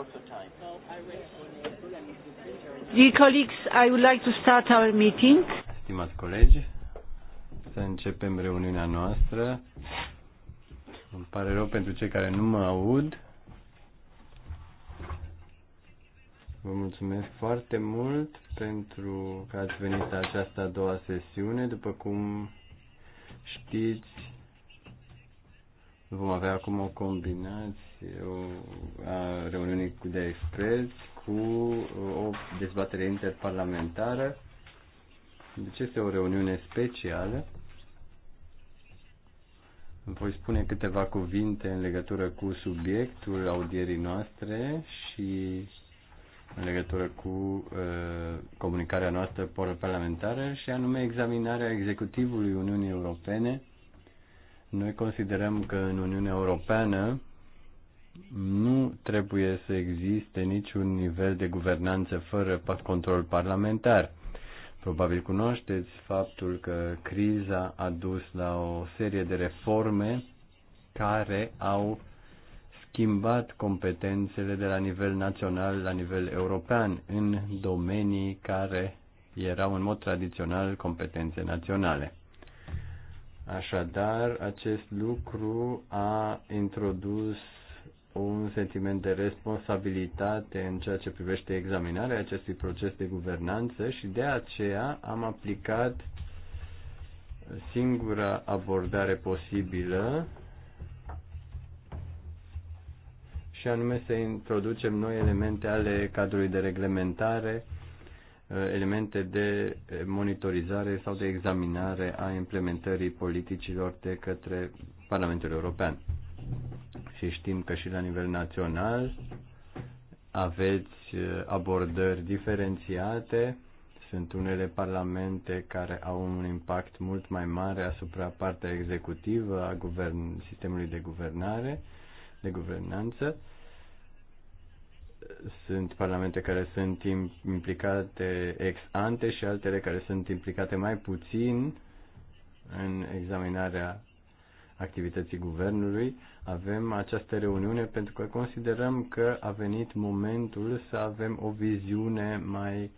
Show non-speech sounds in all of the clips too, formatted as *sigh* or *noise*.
across Dear colleagues, I would like to start our meeting. Stimați colegi, să începem reuniunea noastră. Îmi pare rău pentru cei care nu mă aud. Vă mulțumesc foarte mult pentru că ați venit la această a doua sesiune. După cum știți, vom avea acum o combinație o, a reuniunii de experți cu o dezbatere interparlamentară. Deci este o reuniune specială. Voi spune câteva cuvinte în legătură cu subiectul audierii noastre și în legătură cu uh, comunicarea noastră parlamentară și anume examinarea executivului Uniunii Europene. Noi considerăm că în Uniunea Europeană nu trebuie să existe niciun nivel de guvernanță fără control parlamentar. Probabil cunoașteți faptul că criza a dus la o serie de reforme care au schimbat competențele de la nivel național la nivel european în domenii care erau în mod tradițional competențe naționale. Așadar, acest lucru a introdus un sentiment de responsabilitate în ceea ce privește examinarea acestui proces de guvernanță și de aceea am aplicat singura abordare posibilă și anume să introducem noi elemente ale cadrului de reglementare, eh, elemente de monitorizare sau de examinare a implementării politicilor de către Parlamentul European și știm că și la nivel național aveți uh, abordări diferențiate. Sunt unele parlamente care au un impact mult mai mare asupra partea executivă a guvern, sistemului de guvernare, de guvernanță. Sunt parlamente care sunt implicate ex ante și altele care sunt implicate mai puțin în examinarea activității guvernului, avem această reuniune pentru că considerăm că a venit momentul să avem o viziune mai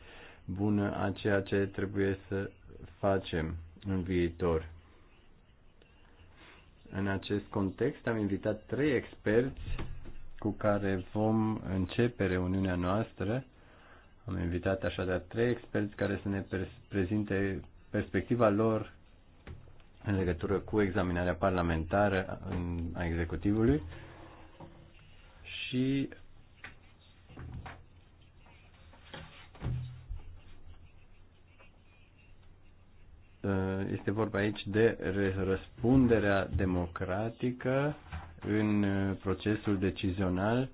bună a ceea ce trebuie să facem în viitor. În acest context am invitat trei experți cu care vom începe reuniunea noastră. Am invitat așadar trei experți care să ne prezinte perspectiva lor în legătură cu examinarea parlamentară a executivului și este vorba aici de răspunderea democratică în procesul decizional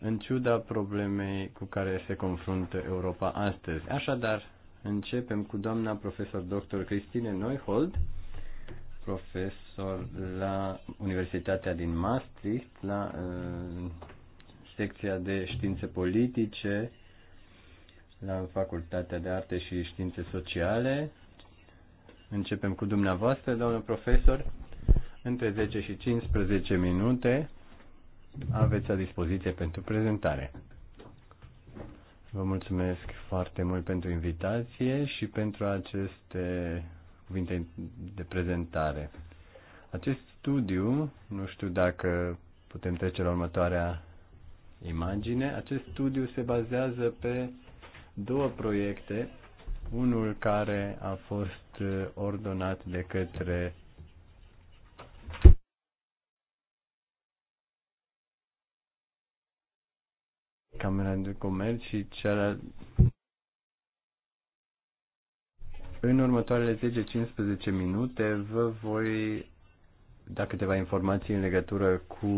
în ciuda problemei cu care se confruntă Europa astăzi. Așadar, Începem cu doamna profesor dr. Cristine Neuhold, profesor la Universitatea din Maastricht, la uh, secția de științe politice, la Facultatea de Arte și Științe Sociale. Începem cu dumneavoastră, doamnă profesor, între 10 și 15 minute aveți la dispoziție pentru prezentare. Vă mulțumesc foarte mult pentru invitație și pentru aceste cuvinte de prezentare. Acest studiu, nu știu dacă putem trece la următoarea imagine, acest studiu se bazează pe două proiecte, unul care a fost uh, ordonat de către Camera de Comerț și cealaltă. În următoarele 10-15 minute vă voi da câteva informații în legătură cu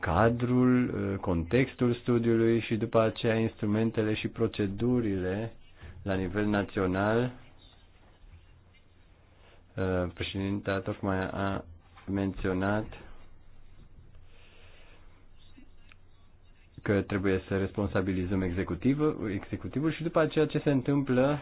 cadrul, contextul studiului și după aceea instrumentele și procedurile la nivel național. Președinta tocmai a menționat că trebuie să responsabilizăm executivul, executivul și după aceea ce se întâmplă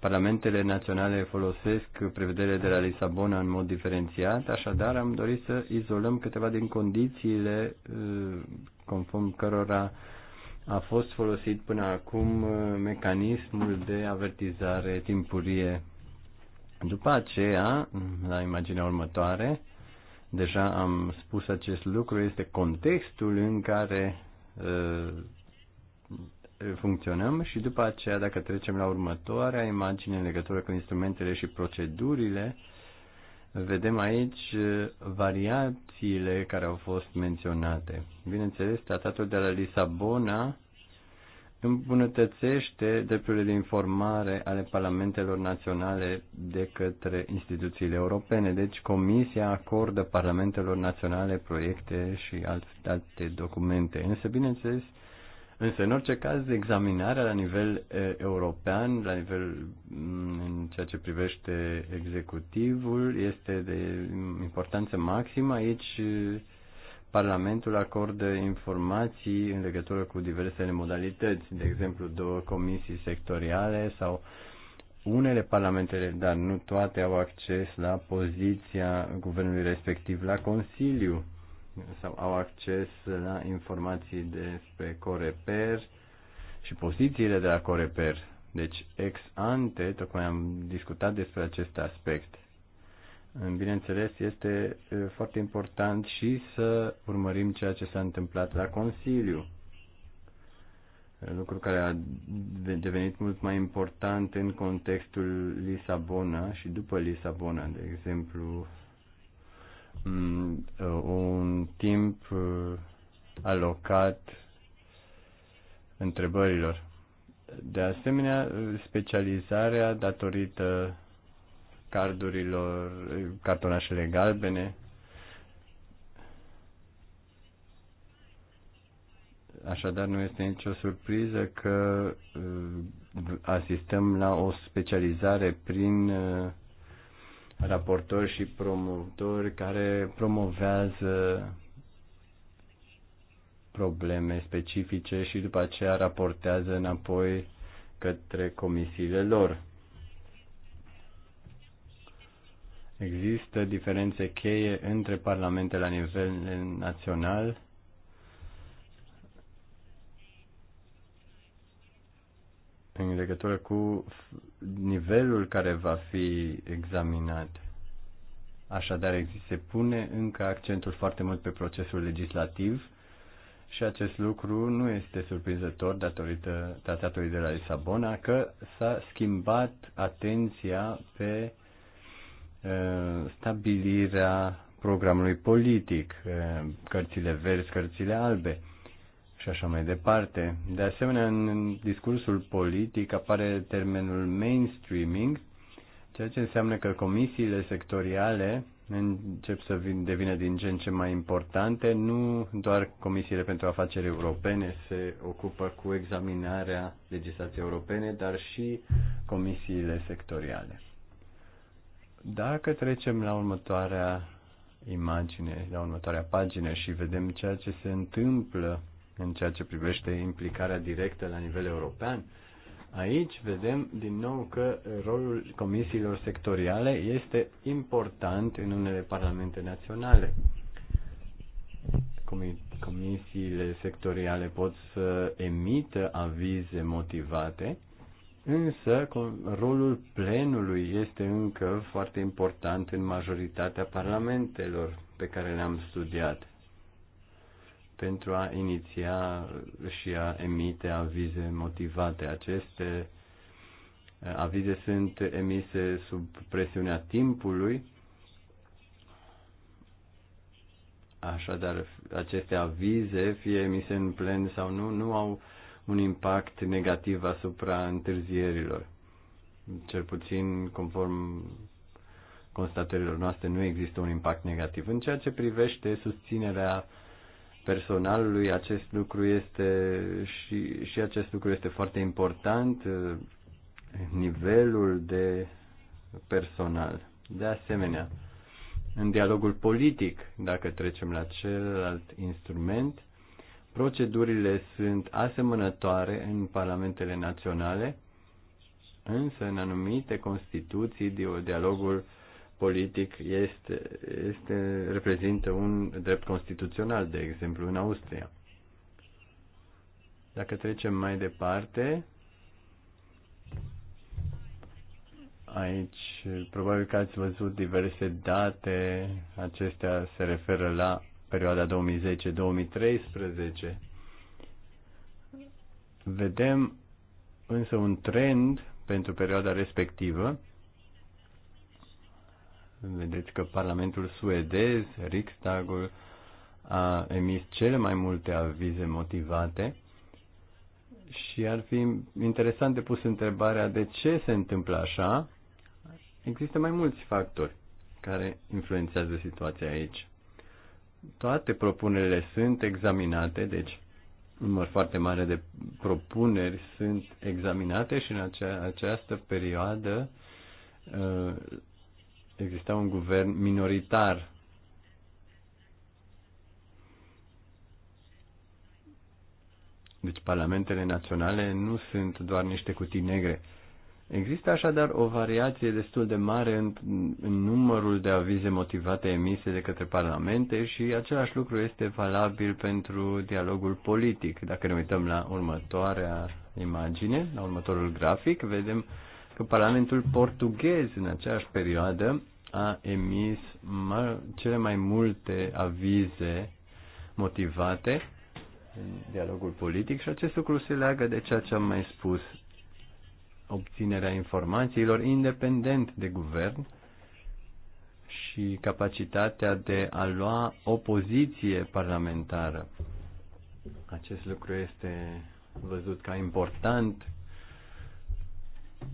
Parlamentele naționale folosesc prevederile de la Lisabona în mod diferențiat, așadar am dorit să izolăm câteva din condițiile uh, conform cărora a fost folosit până acum uh, mecanismul de avertizare timpurie după aceea, la imaginea următoare, deja am spus acest lucru, este contextul în care uh, funcționăm și după aceea, dacă trecem la următoarea imagine în legătură cu instrumentele și procedurile, vedem aici uh, variațiile care au fost menționate. Bineînțeles, tratatul de la Lisabona îmbunătățește drepturile de informare ale parlamentelor naționale de către instituțiile europene. Deci Comisia acordă parlamentelor naționale proiecte și alte, alte documente. Însă, bineînțeles, însă în orice caz, examinarea la nivel european, la nivel mm, în ceea ce privește executivul, este de importanță maximă. Aici Parlamentul acordă informații în legătură cu diversele modalități, de exemplu două comisii sectoriale sau unele parlamentele, dar nu toate, au acces la poziția guvernului respectiv la Consiliu sau au acces la informații despre Coreper și pozițiile de la Coreper. Deci, ex ante, tocmai am discutat despre acest aspect bineînțeles, este foarte important și să urmărim ceea ce s-a întâmplat la Consiliu. Lucru care a devenit mult mai important în contextul Lisabona și după Lisabona, de exemplu, mm, un timp alocat întrebărilor. De asemenea, specializarea datorită cardurilor, cartonașele galbene. Așadar, nu este nicio surpriză că uh, asistăm la o specializare prin uh, raportori și promotori care promovează probleme specifice și după aceea raportează înapoi către comisiile lor. Există diferențe cheie între parlamente la nivel național în legătură cu nivelul care va fi examinat. Așadar, se pune încă accentul foarte mult pe procesul legislativ și acest lucru nu este surprinzător datorită tratatului de la Lisabona că s-a schimbat atenția pe Eh, stabilirea programului politic, eh, cărțile verzi, cărțile albe și așa mai departe. De asemenea, în discursul politic apare termenul mainstreaming, ceea ce înseamnă că comisiile sectoriale încep să devină din ce în ce mai importante. Nu doar comisiile pentru afaceri europene se ocupă cu examinarea legislației europene, dar și comisiile sectoriale. Dacă trecem la următoarea imagine, la următoarea pagină și vedem ceea ce se întâmplă în ceea ce privește implicarea directă la nivel european, aici vedem din nou că rolul comisiilor sectoriale este important în unele parlamente naționale. Comisiile sectoriale pot să emită avize motivate Însă, rolul plenului este încă foarte important în majoritatea parlamentelor pe care le-am studiat pentru a iniția și a emite avize motivate. Aceste uh, avize sunt emise sub presiunea timpului, așadar aceste avize, fie emise în plen sau nu, nu au un impact negativ asupra întârzierilor. Cel puțin conform constatărilor noastre nu există un impact negativ. În ceea ce privește susținerea personalului, acest lucru este și, și acest lucru este foarte important, nivelul de personal. De asemenea, în dialogul politic, dacă trecem la celălalt instrument, Procedurile sunt asemănătoare în parlamentele naționale, însă în anumite constituții dialogul politic este, este, reprezintă un drept constituțional, de exemplu în Austria. Dacă trecem mai departe, aici probabil că ați văzut diverse date, acestea se referă la perioada 2010-2013, vedem însă un trend pentru perioada respectivă. Vedeți că Parlamentul suedez, Riksdagul, a emis cele mai multe avize motivate și ar fi interesant de pus întrebarea de ce se întâmplă așa. Există mai mulți factori care influențează situația aici toate propunerile sunt examinate, deci un număr foarte mare de propuneri sunt examinate și în acea, această perioadă uh, exista un guvern minoritar. Deci parlamentele naționale nu sunt doar niște cutii negre. Există așadar o variație destul de mare în, în numărul de avize motivate emise de către parlamente și același lucru este valabil pentru dialogul politic. Dacă ne uităm la următoarea imagine, la următorul grafic, vedem că Parlamentul portughez în aceeași perioadă a emis cele mai multe avize motivate în dialogul politic și acest lucru se leagă de ceea ce am mai spus obținerea informațiilor independent de guvern și capacitatea de a lua o poziție parlamentară. Acest lucru este văzut ca important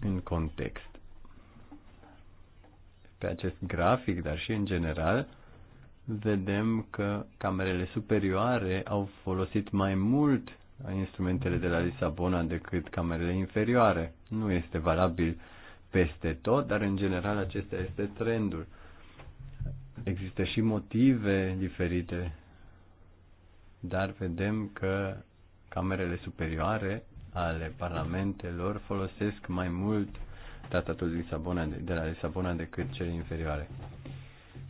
în context. Pe acest grafic, dar și în general, vedem că camerele superioare au folosit mai mult instrumentele de la Lisabona decât camerele inferioare. Nu este valabil peste tot, dar în general acesta este trendul. Există și motive diferite, dar vedem că camerele superioare ale parlamentelor folosesc mai mult tratatul de, Lisabona, de la Lisabona decât cele inferioare.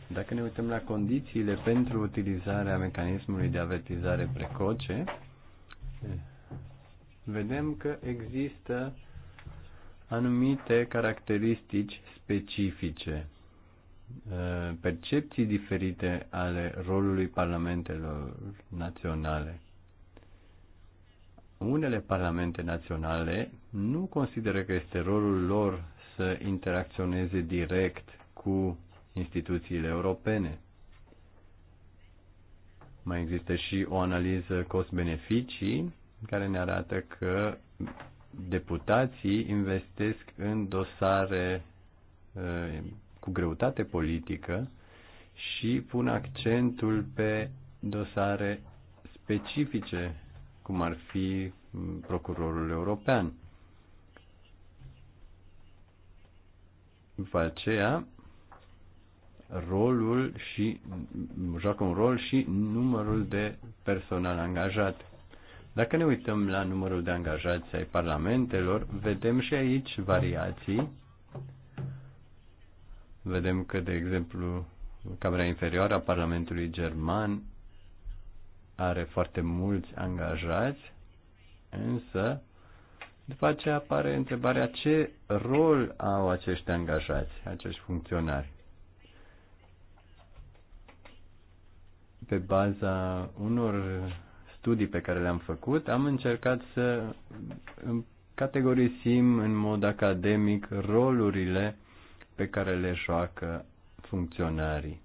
Dacă ne uităm la condițiile pentru utilizarea mecanismului de avertizare precoce, vedem că există anumite caracteristici specifice, uh, percepții diferite ale rolului parlamentelor naționale. Unele parlamente naționale nu consideră că este rolul lor să interacționeze direct cu instituțiile europene. Mai există și o analiză cost-beneficii care ne arată că deputații investesc în dosare eh, cu greutate politică și pun accentul pe dosare specifice, cum ar fi mm, procurorul european. După aceea, rolul și joacă un rol și numărul de personal angajat. Dacă ne uităm la numărul de angajați ai parlamentelor, vedem și aici variații. Vedem că, de exemplu, Camera Inferioară a Parlamentului German are foarte mulți angajați, însă după aceea apare întrebarea ce rol au acești angajați, acești funcționari. pe baza unor studii pe care le-am făcut, am încercat să categorisim în mod academic rolurile pe care le joacă funcționarii.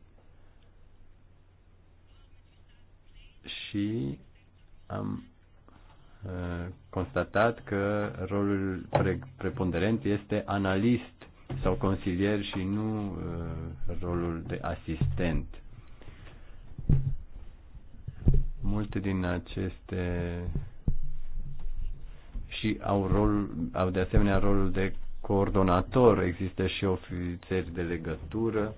Și am uh, constatat că rolul preponderent este analist sau consilier și nu uh, rolul de asistent Multe din aceste și au, rol, au de asemenea rolul de coordonator. Există și ofițeri de legătură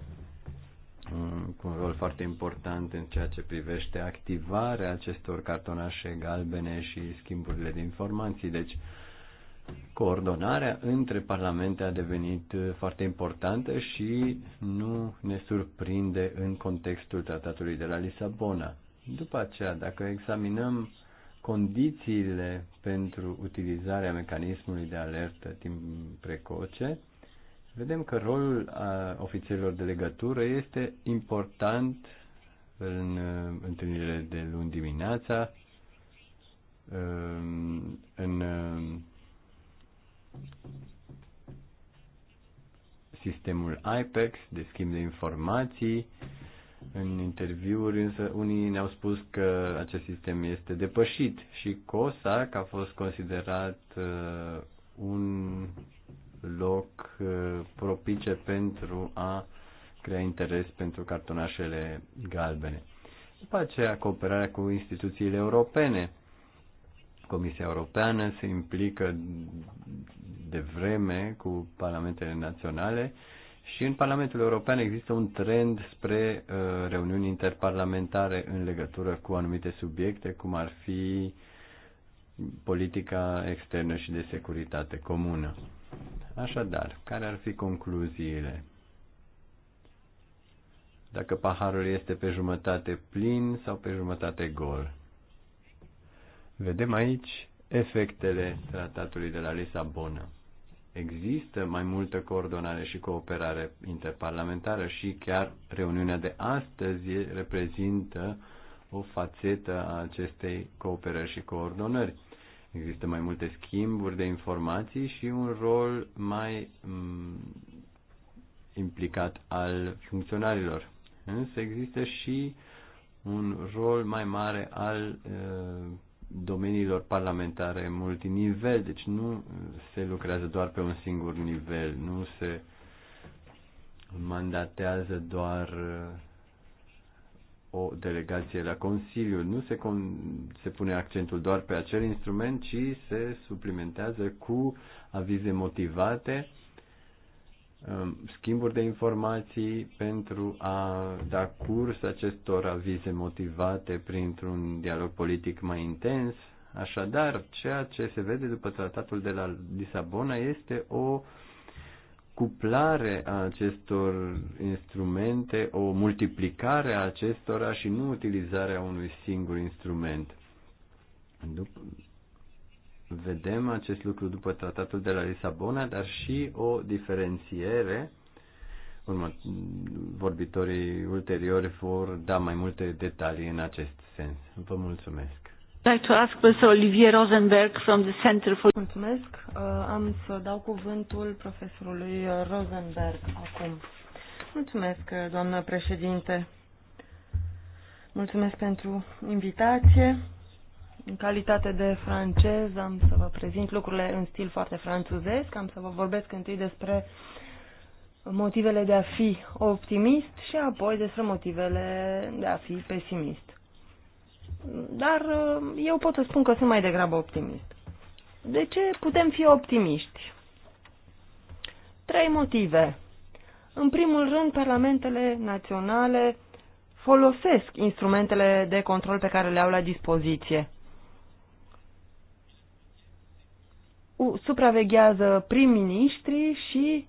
um, cu un rol foarte important în ceea ce privește activarea acestor cartonașe galbene și schimburile de informații. Deci, uh, coordonarea între parlamente a devenit uh, foarte importantă și nu ne surprinde în contextul tratatului de la Lisabona. După aceea, dacă examinăm condițiile pentru utilizarea mecanismului de alertă timp precoce, vedem că rolul a ofițerilor de legătură este important în uh, întâlnirile de luni dimineața, um, în uh, sistemul IPEX de schimb de informații. În interviuri însă unii ne-au spus că acest sistem este depășit și COSAC a fost considerat uh, un loc uh, propice pentru a crea interes pentru cartonașele galbene. După aceea, cooperarea cu instituțiile europene. Comisia Europeană se implică de vreme cu parlamentele naționale și în Parlamentul European există un trend spre uh, reuniuni interparlamentare în legătură cu anumite subiecte, cum ar fi politica externă și de securitate comună. Așadar, care ar fi concluziile? Dacă paharul este pe jumătate plin sau pe jumătate gol? Vedem aici efectele tratatului de la Lisabona există mai multă coordonare și cooperare interparlamentară și chiar reuniunea de astăzi reprezintă o fațetă a acestei cooperări și coordonări. Există mai multe schimburi de informații și un rol mai mm, implicat al funcționarilor. Însă există și un rol mai mare al uh, domeniilor parlamentare multinivel, deci nu se lucrează doar pe un singur nivel, nu se mandatează doar o delegație la Consiliu, nu se, con- se pune accentul doar pe acel instrument, ci se suplimentează cu avize motivate Um, schimburi de informații pentru a da curs acestor avize motivate printr-un dialog politic mai intens. Așadar, ceea ce se vede după tratatul de la Lisabona este o cuplare a acestor instrumente, o multiplicare a acestora și nu utilizarea unui singur instrument vedem acest lucru după tratatul de la Lisabona, dar și o diferențiere. Urmă, vorbitorii ulteriori vor da mai multe detalii în acest sens. Vă mulțumesc. Like to ask Olivier Rosenberg from the Center for... Mulțumesc. Uh, am să dau cuvântul profesorului Rosenberg acum. Mulțumesc, doamnă președinte. Mulțumesc pentru invitație. În calitate de francez am să vă prezint lucrurile în stil foarte franțuzesc, am să vă vorbesc întâi despre motivele de a fi optimist și apoi despre motivele de a fi pesimist. Dar uh, eu pot să spun că sunt mai degrabă optimist. De ce putem fi optimiști? Trei motive. În primul rând, parlamentele naționale folosesc instrumentele de control pe care le au la dispoziție. supraveghează prim-ministrii și,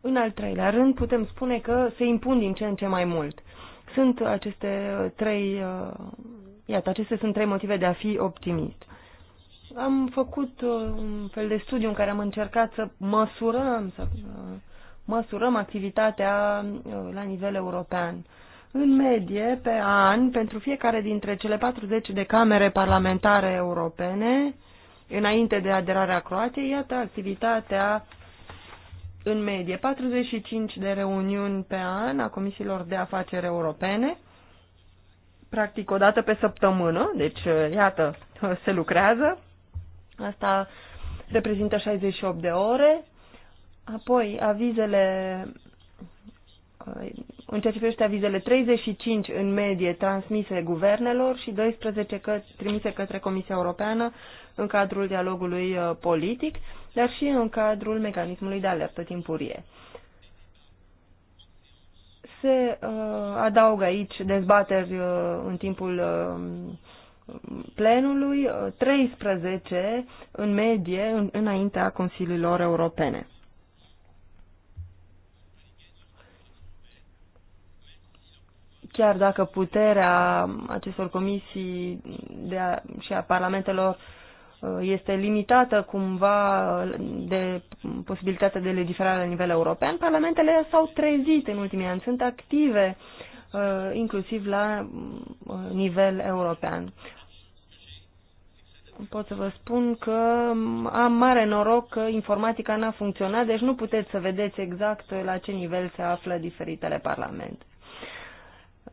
în al treilea rând, putem spune că se impun din ce în ce mai mult. Sunt aceste uh, trei, uh, iată, aceste sunt trei motive de a fi optimist. Am făcut uh, un fel de studiu în care am încercat să măsurăm, să măsurăm activitatea la nivel european. În medie, pe an, pentru fiecare dintre cele 40 de camere parlamentare europene, înainte de aderarea Croației, iată activitatea în medie 45 de reuniuni pe an a comisiilor de afaceri europene, practic o dată pe săptămână, deci iată, *laughs* se lucrează. Asta reprezintă 68 de ore. Apoi, avizele, în ceea ce privește avizele, 35 în medie transmise guvernelor și 12 că, trimise către Comisia Europeană în cadrul dialogului uh, politic, dar și în cadrul mecanismului de alertă timpurie. Se uh, adaugă aici dezbateri uh, în timpul uh, plenului, 13 uh, în medie în, înaintea Consiliilor Europene. Chiar dacă puterea acestor comisii de a, și a parlamentelor Uh, este limitată cumva de posibilitatea de legiferare la nivel european, parlamentele s-au trezit în ultimii ani, sunt active uh, inclusiv la uh, nivel european. Pot să vă spun că am mare noroc că informatica n-a funcționat, deci nu puteți să vedeți exact la ce nivel se află diferitele parlamente.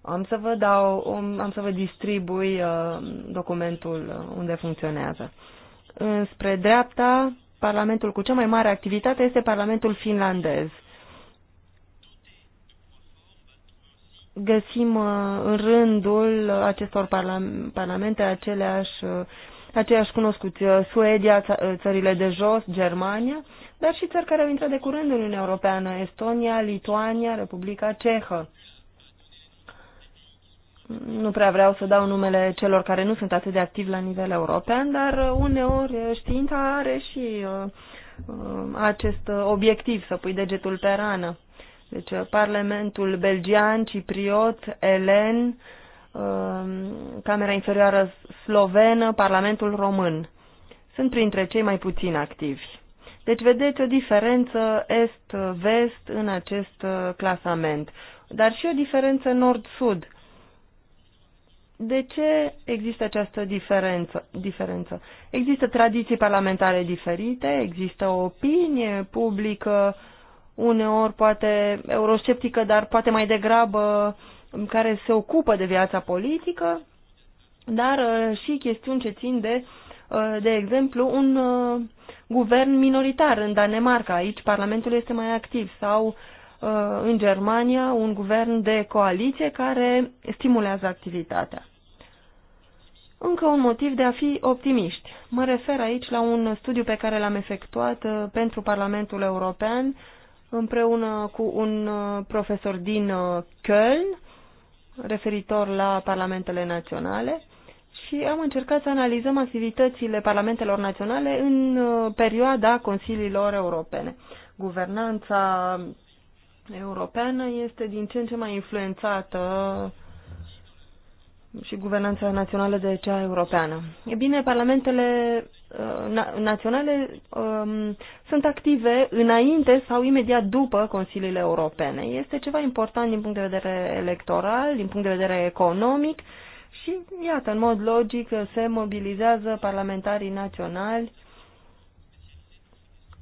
Am să vă dau, um, am să vă distribui uh, documentul unde funcționează. Spre dreapta, parlamentul cu cea mai mare activitate este parlamentul finlandez. Găsim uh, în rândul acestor parlamente aceleași uh, aceleași cunoscuți, Suedia, țările de jos, Germania, dar și țări care au intrat de curând în Uniunea Europeană, Estonia, Lituania, Republica Cehă nu prea vreau să dau numele celor care nu sunt atât de activi la nivel european, dar uh, uneori uh, știința are și uh, acest obiectiv, să pui degetul pe rană. Deci Parlamentul belgian, cipriot, elen, Camera Inferioară Slovenă, Parlamentul Român. Sunt printre cei mai puțin activi. Deci vedeți o diferență est-vest în acest clasament, dar și o diferență nord-sud de ce există această diferență? diferență? Există tradiții parlamentare diferite, există o opinie publică, uneori poate eurosceptică, dar poate mai degrabă care se ocupă de viața politică, dar uh, și chestiuni ce țin de, uh, de exemplu, un uh, guvern minoritar în Danemarca. Aici Parlamentul este mai activ sau în Germania un guvern de coaliție care stimulează activitatea. Încă un motiv de a fi optimiști. Mă refer aici la un studiu pe care l-am efectuat uh, pentru Parlamentul European împreună cu un uh, profesor din uh, Köln referitor la parlamentele naționale și am încercat să analizăm activitățile parlamentelor naționale în perioada consiliilor europene. Guvernanța europeană este din ce în ce mai influențată și guvernanța națională de cea europeană. E bine, parlamentele uh, naționale um, sunt active înainte sau imediat după Consiliile Europene. Este ceva important din punct de vedere electoral, din punct de vedere economic și, iată, în mod logic se mobilizează parlamentarii naționali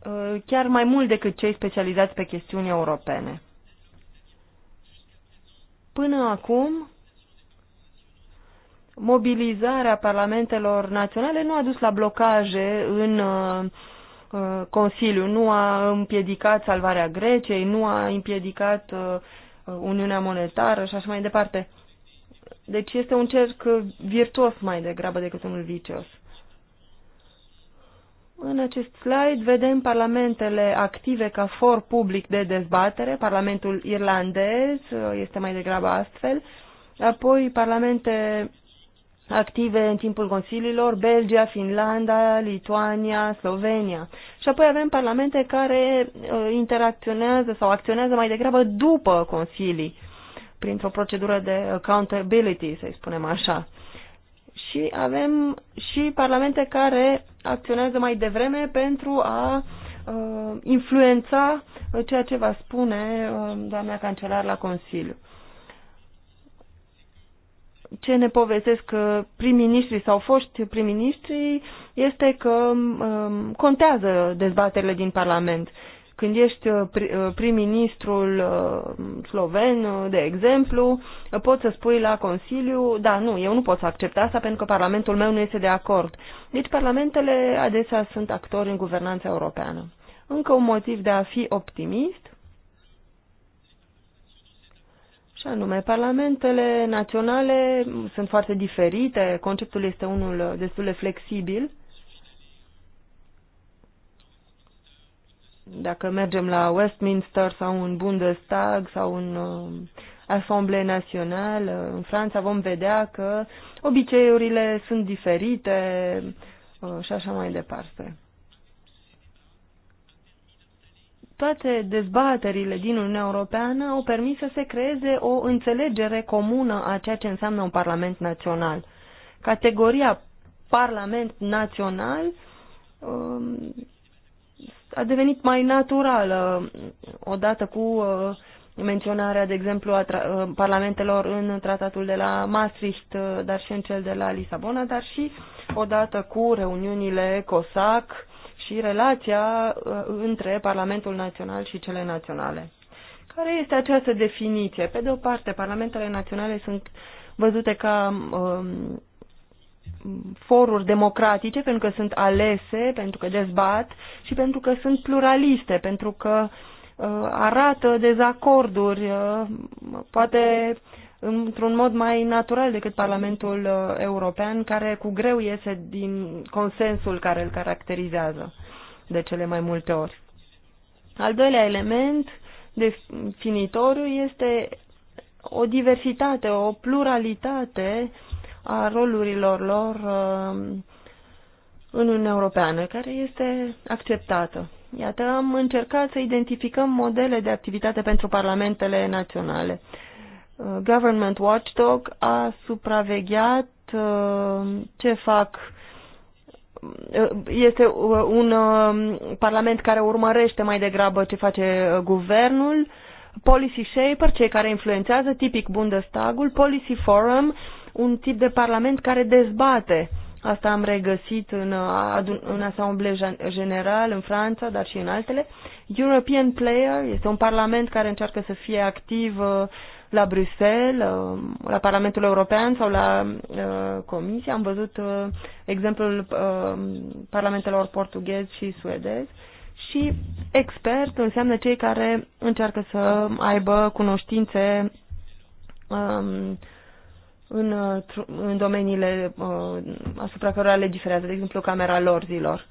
uh, chiar mai mult decât cei specializați pe chestiuni europene. Până acum, mobilizarea parlamentelor naționale nu a dus la blocaje în uh, uh, Consiliu, nu a împiedicat salvarea Greciei, nu a împiedicat uh, Uniunea Monetară și așa mai departe. Deci este un cerc virtuos mai degrabă decât unul vicios. În acest slide vedem parlamentele active ca for public de dezbatere. Parlamentul irlandez este mai degrabă astfel. Apoi parlamente active în timpul consiliilor, Belgia, Finlanda, Lituania, Slovenia. Și apoi avem parlamente care uh, interacționează sau acționează mai degrabă după consilii, printr-o procedură de accountability, să spunem așa. Și avem și parlamente care acționează mai devreme pentru a uh, influența uh, ceea ce va spune doamna cancelar la Consiliu ce ne povestesc uh, prim-ministrii sau foști prim-ministrii este că um, contează dezbaterile din Parlament. Când ești uh, uh, prim-ministrul sloven, de exemplu, poți să spui la Consiliu, da, nu, eu nu pot să accept asta pentru că Parlamentul meu nu este de acord. Deci parlamentele adesea sunt actori în guvernanța europeană. Încă un motiv de a fi optimist și anume, parlamentele naționale sunt foarte diferite, conceptul este unul destul de flexibil. Dacă mergem la Westminster sau un Bundestag sau un uh, Assemblée uh, în Franța, vom vedea că obiceiurile sunt diferite uh, și așa mai departe. toate dezbaterile din Uniunea Europeană au permis să se creeze o înțelegere comună a ceea ce înseamnă un Parlament Național. Categoria Parlament Național um, a devenit mai naturală odată cu uh, menționarea, de exemplu, a uh, parlamentelor în tratatul de la Maastricht, uh, dar și în cel de la Lisabona, dar și odată cu reuniunile COSAC, și relația uh, între Parlamentul Național și cele naționale. Care este această definiție? Pe de o parte, Parlamentele Naționale sunt văzute ca um, foruri democratice pentru că sunt alese, pentru că dezbat și pentru că sunt pluraliste, pentru că uh, arată dezacorduri, uh, poate uh, într-un mod mai natural decât Parlamentul uh, European, care cu greu iese din consensul care îl caracterizează de cele mai multe ori. Al doilea element definitoriu este o diversitate, o pluralitate a rolurilor lor uh, în Uniunea Europeană, care este acceptată. Iată, am încercat să identificăm modele de activitate pentru parlamentele naționale. Uh, Government Watchdog a supravegheat uh, ce fac uh, este un um, parlament care urmărește mai degrabă ce face guvernul, Policy Shaper, cei care influențează, tipic Bundestagul, Policy Forum, un tip de parlament care dezbate. Asta am regăsit în, în Assemblée General, în Franța, dar și în altele. European Player este un parlament care încearcă să fie activ la Bruxelles, uh, la Parlamentul European sau la uh, Comisie. Am văzut uh, exemplul parlamentelor portughez și suedez. Și expert înseamnă cei care încearcă să aibă cunoștințe um, în, în domeniile asupra cărora legiferează, de exemplu, Camera lor zilor.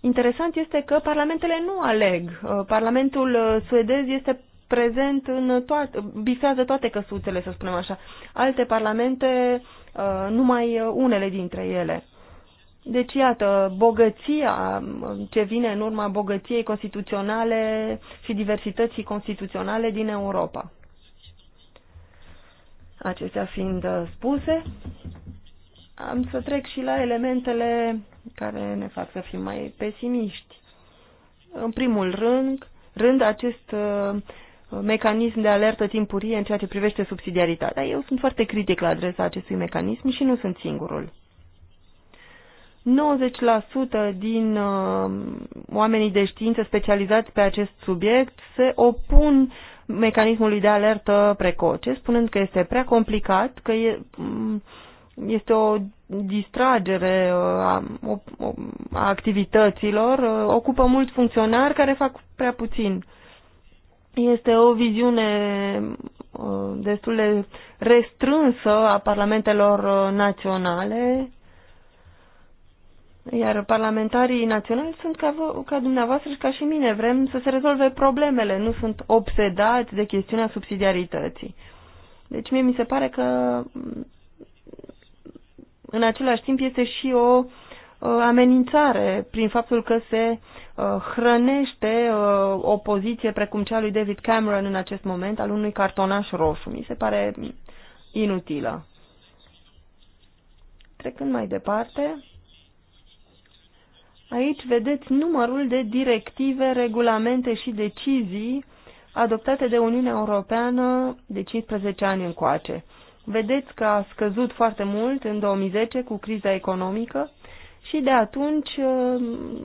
Interesant este că parlamentele nu aleg. Parlamentul suedez este prezent în toate, bifează toate căsuțele, să spunem așa. Alte parlamente, uh, numai unele dintre ele. Deci, iată, bogăția ce vine în urma bogăției constituționale și diversității constituționale din Europa. Acestea fiind uh, spuse, am să trec și la elementele care ne fac să fim mai pesimiști. În primul rând, rând acest uh, mecanism de alertă timpurie în ceea ce privește subsidiaritatea. Eu sunt foarte critic la adresa acestui mecanism și nu sunt singurul. 90% din uh, oamenii de știință specializați pe acest subiect se opun mecanismului de alertă precoce, spunând că este prea complicat, că e, mm, este o distragere uh, a, a activităților, uh, ocupă mulți funcționari care fac prea puțin. Uh, este o viziune uh, destul de restrânsă a parlamentelor uh, naționale, iar parlamentarii naționali sunt ca, ca dumneavoastră și ca și mine. Vrem să se rezolve problemele, nu sunt obsedați de chestiunea subsidiarității. Deci mie mi se pare că mm, în același timp este și o uh, amenințare prin faptul că se Uh, hrănește uh, o poziție precum cea lui David Cameron în acest moment al unui cartonaș roșu. Mi se pare inutilă. Trecând mai departe, aici vedeți numărul de directive, regulamente și decizii adoptate de Uniunea Europeană de 15 ani încoace. Vedeți că a scăzut foarte mult în 2010 cu criza economică și de atunci uh,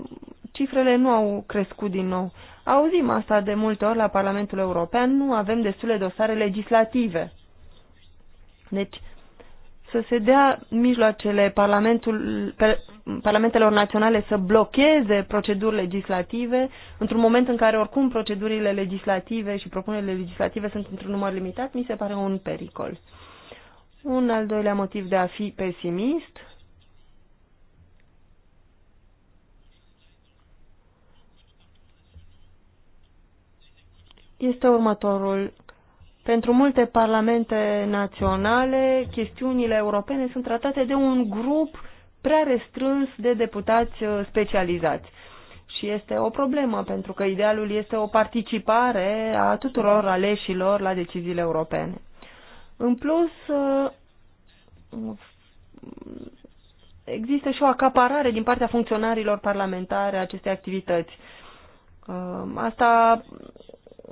cifrele nu au crescut din nou. Auzim asta de multe ori la Parlamentul European, nu avem destule dosare legislative. Deci, să se dea mijloacele parlamentul, parlamentelor naționale să blocheze proceduri legislative într-un moment în care oricum procedurile legislative și propunerile legislative sunt într-un număr limitat, mi se pare un pericol. Un al doilea motiv de a fi pesimist este următorul. Pentru multe parlamente naționale, chestiunile europene sunt tratate de un grup prea restrâns de deputați uh, specializați. Și este o problemă, pentru că idealul este o participare a tuturor aleșilor la deciziile europene. În plus, uh, există și o acaparare din partea funcționarilor parlamentare a acestei activități. Uh, asta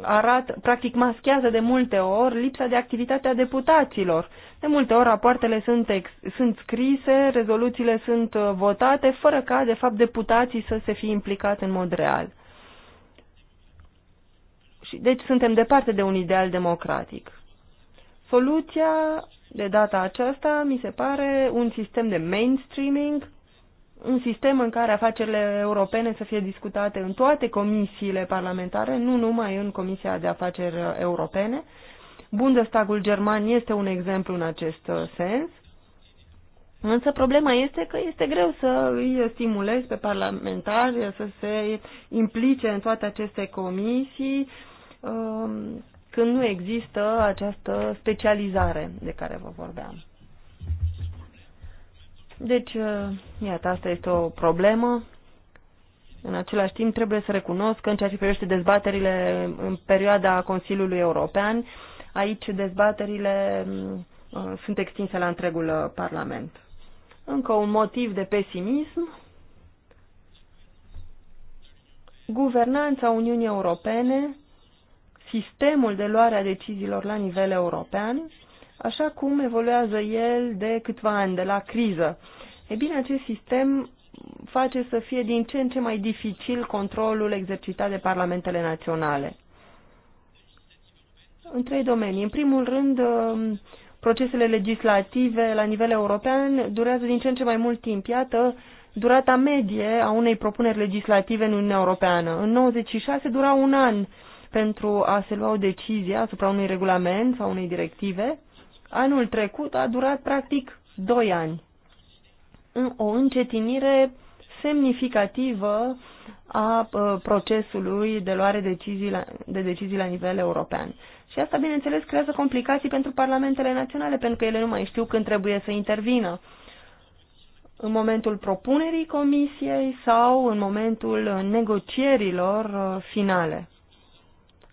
arată, practic maschează de multe ori lipsa de activitate a deputaților. De multe ori rapoartele sunt, ex, sunt scrise, rezoluțiile sunt uh, votate, fără ca, de fapt, deputații să se fie implicat în mod real. Și, deci suntem departe de un ideal democratic. Soluția de data aceasta mi se pare un sistem de mainstreaming un sistem în care afacerile europene să fie discutate în toate comisiile parlamentare, nu numai în Comisia de Afaceri Europene. Bundestagul german este un exemplu în acest uh, sens. Însă problema este că este greu să îi stimulezi pe parlamentari să se implice în toate aceste comisii um, când nu există această specializare de care vă vorbeam. Deci, uh, iată, asta este o problemă. În același timp, trebuie să recunosc că în ceea ce privește dezbaterile în perioada Consiliului European, aici dezbaterile mm, uh, sunt extinse la întregul uh, Parlament. Încă un motiv de pesimism. Guvernanța Uniunii Europene, sistemul de luare a deciziilor la nivel european, așa cum evoluează el de câțiva ani, de la criză. E bine, acest sistem face să fie din ce în ce mai dificil controlul exercitat de parlamentele naționale. În trei domenii. În primul rând, um, procesele legislative la nivel european durează din ce în ce mai mult timp. Iată, durata medie a unei propuneri legislative în Uniunea Europeană. În 96 dura un an pentru a se lua o decizie asupra unui regulament sau unei directive anul trecut a durat practic 2 ani. O încetinire semnificativă a uh, procesului de luare decizii la, de decizii la nivel european. Și asta, bineînțeles, creează complicații pentru parlamentele naționale, pentru că ele nu mai știu când trebuie să intervină. În momentul propunerii comisiei sau în momentul negocierilor uh, finale.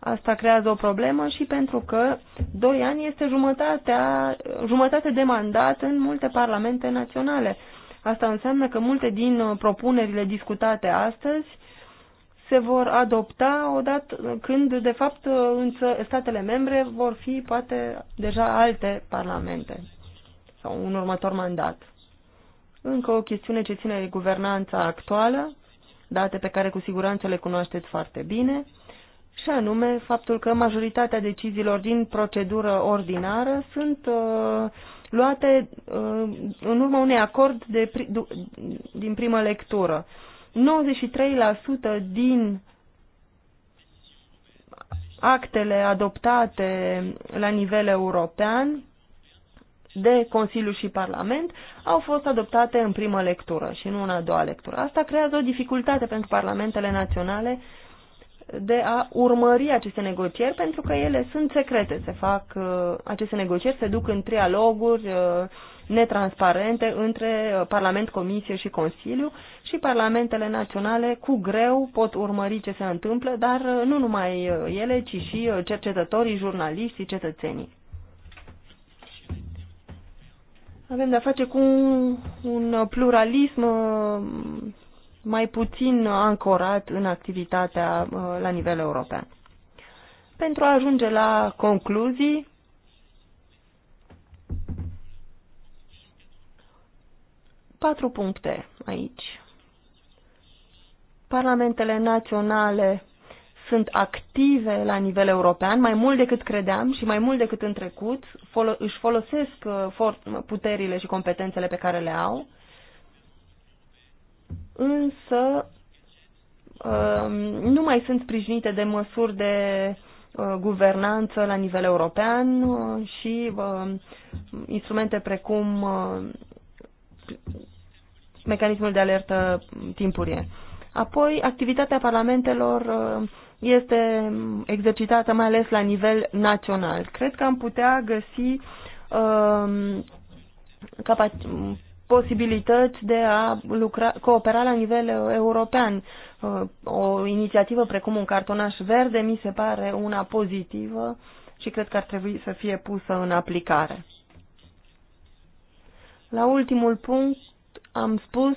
Asta creează o problemă și pentru că doi ani este jumătatea, jumătate de mandat în multe parlamente naționale. Asta înseamnă că multe din propunerile discutate astăzi se vor adopta odată când, de fapt, în statele membre vor fi poate deja alte parlamente sau un următor mandat. Încă o chestiune ce ține de guvernanța actuală, date pe care cu siguranță le cunoașteți foarte bine și anume faptul că majoritatea deciziilor din procedură ordinară sunt uh, luate uh, în urma unui acord de pri, du, din primă lectură. 93% din actele adoptate la nivel european de Consiliu și Parlament au fost adoptate în primă lectură și nu în a doua lectură. Asta creează o dificultate pentru parlamentele naționale uh, de a urmări aceste negocieri, pentru că ele sunt secrete. Se fac, uh, aceste negocieri se duc în trialoguri uh, netransparente între uh, Parlament, Comisie și Consiliu și parlamentele naționale cu greu pot urmări ce se întâmplă, dar nu numai ele, ci și cercetătorii, jurnaliștii, cetățenii. Avem de-a face cu un pluralism mai puțin ancorat în activitatea uh, la nivel european. Pentru a ajunge la concluzii, patru puncte aici. Parlamentele naționale sunt active la nivel european, mai mult decât credeam și mai mult decât în trecut, folo- își folosesc uh, puterile și competențele pe care le au însă um, nu mai sunt sprijinite de măsuri de uh, guvernanță la nivel european uh, și um, instrumente precum uh, mecanismul de alertă timpurie. Apoi, activitatea parlamentelor este exercitată mai ales la nivel național. Cred că am putea găsi um, posibilități de a lucra, coopera la nivel uh, european. Uh, o inițiativă precum un cartonaș verde mi se pare una pozitivă și cred că ar trebui să fie pusă în aplicare. La ultimul punct am spus,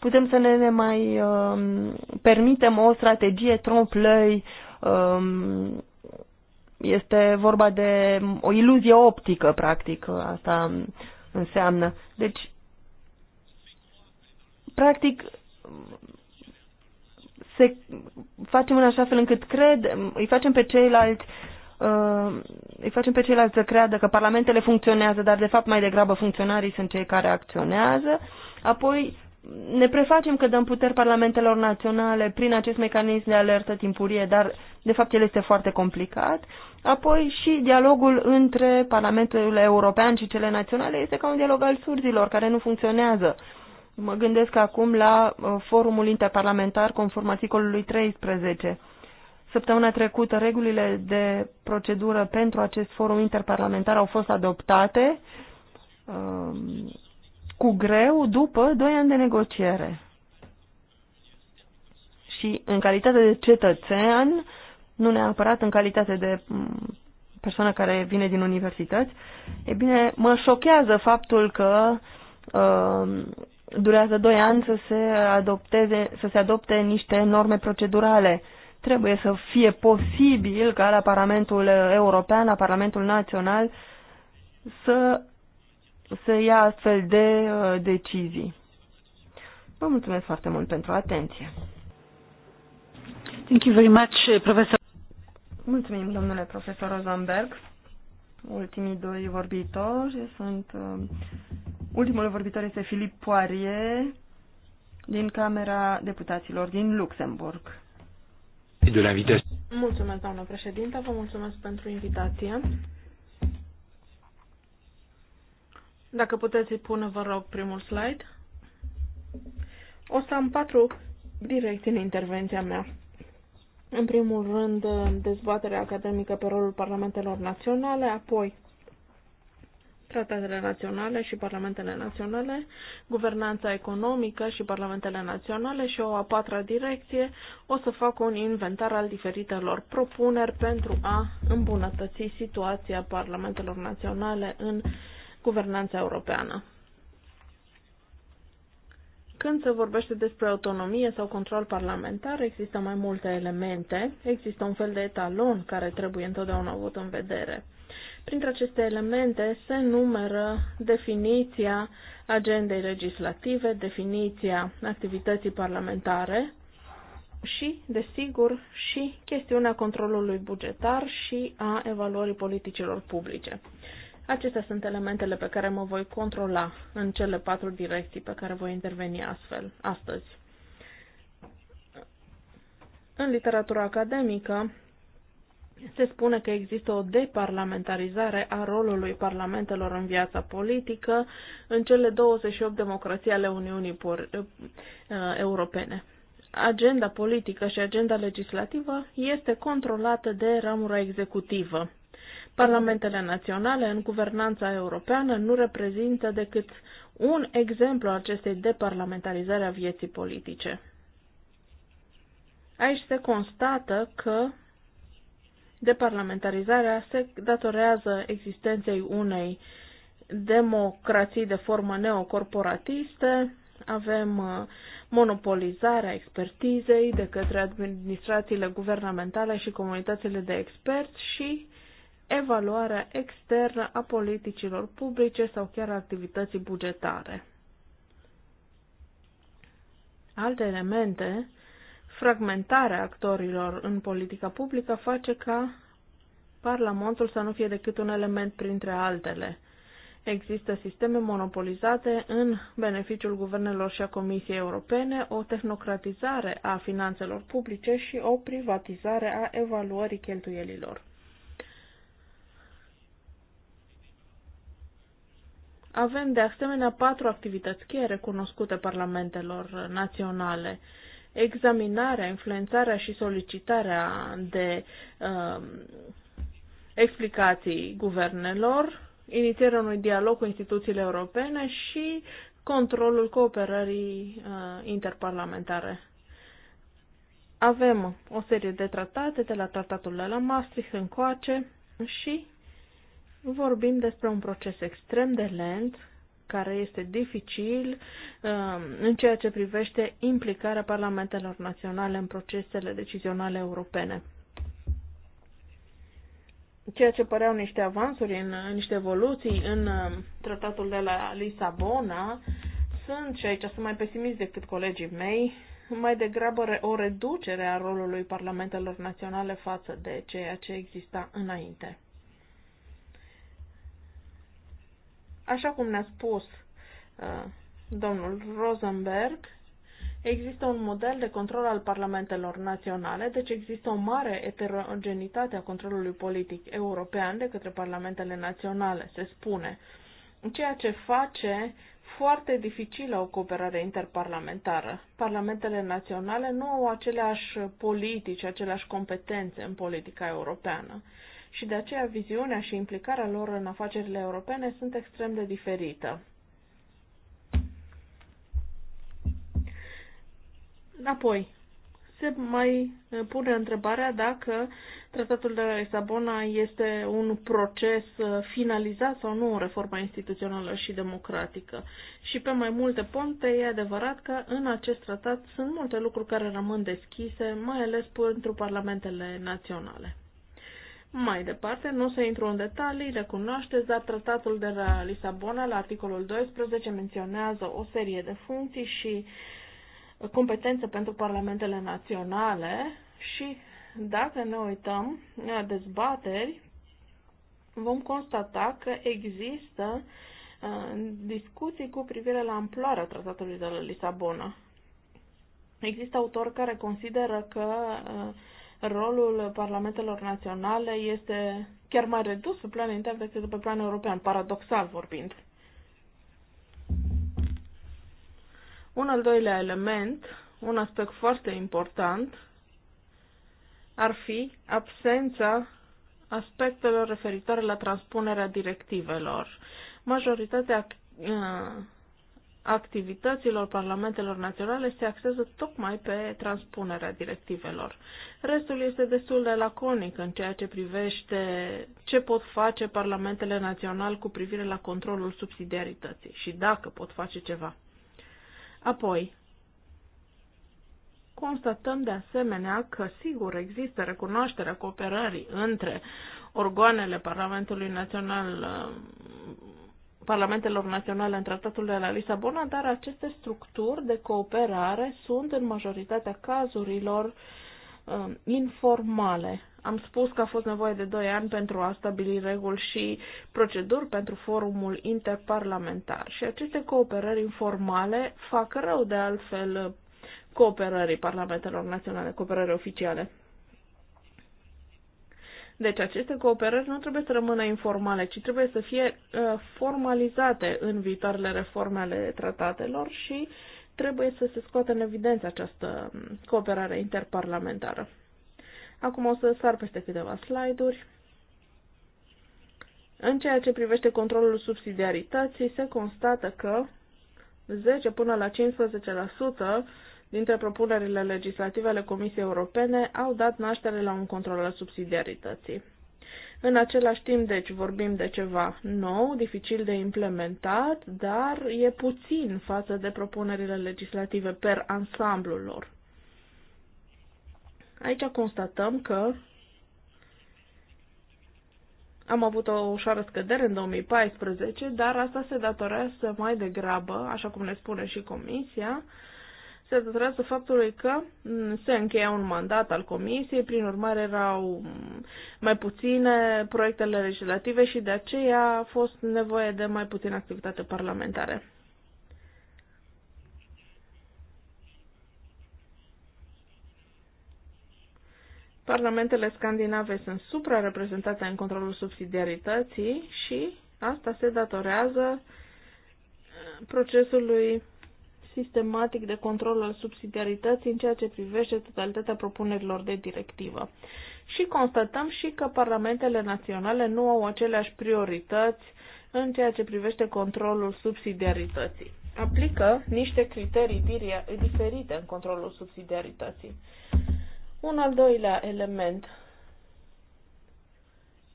putem să ne, ne mai um, permitem o strategie tromplăi, um, este vorba de um, o iluzie optică, practic, uh, asta înseamnă. Deci, practic, se, facem în așa fel încât cred, îi facem pe ceilalți uh, îi facem pe ceilalți să creadă că parlamentele funcționează, dar de fapt mai degrabă funcționarii sunt cei care acționează. Apoi ne prefacem că dăm puteri parlamentelor naționale prin acest mecanism de alertă timpurie, dar de fapt el este foarte complicat. Apoi și dialogul între Parlamentul European și cele naționale este ca un dialog al surzilor care nu funcționează. Uh, Mă gândesc acum la uh, forumul interparlamentar conform articolului 13. Săptămâna trecută regulile de procedură pentru acest forum interparlamentar au fost adoptate um, cu greu după 2 ani de negociere. Și în calitate de cetățean, nu neapărat în calitate de mm, persoană care vine din universități, e bine, mă șochează faptul că uh, durează doi ani să se, adopteze, să se adopte niște norme procedurale. Trebuie să fie posibil ca la Parlamentul European, la Parlamentul Național, să, să ia astfel de uh, decizii. Vă mulțumesc foarte mult pentru atenție. Thank you very much, uh, professor. Mulțumim, domnule profesor Rosenberg. Ultimii doi vorbitori sunt uh, Ultimul vorbitor este Filip Poirier din Camera Deputaților din Luxemburg. De la Mulțumesc, doamnă președintă, vă mulțumesc pentru invitație. Dacă puteți îi pune, vă rog, primul slide. O să am patru direcții în intervenția mea. În primul rând, dezbaterea academică pe rolul parlamentelor naționale, apoi tratatele naționale și parlamentele naționale, guvernanța economică și parlamentele naționale și o a patra direcție, o să fac un inventar al diferitelor propuneri pentru a îmbunătăți situația parlamentelor naționale în guvernanța europeană. Când se vorbește despre autonomie sau control parlamentar, există mai multe elemente, există un fel de etalon care trebuie întotdeauna avut în vedere Printre aceste elemente se numără definiția agendei legislative, definiția activității parlamentare și, desigur, și chestiunea controlului bugetar și a evaluării politicilor publice. Acestea sunt elementele pe care mă voi controla în cele patru direcții pe care voi interveni astfel astăzi. În literatura academică, se spune că există o deparlamentarizare a rolului parlamentelor în viața politică în cele 28 democrații ale Uniunii eh, eh, Europene. Agenda politică și agenda legislativă este controlată de ramura executivă. Parlamentele naționale în guvernanța europeană nu reprezintă decât un exemplu al acestei deparlamentarizări a vieții politice. Aici se constată că Deparlamentarizarea se datorează existenței unei democrații de formă neocorporatiste, avem uh, monopolizarea expertizei de către administrațiile guvernamentale și comunitățile de experți și evaluarea externă a politicilor publice sau chiar activității bugetare. Alte elemente fragmentarea actorilor în politica publică face ca Parlamentul să nu fie decât un element printre altele. Există sisteme monopolizate în beneficiul guvernelor și a Comisiei Europene, o tehnocratizare a finanțelor publice și o privatizare a evaluării cheltuielilor. Avem de asemenea patru activități cheie recunoscute parlamentelor naționale examinarea, influențarea și solicitarea de uh, explicații guvernelor, inițierea unui dialog cu instituțiile europene și controlul cooperării uh, interparlamentare. Avem o serie de tratate, de la tratatul de la Maastricht încoace și vorbim despre un proces extrem de lent care este dificil um, în ceea ce privește implicarea parlamentelor naționale în procesele decizionale europene. Ceea ce păreau niște avansuri, în, niște evoluții în um, tratatul de la Lisabona, sunt, și aici sunt mai pesimist decât colegii mei, mai degrabă o reducere a rolului parlamentelor naționale față de ceea ce exista înainte. Așa cum ne-a spus uh, domnul Rosenberg, există un model de control al parlamentelor naționale, deci există o mare eterogenitate a controlului politic european de către parlamentele naționale, se spune, ceea ce face foarte dificilă o cooperare interparlamentară. Parlamentele naționale nu au aceleași politici, aceleași competențe în politica europeană și de aceea viziunea și implicarea lor în afacerile europene sunt extrem de diferită. Apoi, se mai eh, pune întrebarea dacă Tratatul de la Lisabona este un proces eh, finalizat sau nu în reforma instituțională și democratică. Și pe mai multe ponte e adevărat că în acest tratat sunt multe lucruri care rămân deschise, mai ales pentru parlamentele naționale. Mai departe, nu se intru în detalii, recunoașteți, dar tratatul de la Lisabona, la articolul 12, menționează o serie de funcții și competențe pentru parlamentele naționale și dacă ne uităm la dezbateri, vom constata că există uh, discuții cu privire la amploarea tratatului de la Lisabona. Există autori care consideră că uh, rolul parlamentelor naționale este chiar mai redus pe plan intern decât pe plan european, paradoxal vorbind. Un al doilea element, un aspect foarte important, ar fi absența aspectelor referitoare la transpunerea directivelor. Majoritatea uh, activităților parlamentelor naționale se axează tocmai pe transpunerea directivelor. Restul este destul de laconic în ceea ce privește ce pot face parlamentele naționale cu privire la controlul subsidiarității și dacă pot face ceva. Apoi, constatăm de asemenea că sigur există recunoașterea cooperării între organele Parlamentului Național parlamentelor naționale în tratatul de la Lisabona, dar aceste structuri de cooperare sunt în majoritatea cazurilor uh, informale. Am spus că a fost nevoie de 2 ani pentru a stabili reguli și proceduri pentru forumul interparlamentar și aceste cooperări informale fac rău de altfel cooperării parlamentelor naționale, cooperării oficiale. Deci aceste cooperări nu trebuie să rămână informale, ci trebuie să fie uh, formalizate în viitoarele reforme ale tratatelor și trebuie să se scoată în evidență această um, cooperare interparlamentară. Acum o să sar peste câteva slide-uri. În ceea ce privește controlul subsidiarității, se constată că 10 până la 15% dintre propunerile legislative ale Comisiei Europene au dat naștere la un control al subsidiarității. În același timp, deci, vorbim de ceva nou, dificil de implementat, dar e puțin față de propunerile legislative per ansamblul lor. Aici constatăm că am avut o ușoară scădere în 2014, dar asta se datorează mai degrabă, așa cum ne spune și Comisia, uh, se datorează faptului că mm, se încheia un mandat al comisiei, prin urmare erau mm, mai puține proiectele legislative și de aceea a fost nevoie de mai puțină activitate parlamentară. Parlamentele scandinave sunt suprareprezentate în controlul subsidiarității și asta se datorează mm, procesului sistematic de control al subsidiarității în ceea ce privește totalitatea propunerilor de directivă. Și constatăm și că parlamentele naționale nu au aceleași priorități în ceea ce privește controlul subsidiarității. Aplică niște criterii diferite în controlul subsidiarității. Un al doilea element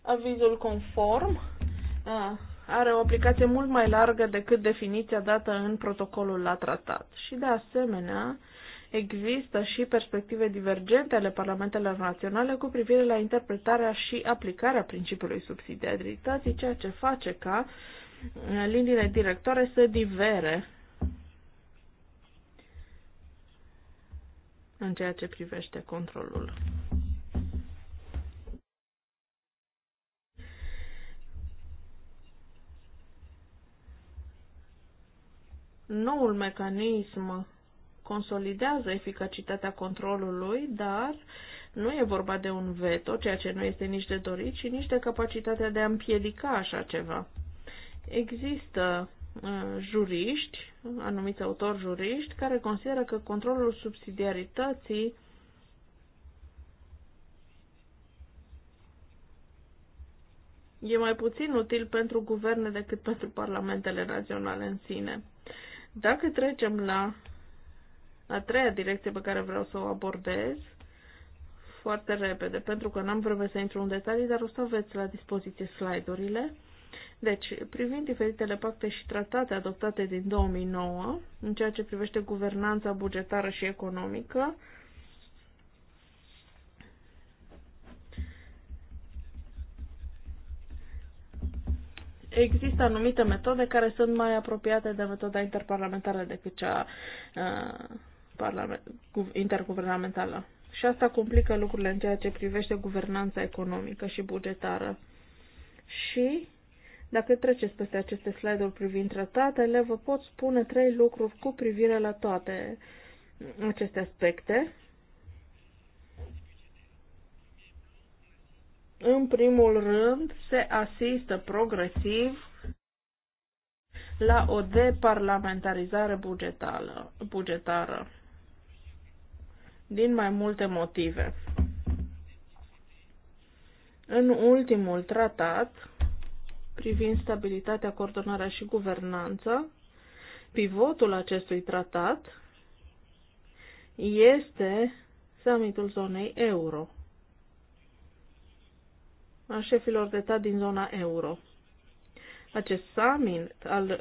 avizul conform are o aplicație mult mai largă decât definiția dată în protocolul la tratat. Și de asemenea, există și perspective divergente ale parlamentelor naționale cu privire la interpretarea și aplicarea principiului subsidiarității, ceea ce face ca uh, liniile directoare să divere în ceea ce privește controlul. Noul mecanism consolidează eficacitatea controlului, dar nu e vorba de un veto, ceea ce nu este nici de dorit, și nici de capacitatea de a împiedica așa ceva. Există uh, juriști, anumiți autori juriști, care consideră că controlul subsidiarității e mai puțin util pentru guverne decât pentru parlamentele naționale în sine. Dacă trecem la a treia direcție pe care vreau să o abordez, foarte repede, pentru că n-am vreme să intru în detalii, dar o să aveți la dispoziție slide-urile. Deci, privind diferitele pacte și tratate adoptate din 2009, în ceea ce privește guvernanța bugetară și economică, există anumite metode care sunt mai apropiate de metoda interparlamentară decât cea uh, interguvernamentală. Și asta complică lucrurile în ceea ce privește guvernanța economică și bugetară. Și dacă treceți peste aceste slide-uri privind tratatele, vă pot spune trei lucruri cu privire la toate aceste aspecte În primul rând, se asistă progresiv la o deparlamentarizare bugetară, bugetară din mai multe motive. În ultimul tratat, privind stabilitatea, coordonarea și guvernanță, pivotul acestui tratat este summitul zonei euro a șefilor de stat din zona euro. Acest summit al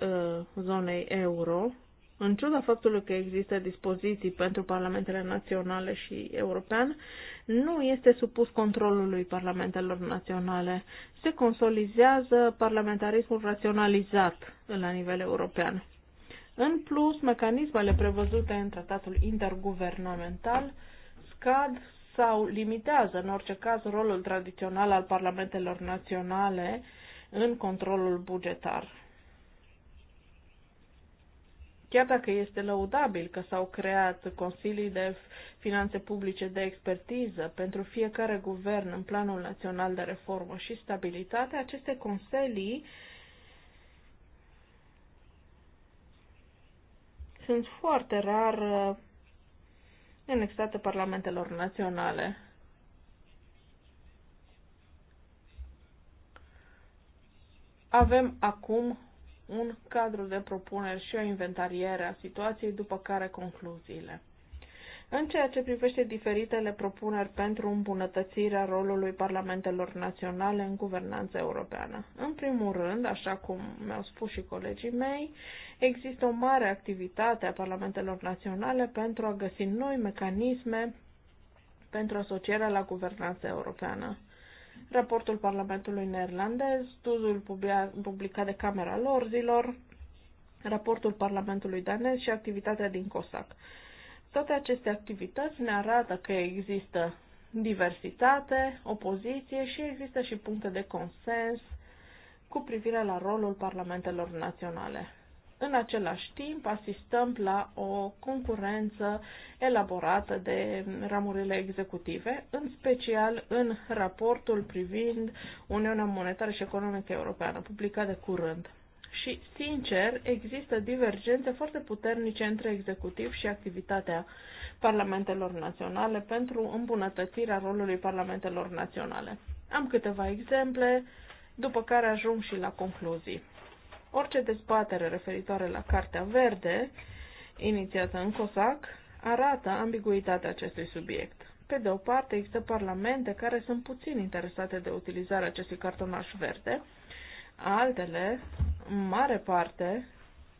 uh, zonei euro, în ciuda faptului că există dispoziții pentru parlamentele naționale și european, nu este supus controlului parlamentelor naționale. Se consolidează parlamentarismul raționalizat la nivel european. În plus, mecanismele prevăzute în tratatul interguvernamental scad sau limitează, în orice caz, rolul tradițional al parlamentelor naționale în controlul bugetar. Chiar dacă este lăudabil că s-au creat consilii de finanțe publice de expertiză pentru fiecare guvern în Planul Național de Reformă și Stabilitate, aceste consilii sunt foarte rar anexată parlamentelor naționale. Avem acum un cadru de propuneri și o inventariere a situației, după care concluziile. În ceea ce privește diferitele propuneri pentru îmbunătățirea rolului parlamentelor naționale în guvernanța europeană. În primul rând, așa cum mi-au spus și colegii mei, există o mare activitate a parlamentelor naționale pentru a găsi noi mecanisme pentru asocierea la guvernanța europeană. Raportul Parlamentului neerlandez, studiul publicat de Camera Lorzilor, raportul Parlamentului danez și activitatea din COSAC. Toate aceste activități ne arată că există diversitate, opoziție și există și puncte de consens cu privire la rolul parlamentelor naționale. În același timp, asistăm la o concurență elaborată de ramurile executive, în special în raportul privind Uniunea Monetară și Economică Europeană, publicat de curând și, sincer, există divergențe foarte puternice între executiv și activitatea parlamentelor naționale pentru îmbunătățirea rolului parlamentelor naționale. Am câteva exemple, după care ajung și la concluzii. Orice dezbatere referitoare la Cartea Verde, inițiată în COSAC, arată ambiguitatea acestui subiect. Pe de o parte, există parlamente care sunt puțin interesate de utilizarea acestui cartonaș verde, altele mare parte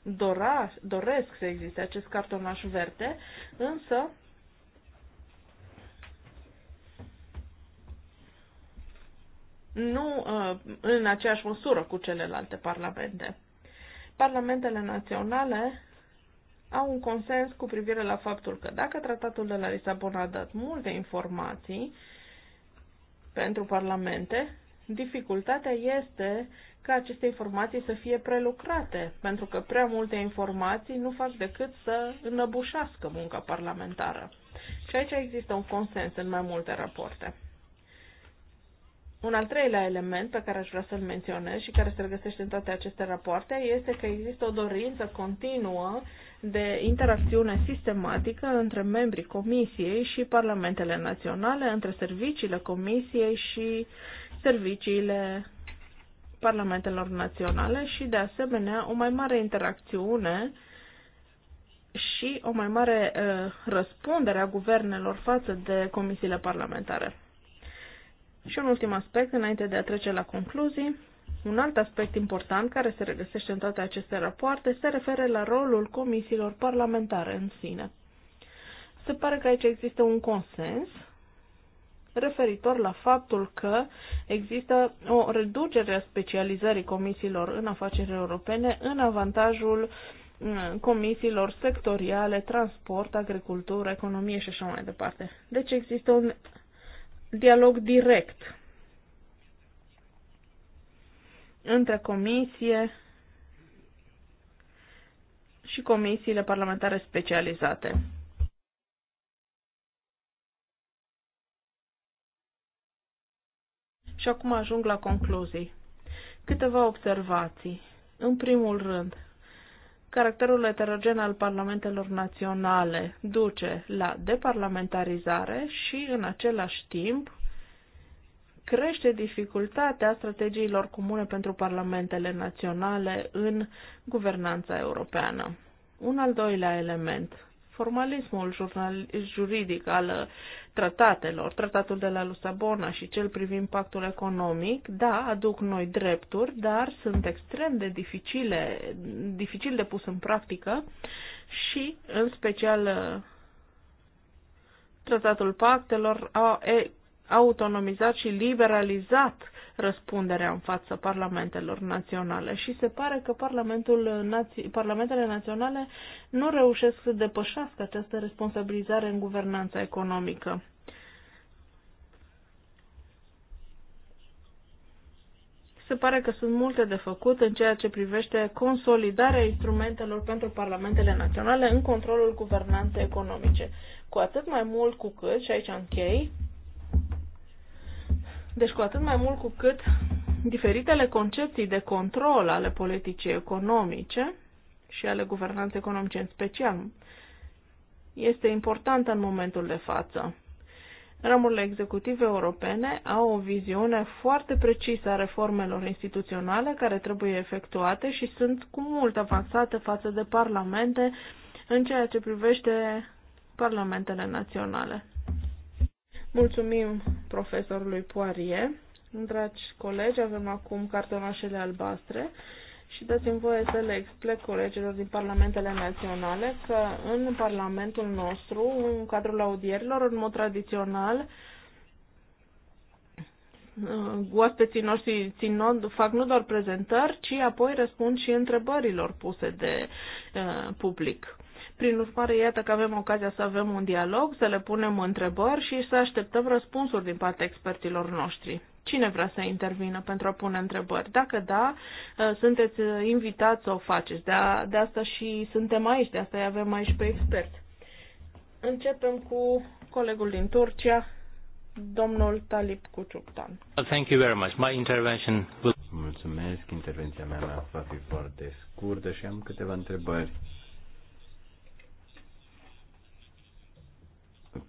dora, doresc să existe acest cartonaș verde, însă nu uh, în aceeași măsură cu celelalte parlamente. Parlamentele naționale au un consens cu privire la faptul că dacă tratatul de la Lisabona a dat multe informații pentru parlamente, dificultatea este ca aceste informații să fie prelucrate, pentru că prea multe informații nu fac decât să înăbușească munca parlamentară. Și aici există un consens în mai multe rapoarte. Un al treilea element pe care aș vrea să-l menționez și care se regăsește în toate aceste rapoarte este că există o dorință continuă de interacțiune sistematică între membrii Comisiei și Parlamentele Naționale, între serviciile Comisiei și serviciile parlamentelor naționale și, de asemenea, o mai mare interacțiune și o mai mare uh, răspundere a guvernelor față de comisiile parlamentare. Și un ultim aspect, înainte de a trece la concluzii, un alt aspect important care se regăsește în toate aceste rapoarte se referă la rolul comisiilor parlamentare în sine. Se pare că aici există un consens referitor la faptul că există o reducere a specializării comisiilor în afaceri europene în avantajul mm, comisiilor sectoriale, transport, agricultură, economie și așa mai departe. Deci există un dialog direct între comisie și comisiile parlamentare specializate. Și acum ajung la concluzii. Câteva observații. În primul rând, caracterul heterogen al parlamentelor naționale duce la deparlamentarizare și, în același timp, crește dificultatea strategiilor comune pentru parlamentele naționale în guvernanța europeană. Un al doilea element formalismul jurnal, juridic al uh, tratatelor, tratatul de la Lusabona și cel privind pactul economic, da, aduc noi drepturi, dar sunt extrem de dificile, dificil de pus în practică și, în special, uh, tratatul pactelor a autonomizat și liberalizat răspunderea în fața parlamentelor naționale și se pare că Parlamentul Naț- parlamentele naționale nu reușesc să depășească această responsabilizare în guvernanța economică. se pare că sunt multe de făcut în ceea ce privește consolidarea instrumentelor pentru parlamentele naționale în controlul guvernanței economice. Cu atât mai mult cu cât, și aici închei, deci cu atât mai mult cu cât diferitele concepții de control ale politicii economice și ale guvernanței economice în special este importantă în momentul de față. Ramurile executive europene au o viziune foarte precisă a reformelor instituționale care trebuie efectuate și sunt cu mult avansate față de parlamente în ceea ce privește parlamentele naționale. Mulțumim profesorului Poirie. Dragi colegi, avem acum cartonașele albastre și dați-mi voie să le explic colegilor din parlamentele naționale că în parlamentul nostru, în cadrul audierilor, în mod tradițional, oaspeții noștri țin, fac nu doar prezentări, ci apoi răspund și întrebărilor puse de uh, public. Prin urmare, iată că avem ocazia să avem un dialog, să le punem întrebări și să așteptăm răspunsuri din partea expertilor noștri. Cine vrea să intervină pentru a pune întrebări? Dacă da, uh, sunteți uh, invitați să o faceți. De, a, de asta și suntem aici, de asta îi avem aici pe expert. Începem cu colegul din Turcia, domnul Talip Kucuktan. Thank you very much. My intervention will... Mulțumesc, intervenția mea va fi foarte scurtă și am câteva întrebări.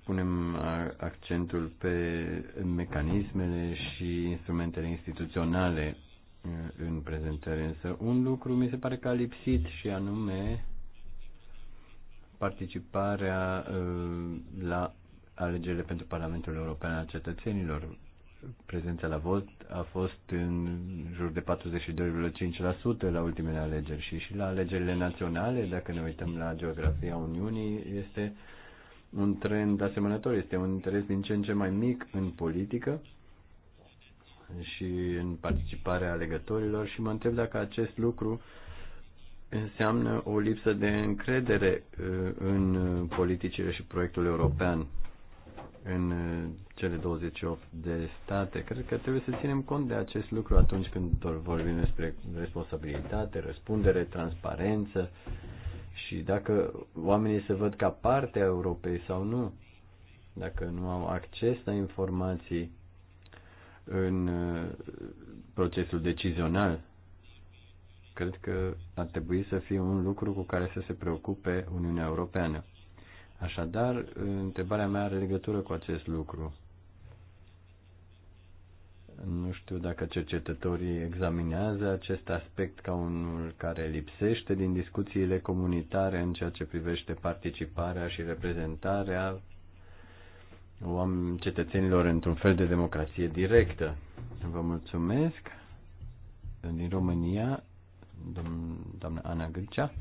punem accentul pe mecanismele și instrumentele instituționale în prezentare, însă un lucru mi se pare că a lipsit și anume participarea la alegerile pentru Parlamentul European al cetățenilor. Prezența la vot a fost în jur de 42,5% la ultimele alegeri și și la alegerile naționale, dacă ne uităm la geografia Uniunii, este uh, un trend asemănător. Este un interes din ce în ce mai mic în politică și în participarea alegătorilor și mă întreb dacă acest lucru înseamnă o lipsă de încredere uh, în politicile și proiectul european în uh, cele 28 de state. Cred că trebuie să ținem cont de acest lucru atunci când vorbim despre responsabilitate, răspundere, transparență și dacă oamenii se văd ca parte a Europei sau nu, dacă nu au acces la informații în uh, procesul decizional. Cred că ar trebui să fie un lucru cu care să se preocupe Uniunea Europeană. Așadar, întrebarea mea are legătură cu acest lucru. Nu știu dacă cercetătorii examinează acest aspect ca unul care lipsește din discuțiile comunitare în ceea ce privește participarea și reprezentarea cetățenilor într-un fel de democrație directă. Vă mulțumesc. Din România, doamna Ana Gâncea.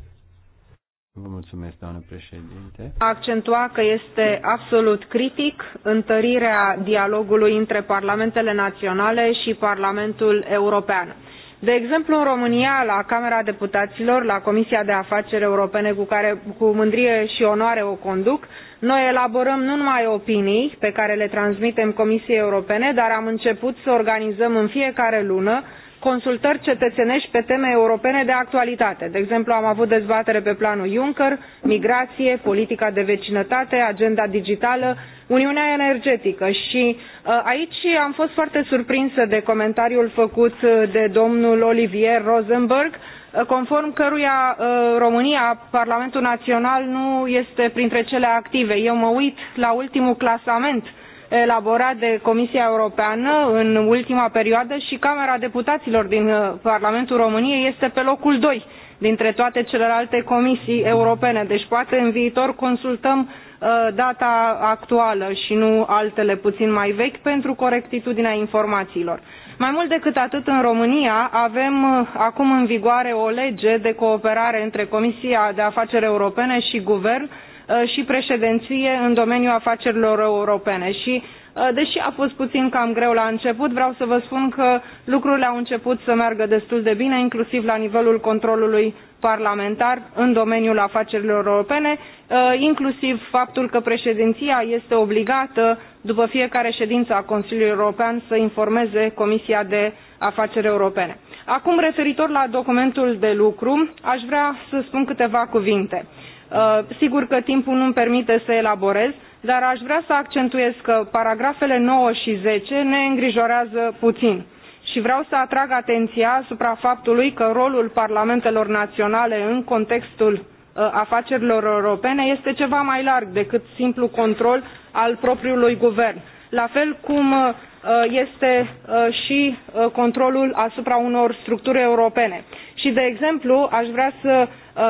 Vă mulțumesc, doamnă președinte. Accentua că este absolut critic întărirea dialogului între parlamentele naționale și Parlamentul European. De exemplu, în România, la Camera Deputaților, la Comisia de Afaceri Europene, cu care cu mândrie și onoare o conduc, noi elaborăm nu numai opinii pe care le transmitem Comisiei Europene, dar am început să organizăm în fiecare lună consultări cetățenești pe teme europene de actualitate. De exemplu, am avut dezbatere pe planul Juncker, migrație, politica de vecinătate, agenda digitală, Uniunea Energetică și uh, aici am fost foarte surprinsă de comentariul făcut de domnul Olivier Rosenberg, uh, conform căruia uh, România, Parlamentul Național, nu este printre cele active. Eu mă uit la ultimul clasament elaborat de Comisia Europeană în ultima perioadă și Camera Deputaților din uh, Parlamentul României este pe locul doi dintre toate celelalte comisii europene. Deci poate în viitor consultăm uh, data actuală și nu altele puțin mai vechi pentru corectitudinea informațiilor. Mai mult decât atât, în România avem uh, acum în vigoare o lege de cooperare între Comisia de Afaceri Europene și Guvern Uh, și președinție în domeniul afacerilor europene și uh, deși a fost puțin cam greu la început vreau să vă spun că lucrurile au început să meargă destul de bine inclusiv la nivelul controlului parlamentar în domeniul afacerilor europene uh, inclusiv faptul că președinția este obligată după fiecare ședință a consiliului european să informeze comisia de afaceri europene. acum referitor la documentul de lucru aș vrea să spun câteva cuvinte. Uh, sigur că timpul nu-mi permite să elaborez, dar aș vrea să accentuez că paragrafele 9 și 10 ne îngrijorează puțin și vreau să atrag atenția asupra faptului că rolul parlamentelor naționale în contextul uh, afacerilor europene este ceva mai larg decât simplu control al propriului guvern la fel cum uh, este și controlul asupra unor structuri europene și de exemplu aș vrea să Uh,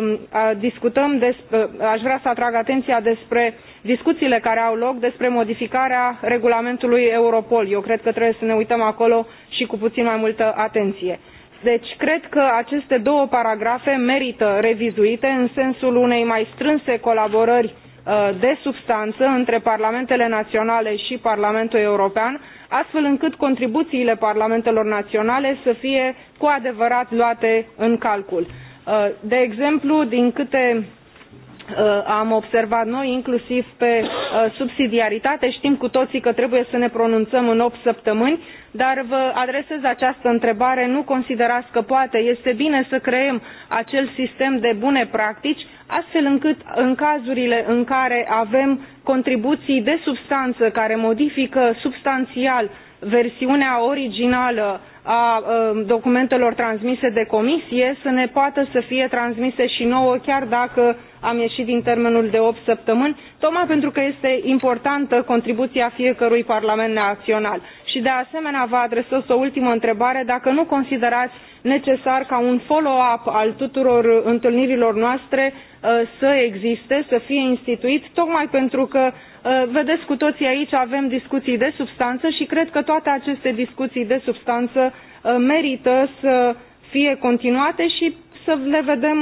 um, discutăm despre, aș vrea să atrag atenția despre discuțiile care au loc despre modificarea regulamentului Europol. Eu cred că trebuie să ne uităm acolo și cu puțin mai multă atenție. Deci cred că aceste două paragrafe merită revizuite în sensul unei mai strânse colaborări uh, de substanță între parlamentele naționale și Parlamentul European, astfel încât contribuțiile parlamentelor naționale să fie cu adevărat luate în calcul Uh, de exemplu, din câte uh, am observat noi, inclusiv pe uh, subsidiaritate, știm cu toții că trebuie să ne pronunțăm în 8 săptămâni, dar vă adresez această întrebare, nu considerați că poate, este bine să creăm acel sistem de bune practici, astfel încât în cazurile în care avem contribuții de substanță care modifică substanțial versiunea originală a um, documentelor transmise de comisie să ne poată să fie transmise și nouă chiar dacă am ieșit din termenul de opt săptămâni tocmai pentru că este importantă contribuția fiecărui parlament național și de asemenea vă adresez o ultimă întrebare dacă nu considerați necesar ca un follow up al tuturor întâlnirilor noastre uh, să existe să fie instituit tocmai pentru că uh, vedeți cu toții aici avem discuții de substanță și cred că toate aceste discuții de substanță uh, merită să fie continuate și să le vedem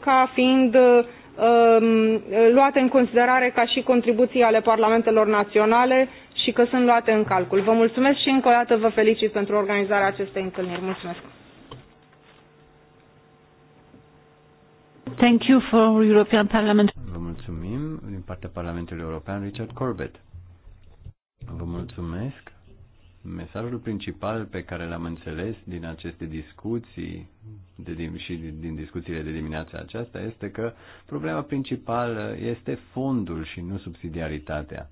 ca fiind um, luate în considerare ca și contribuții ale parlamentelor naționale și că sunt luate în calcul. Vă mulțumesc și încă o dată vă felicit pentru organizarea acestei întâlniri. Mulțumesc! Thank you for European Parliament. Vă mulțumim din partea Parlamentului European Richard Corbett. Vă mulțumesc. Mesajul principal pe care l-am înțeles din aceste discuții de și din discuțiile de dimineața aceasta este că problema principală este fondul și nu subsidiaritatea.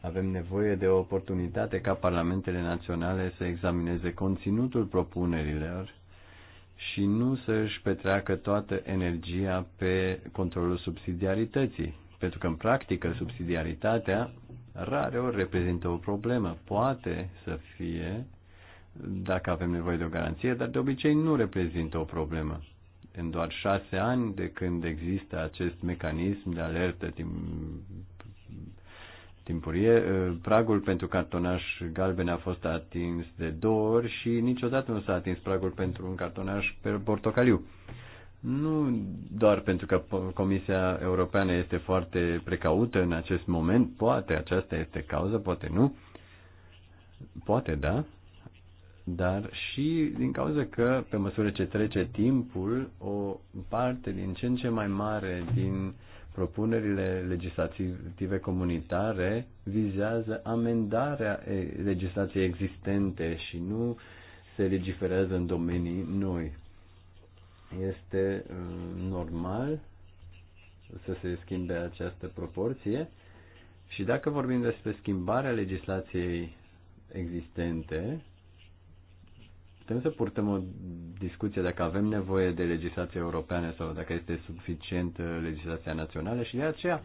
Avem nevoie de o oportunitate ca parlamentele naționale să examineze conținutul propunerilor și nu să își petreacă toată energia pe controlul subsidiarității. Pentru că, în practică, subsidiaritatea rareori reprezintă o problemă. Poate să fie dacă avem nevoie de o garanție, dar de obicei nu reprezintă o problemă. În doar șase ani de când există acest mecanism de alertă timp timpurie. Pragul pentru cartonaș galben a fost atins de două ori și niciodată nu s-a atins pragul pentru un cartonaș portocaliu. Nu doar pentru că Comisia Europeană este foarte precaută în acest moment, poate aceasta este cauza, poate nu, poate da, dar și din cauza că, pe măsură ce trece timpul, o parte din ce în ce mai mare din uh, Propunerile legislative comunitare vizează amendarea legislației existente și nu se legiferează în domenii noi. Este uh, normal să se schimbe această proporție și dacă vorbim despre schimbarea legislației existente, Putem să purtăm o discuție dacă avem nevoie de legislație europeană sau dacă este suficient uh, legislația națională și de aceea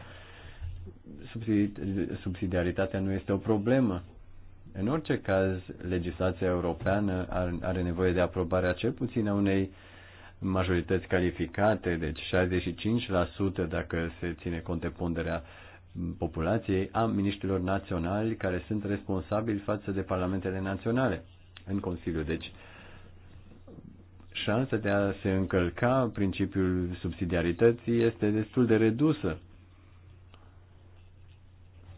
subsidiaritatea nu este o problemă. În orice caz, legislația europeană are nevoie de aprobarea cel puțin a unei majorități calificate, deci 65% dacă se ține cont de ponderea populației a miniștrilor naționali care sunt responsabili față de parlamentele naționale în Consiliu. Deci șansa de a se încălca principiul subsidiarității este destul de redusă.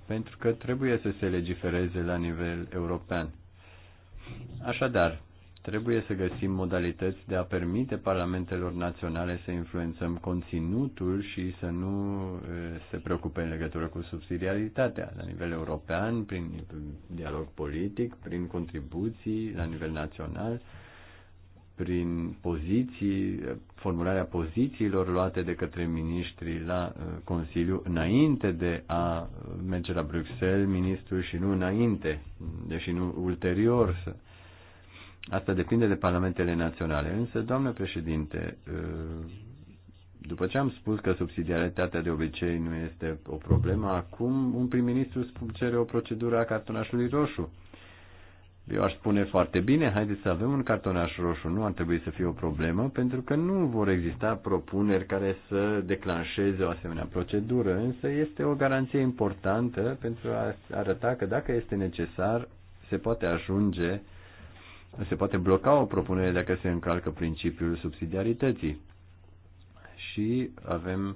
Pentru că trebuie să se legifereze la nivel european. Așadar, trebuie să găsim modalități de a permite parlamentelor naționale să influențăm conținutul și să nu se preocupe în legătură cu subsidiaritatea la nivel european, prin dialog politic, prin contribuții la nivel național prin poziții, formularea pozițiilor luate de către miniștri la uh, Consiliu înainte de a merge la Bruxelles, ministrul și nu înainte, deși nu ulterior. Asta depinde de parlamentele naționale. Însă, doamnă președinte, uh, după ce am spus că subsidiaritatea de obicei nu este o problemă, acum un prim-ministru cere o procedură a cartonașului roșu eu aș spune foarte bine, haideți să avem un cartonaș roșu, nu ar trebui să fie o problemă, pentru că nu vor exista propuneri care să declanșeze o asemenea procedură, însă este o garanție importantă pentru a arăta că dacă este necesar, se poate ajunge, se poate bloca o propunere dacă se încalcă principiul subsidiarității. Și avem uh,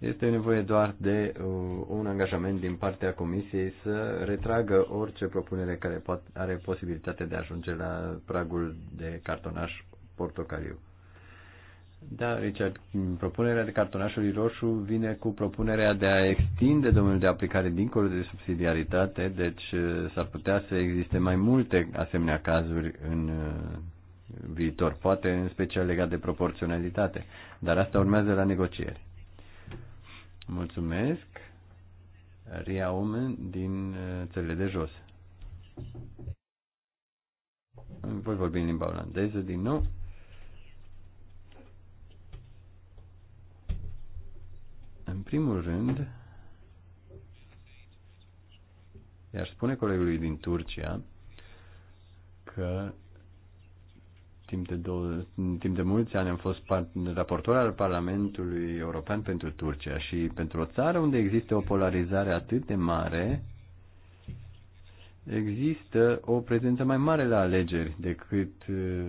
este nevoie doar de uh, un angajament din partea Comisiei să retragă orice propunere care poate, are posibilitatea de a ajunge la pragul de cartonaș portocaliu. Da, Richard, propunerea de cartonașului roșu vine cu propunerea de a extinde domeniul de aplicare dincolo de subsidiaritate, deci uh, s-ar putea să existe mai multe asemenea cazuri în uh, viitor, poate în special legat de proporționalitate, dar asta urmează la negocieri. Mulțumesc. Ria Omen din uh, țările de jos. Voi vorbi în limba olandeză din nou. În primul rând, i-aș spune colegului din Turcia că Timp de, dou- timp de mulți ani am fost raportor al Parlamentului European pentru Turcia și pentru o țară unde există o polarizare atât de mare, există o prezență mai mare la alegeri decât uh,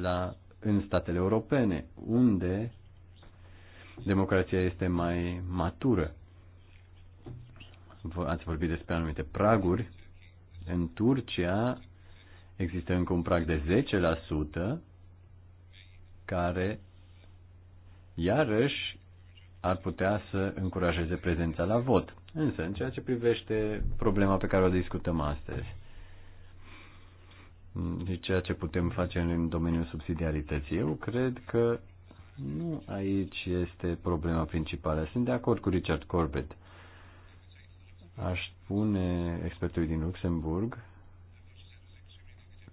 la, în statele europene, unde democrația este mai matură. Ați vorbit despre anumite praguri. În Turcia Există încă un prag de 10% care iarăși ar putea să încurajeze prezența la vot. Însă, în ceea ce privește problema pe care o discutăm astăzi, și deci ceea ce putem face în domeniul subsidiarității, eu cred că nu aici este problema principală. Sunt de acord cu Richard Corbett. Aș spune expertului din Luxemburg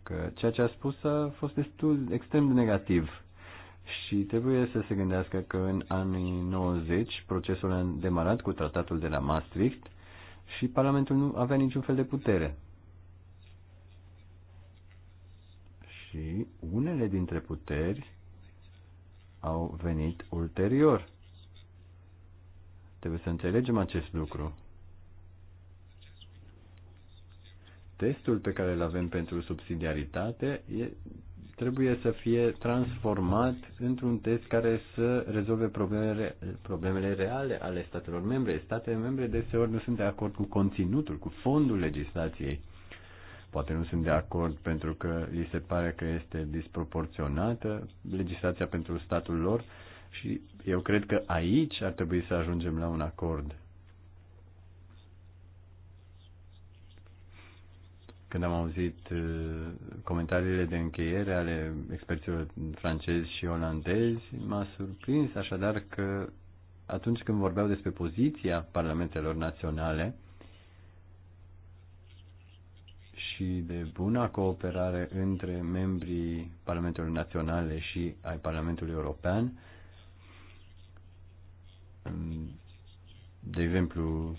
că ceea ce a spus a fost destul extrem de negativ și trebuie să se gândească că în anii 90 procesul a demarat cu tratatul de la Maastricht și Parlamentul nu avea niciun fel de putere. Și unele dintre puteri au venit ulterior. Trebuie să înțelegem acest lucru. testul pe care îl avem pentru subsidiaritate e, trebuie să fie transformat într-un test care să rezolve problemele, problemele reale ale statelor membre. Statele membre deseori nu sunt de acord cu conținutul, cu fondul legislației. Poate nu sunt de acord pentru că li se pare că este disproporționată legislația pentru statul lor și eu cred că aici ar trebui să ajungem la un acord Când am auzit uh, comentariile de încheiere ale experților francezi și olandezi, m-a surprins așadar că atunci când vorbeau despre poziția parlamentelor naționale și de buna cooperare între membrii Parlamentelor Naționale și ai Parlamentului European, de exemplu,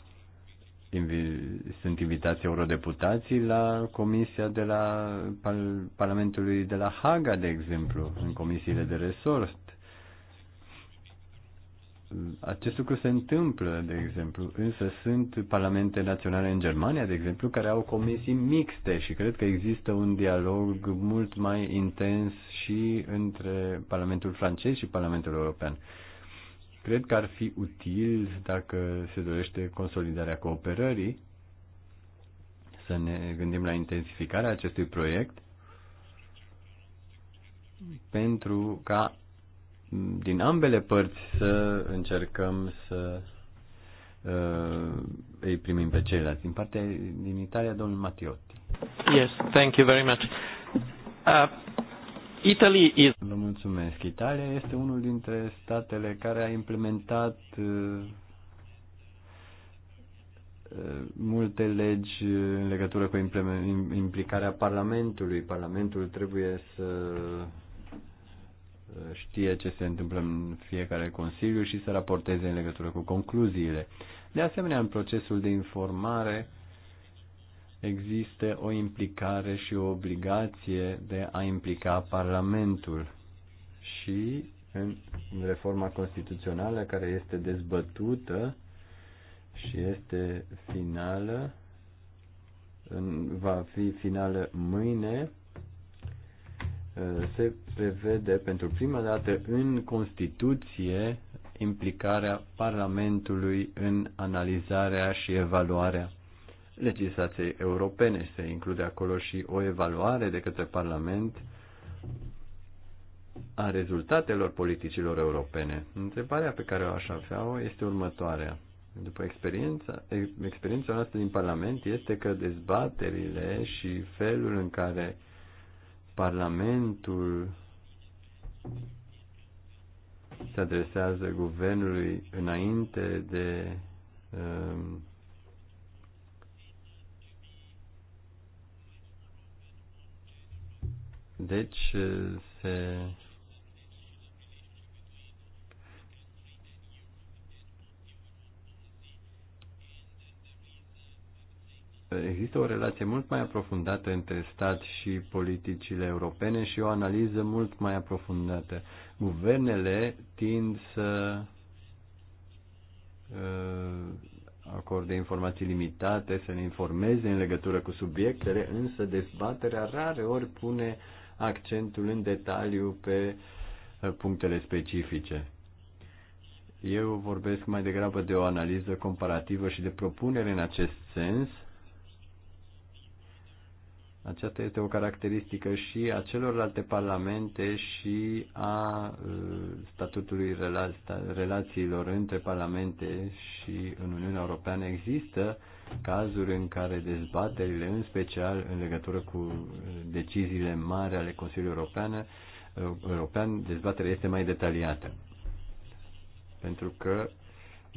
sunt invitați eurodeputații la comisia de la Parlamentului de la Haga, de exemplu, în comisiile de resort. Acest lucru se întâmplă, de exemplu, însă sunt parlamente naționale în Germania, de exemplu, care au comisii mixte și cred că există un dialog mult mai intens și între Parlamentul francez și Parlamentul european. Cred că ar fi util dacă se dorește consolidarea cooperării să ne gândim la intensificarea acestui proiect pentru ca din ambele părți să încercăm să uh, îi primim pe ceilalți. Din partea din Italia, domnul Matiotti. Yes, thank you very much. Uh, Italy is... Vă mulțumesc. Italia este unul dintre statele care a implementat uh, multe legi în legătură cu implicarea Parlamentului. Parlamentul trebuie să uh, știe ce se întâmplă în fiecare Consiliu și să raporteze în legătură cu concluziile. De asemenea, în procesul de informare există o implicare și o obligație de a implica Parlamentul și în reforma constituțională care este dezbătută și este finală, în, va fi finală mâine, uh, se prevede pentru prima dată în Constituție implicarea Parlamentului în analizarea și evaluarea legislației europene. Se include acolo și o evaluare de către Parlament a rezultatelor politicilor europene. Întrebarea pe care o aș avea este următoarea. După experiența, experiența noastră din Parlament este că dezbaterile și felul în care Parlamentul se adresează guvernului înainte de um, deci se există o relație mult mai aprofundată între stat și politicile europene și o analiză mult mai aprofundată. Guvernele tind să uh, acorde informații limitate, să ne informeze în legătură cu subiectele, însă dezbaterea rare ori pune accentul în detaliu pe uh, punctele specifice. Eu vorbesc mai degrabă de o analiză comparativă și de propunere în acest sens, aceasta este o caracteristică și a celorlalte parlamente și a uh, statutului relațiilor între parlamente și în Uniunea Europeană. Există cazuri în care dezbaterile, în special în legătură cu uh, deciziile mari ale Consiliului European, uh, European dezbaterea este mai detaliată. Pentru că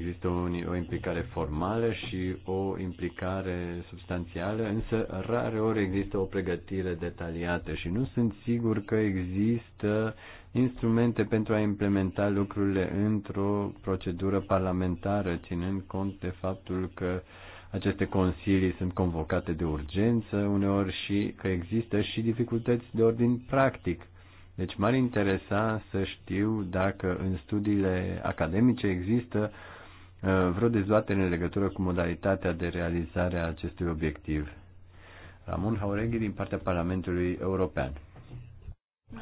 Există o, o implicare formală și o implicare substanțială, însă rare ori există o pregătire detaliată și nu sunt sigur că există instrumente pentru a implementa lucrurile într-o procedură parlamentară, ținând cont de faptul că aceste consilii sunt convocate de urgență uneori și că există și dificultăți de ordin practic. Deci m-ar interesa să știu dacă în studiile academice există Uh, vreo dezbatere în legătură cu modalitatea de realizare a acestui obiectiv. Ramon Haureghi din partea Parlamentului European.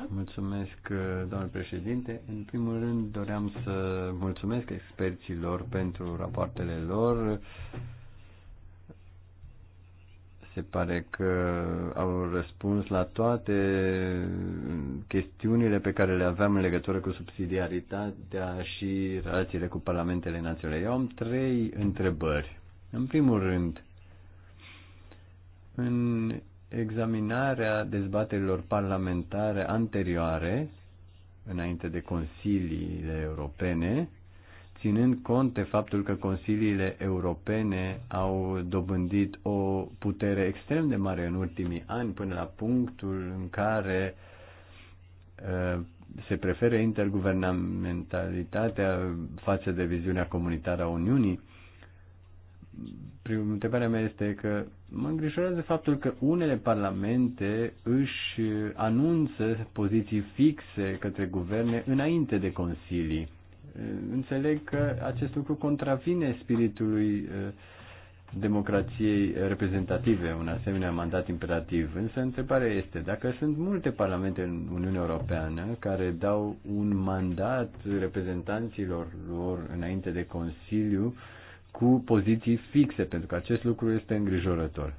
Mulțumesc, uh, domnule președinte. În primul rând, doream să mulțumesc experților pentru rapoartele lor se pare că au răspuns la toate chestiunile pe care le aveam în legătură cu subsidiaritatea și relațiile cu parlamentele naționale. Eu am trei întrebări. În primul rând, în examinarea dezbaterilor parlamentare anterioare, înainte de consiliile europene, ținând cont de faptul că consiliile europene au dobândit o putere extrem de mare în ultimii ani, până la punctul în care uh, se preferă interguvernamentalitatea față de viziunea comunitară a Uniunii. Întrebarea mea este că mă îngrijorează faptul că unele parlamente își anunță poziții fixe către guverne înainte de consilii înțeleg că acest lucru contravine spiritului uh, democrației reprezentative, un asemenea mandat imperativ. Însă întrebarea este, dacă sunt multe parlamente în Uniunea Europeană care dau un mandat reprezentanților lor înainte de Consiliu cu poziții fixe, pentru că acest lucru este îngrijorător.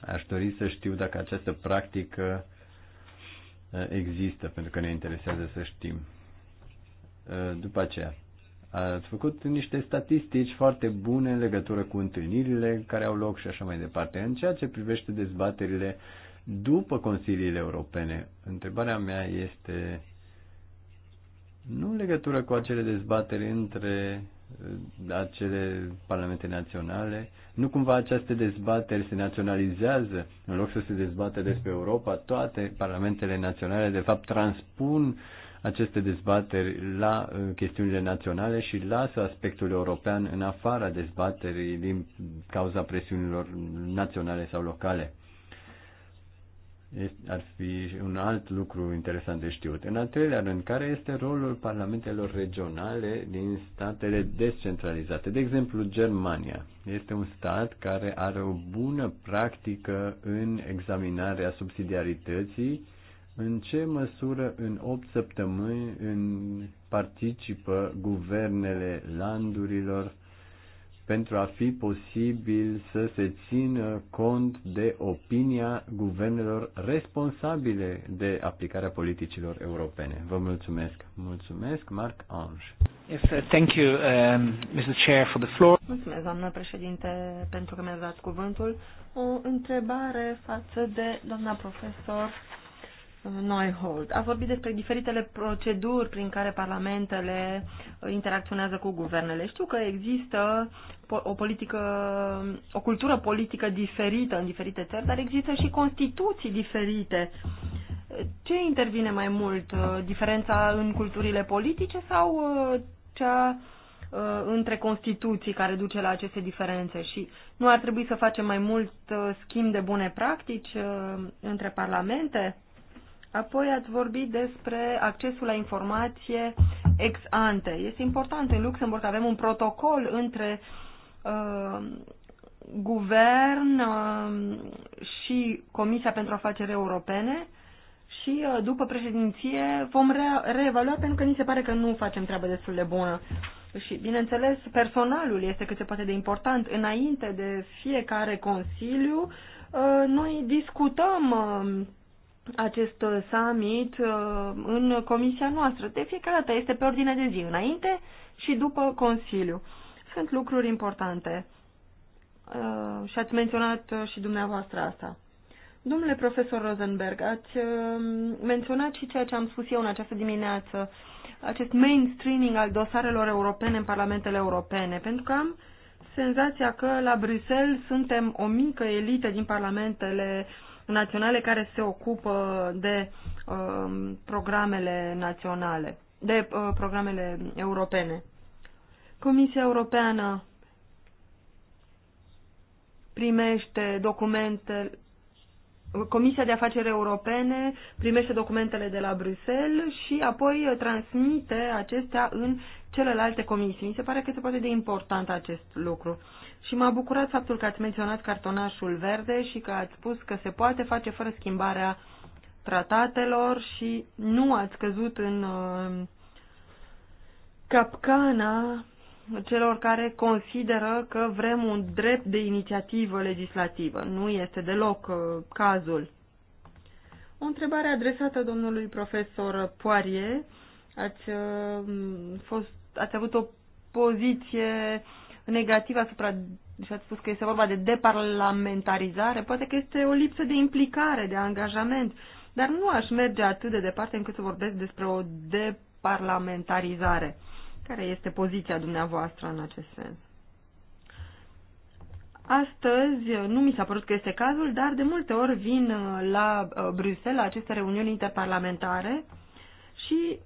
Aș dori să știu dacă această practică uh, există, pentru că ne interesează să știm. Uh, după aceea. Ați făcut niște statistici foarte bune în legătură cu întâlnirile care au loc și așa mai departe. În ceea ce privește dezbaterile după Consiliile Europene, întrebarea mea este nu în legătură cu acele dezbateri între uh, acele parlamente naționale, nu cumva aceste dezbateri se naționalizează, în loc să se dezbate despre Europa, toate parlamentele naționale de fapt transpun aceste dezbateri la uh, chestiunile naționale și lasă aspectul european în afara dezbaterii din cauza presiunilor naționale sau locale. Este, ar fi un alt lucru interesant de știut. În al treilea rând, care este rolul parlamentelor regionale din statele descentralizate? De exemplu, Germania este un stat care are o bună practică în examinarea subsidiarității în ce măsură în 8 săptămâni în participă guvernele landurilor pentru a fi posibil să se țină cont de opinia guvernelor responsabile de aplicarea politicilor europene. Vă mulțumesc. Mulțumesc, Marc Ange. Yes, thank you, um, Mr. Chair, for the floor. Mulțumesc, doamnă președinte, pentru că mi-ați dat cuvântul. O întrebare față de doamna profesor Neuhold. A vorbit despre diferitele proceduri prin care parlamentele interacționează cu guvernele. Știu că există o politică, o cultură politică diferită în diferite țări, dar există și constituții diferite. Ce intervine mai mult? Uh, diferența în culturile politice sau uh, cea uh, între constituții care duce la aceste diferențe și nu ar trebui să facem mai mult schimb de bune practici între parlamente? Apoi ați vorbit despre accesul la informație ex ante. Este important în Luxemburg avem un protocol între uh, guvern uh, și Comisia pentru Afaceri Europene și uh, după președinție vom re- reevalua pentru că ni se pare că nu facem treabă destul de bună. Și, bineînțeles, personalul este cât se poate de important. Înainte de fiecare consiliu, uh, noi discutăm uh, acest uh, summit uh, în comisia noastră. De fiecare dată este pe ordine de zi, înainte și după Consiliu. Sunt lucruri importante uh, și ați menționat și dumneavoastră asta. Domnule profesor Rosenberg, ați menționat și ceea ce am spus eu în această dimineață, acest mainstreaming al dosarelor europene în parlamentele europene, pentru că am senzația că la Bruxelles suntem o mică elită din parlamentele uh, naționale care se ocupă de uh, programele naționale, de uh, programele europene. Comisia Europeană primește documente Comisia de Afaceri Europene primește documentele de la Bruxelles și apoi transmite acestea în celelalte comisii. Mi se pare că se poate de important acest lucru. Și m-a bucurat faptul că ați menționat cartonașul verde și că ați spus că se poate face fără schimbarea tratatelor și nu ați căzut în uh, capcana celor care consideră că vrem un drept de inițiativă legislativă. Nu este deloc uh, cazul. O întrebare adresată domnului profesor Poirier. Ați, uh, fost, ați avut o poziție negativ asupra, și ați spus că este vorba de deparlamentarizare, poate că este o lipsă de implicare, de angajament, dar nu aș merge atât de departe încât să vorbesc despre o deparlamentarizare. Care este poziția dumneavoastră în acest sens? Astăzi nu mi s-a părut că este cazul, dar de multe ori vin uh, la uh, Bruxelles la aceste reuniuni interparlamentare și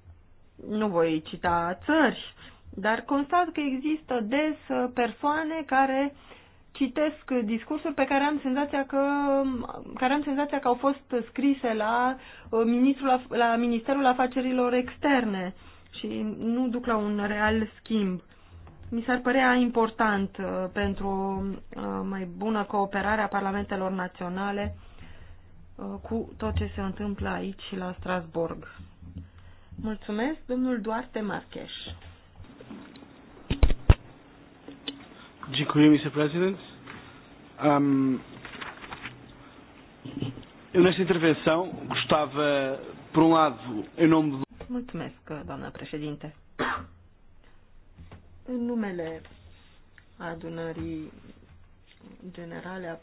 nu voi cita țări, dar constat că există des uh, persoane care citesc discursuri pe care am senzația că, care am senzația că au fost scrise la, uh, ministrul, la Ministerul Afacerilor Externe și nu duc la un real schimb. Mi s-ar părea important uh, pentru o mai bună cooperare a parlamentelor naționale cu tot ce se întâmplă aici la Strasburg. Mulțumesc, domnul Duarte Marcheș. Dziękuję, Mr. President. Um, eu nesta intervenção gostava, por um lado, em nome do... Mulțumesc, doamnă președinte. În numele adunării generale a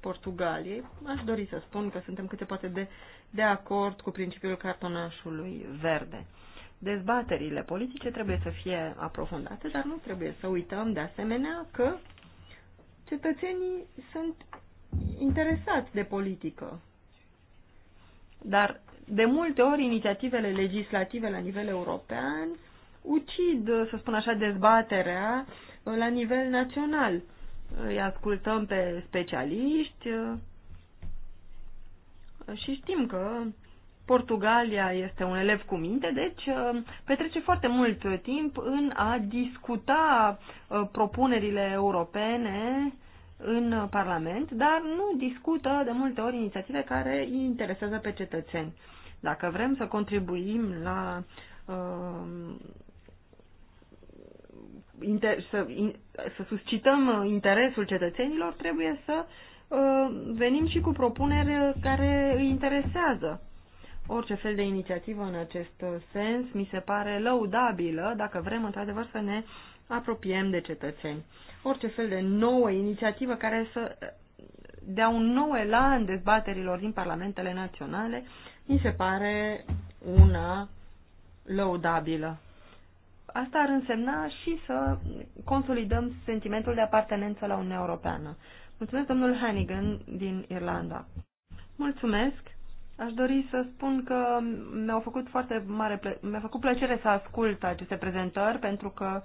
Portugaliei, aș dori să spun că suntem câte poate de, de acord cu principiul cartonașului verde. Uh, dezbaterile politice trebuie să fie aprofundate, dar nu trebuie să uităm de asemenea că cetățenii sunt interesați de politică. Dar de multe ori inițiativele legislative la nivel european ucid, să spun așa, dezbaterea la nivel național. Îi ascultăm pe specialiști și știm că Portugalia este un elev cu minte, deci uh, petrece foarte mult timp în a discuta uh, propunerile europene în Parlament, dar nu discută de multe ori inițiative care îi interesează pe cetățeni. Dacă vrem să contribuim la uh, să, suscităm interesul cetățenilor, trebuie să venim și cu propuneri care îi interesează orice fel de inițiativă în acest uh, sens mi se pare lăudabilă dacă vrem într-adevăr să ne apropiem de cetățeni. Orice fel de nouă inițiativă care să uh, dea un nou elan dezbaterilor din parlamentele naționale mi se pare una lăudabilă. Asta ar însemna și să consolidăm sentimentul de apartenență la Uniunea Europeană. Mulțumesc, domnul Hannigan din Irlanda. Mulțumesc! Aș dori să spun că mi-au făcut foarte mare mi-a făcut plăcere să ascult aceste prezentări pentru că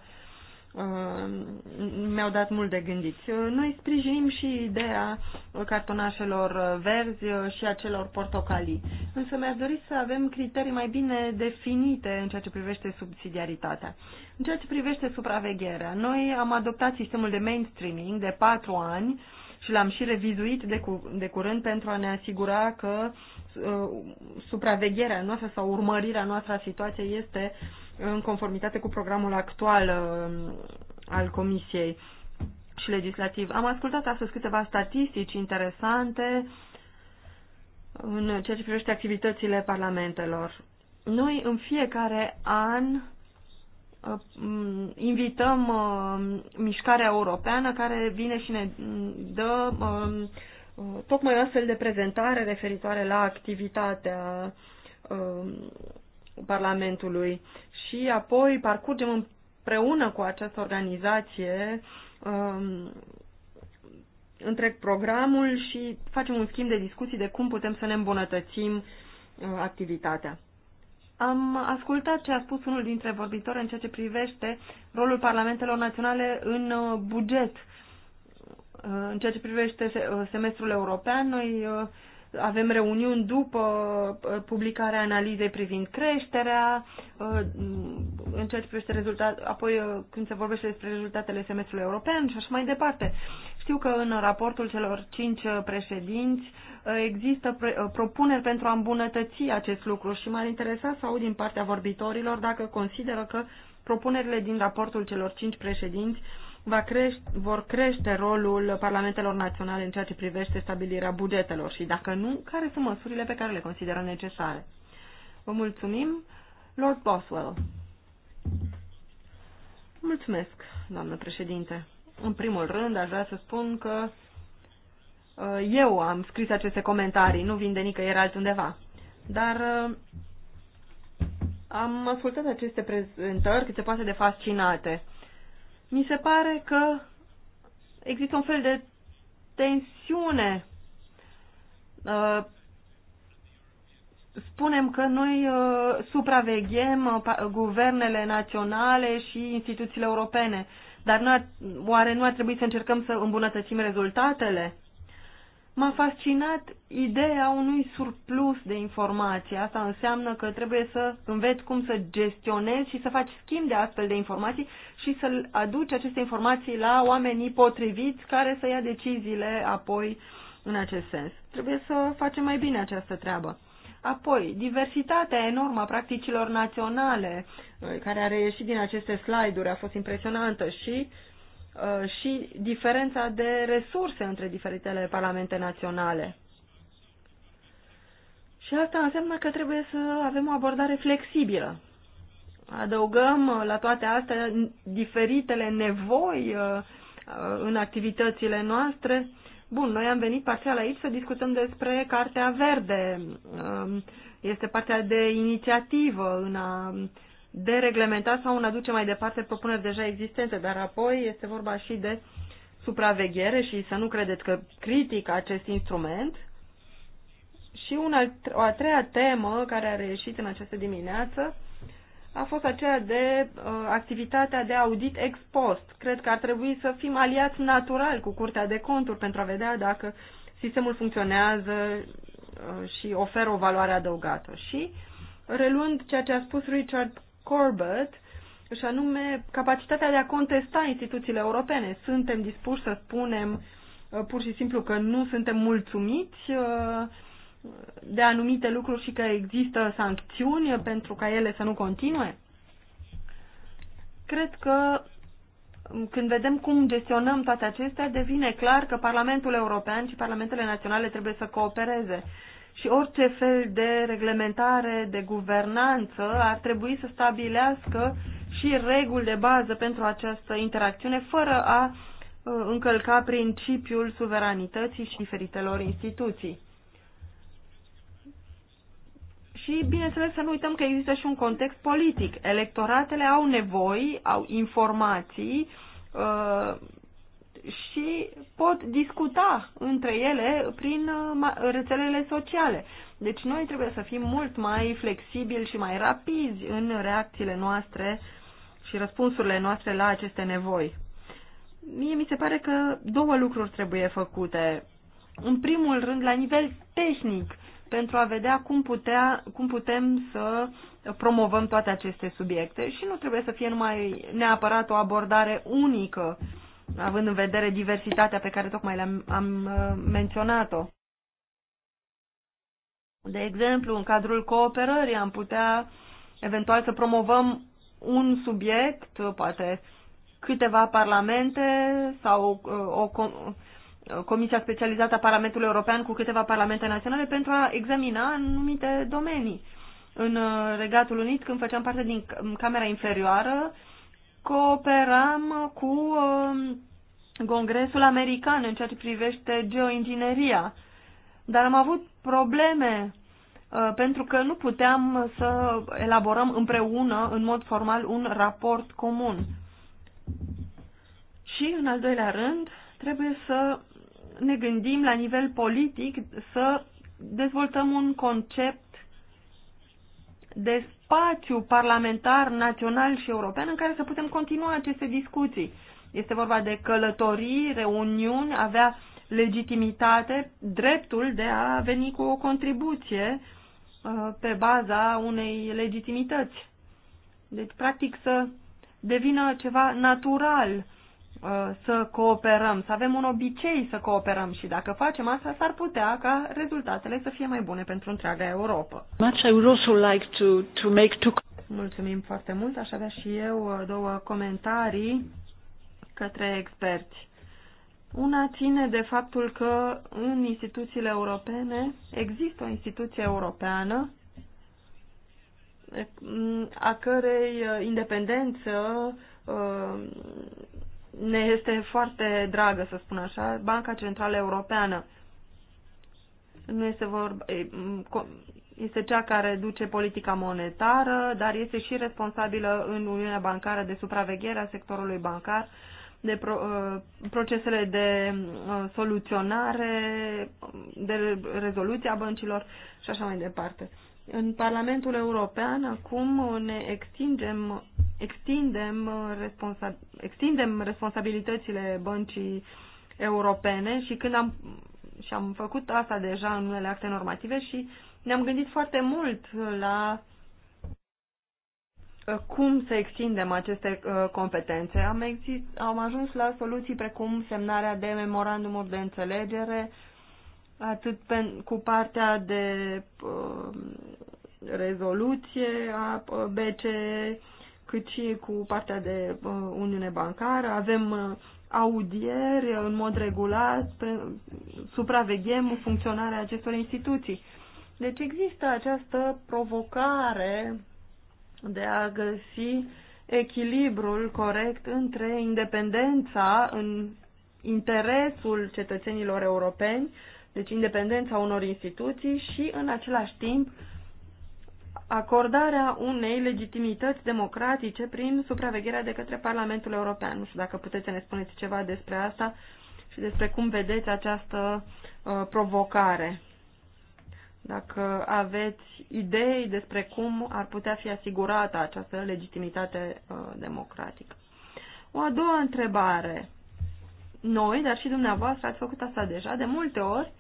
uh, mi-au dat mult de gândit. Uh, noi sprijinim și ideea cartonașelor verzi uh, și a celor portocalii, însă mi-aș dori să avem criterii mai bine definite în ceea ce privește subsidiaritatea. În ceea ce privește supravegherea, noi am adoptat sistemul de mainstreaming de patru ani, uh, și l-am și revizuit de, cu, de curând pentru a ne asigura că uh, supravegherea noastră sau urmărirea noastră a situației este în conformitate cu programul actual uh, al Comisiei și legislativ. Am ascultat astăzi câteva statistici interesante în ceea ce privește activitățile parlamentelor. Noi în fiecare an Uh, invităm uh, mișcarea europeană care vine și ne mm, dă uh, tocmai astfel de prezentare referitoare la activitatea Parlamentului și apoi parcurgem împreună cu această organizație um, întreg programul și facem un schimb de discuții de cum putem să ne îmbunătățim activitatea. Am ascultat ce a spus unul dintre vorbitori în ceea ce privește rolul parlamentelor naționale în uh, buget. Uh, în ceea ce privește uh, semestrul european, noi avem reuniuni după publicarea analizei privind creșterea, în ceea ce privește rezultat, apoi când se vorbește despre rezultatele semestrului european și așa mai departe. Știu că în raportul celor cinci președinți există uh, propuneri pentru a îmbunătăți acest lucru și m-ar interesa să aud din partea vorbitorilor dacă consideră că propunerile din raportul celor cinci președinți va crește, vor crește rolul parlamentelor naționale în ceea ce privește stabilirea bugetelor și dacă nu, care sunt măsurile pe care le consideră necesare. Vă mulțumim. Lord Boswell. Mulțumesc, doamnă președinte. În primul rând, aș vrea să spun că Uh, eu am scris aceste comentarii, nu vin de nicăieri altundeva. Dar uh, am ascultat aceste prezentări câte se poate de fascinate. Mi se pare că există un fel de tensiune. Uh, spunem că noi supraveghem guvernele naționale și instituțiile europene, dar nu ar, oare nu ar trebui să încercăm să îmbunătățim rezultatele? m-a fascinat ideea unui surplus de informații. Asta înseamnă că trebuie să înveți cum să gestionezi și să faci schimb de astfel de informații și să aduci aceste informații la oamenii potriviți care să ia deciziile apoi în acest sens. Trebuie să facem mai bine această treabă. Apoi, diversitatea enormă a practicilor naționale uh, care a reieșit din aceste slide-uri a fost impresionantă și uh, Uh, și diferența de resurse între diferitele parlamente naționale. Și asta înseamnă că trebuie să avem o abordare flexibilă. Adăugăm uh, la toate astea diferitele nevoi uh, în activitățile noastre. Bun, noi am venit parțial aici să discutăm despre Cartea Verde. Um, este partea de inițiativă în a de dereglementa sau în aduce mai departe propuneri deja existente, dar apoi este vorba și de supraveghere și să nu credeți că critică acest instrument. Și una, o a treia temă care a reieșit în această dimineață a fost aceea de uh, activitatea de audit ex post. Cred că ar trebui să fim aliați natural cu Curtea de Conturi pentru a vedea dacă sistemul funcționează uh, și oferă o valoare adăugată. Și reluând ceea ce a spus Richard Corbett, și anume capacitatea de a contesta instituțiile europene. Suntem dispuși să spunem uh, pur și simplu că nu suntem mulțumiți uh, de anumite lucruri și că există sancțiuni pentru ca ele să nu continue? Cred că um, când vedem cum gestionăm toate acestea, devine clar că Parlamentul European și Parlamentele Naționale trebuie să coopereze și orice fel de reglementare, de guvernanță ar trebui să stabilească și reguli de bază pentru această interacțiune fără a uh, încălca principiul suveranității și diferitelor instituții. Și, bineînțeles, să nu uităm că există și un context politic. Electoratele au nevoi, au informații uh, și pot discuta între ele prin uh, rețelele sociale. Deci noi trebuie să fim mult mai flexibili și mai rapizi în reacțiile noastre și răspunsurile noastre la aceste nevoi. Mie mi se pare că două lucruri trebuie făcute. În primul rând, la nivel tehnic, pentru a vedea cum, putea, cum putem să promovăm toate aceste subiecte și nu trebuie să fie numai neapărat o abordare unică uh, având în vedere diversitatea pe care tocmai am, am uh, menționat-o. De exemplu, în cadrul cooperării am putea eventual să promovăm un subiect, poate câteva parlamente sau uh, o comisia specializată a Parlamentului European cu câteva parlamente naționale pentru a examina anumite domenii. În uh, Regatul Unit, când făceam parte din Camera Inferioară, cooperam cu um, Congresul American în ceea ce privește geoingineria, dar am avut probleme uh, pentru că nu puteam să elaborăm împreună, în mod formal, un raport comun. Și, în al doilea rând, trebuie să ne gândim la nivel politic să dezvoltăm un concept de spațiu parlamentar național și european în care să putem continua aceste discuții. Este vorba de călătorii, reuniuni, avea legitimitate, dreptul de a veni cu o contribuție uh, pe baza unei legitimități. Deci, practic, să devină ceva natural Uh, să cooperăm, să avem un obicei să cooperăm și dacă facem asta, s-ar putea ca rezultatele să fie mai bune pentru întreaga Europa. Mulțumim foarte mult. Aș avea și eu uh, două comentarii către experți. Una ține de faptul că în instituțiile europene există o instituție europeană a cărei uh, independență ne este foarte dragă, să spun așa, Banca Centrală Europeană. Nu este vorba, este cea care duce politica monetară, dar este și responsabilă în Uniunea Bancară de supravegherea sectorului bancar, de pro, ă, procesele de ă, soluționare, de rezoluția băncilor și așa mai departe. În Parlamentul European acum ne extindem extindem, uh, responsa extindem responsabilitățile băncii europene și când am și am făcut asta deja în unele acte normative și ne-am gândit foarte mult la uh, cum să extindem aceste uh, competențe. Am, exist, am ajuns la soluții precum semnarea de memorandumuri de înțelegere, atât pe, cu partea de uh, rezoluție a BCE, cât și cu partea de uh, Uniune Bancară. Avem uh, audieri în mod regulat, supraveghem funcționarea acestor instituții. Deci există această provocare de a găsi echilibrul corect între independența în interesul cetățenilor europeni, deci independența unor instituții și în același timp acordarea unei legitimități democratice prin supravegherea de către Parlamentul European. Nu știu dacă puteți să ne spuneți ceva despre asta și despre cum vedeți această uh, provocare. Dacă aveți idei despre cum ar putea fi asigurată această legitimitate uh, democratică. O a doua întrebare. Noi, dar și dumneavoastră, ați făcut asta deja de multe ori,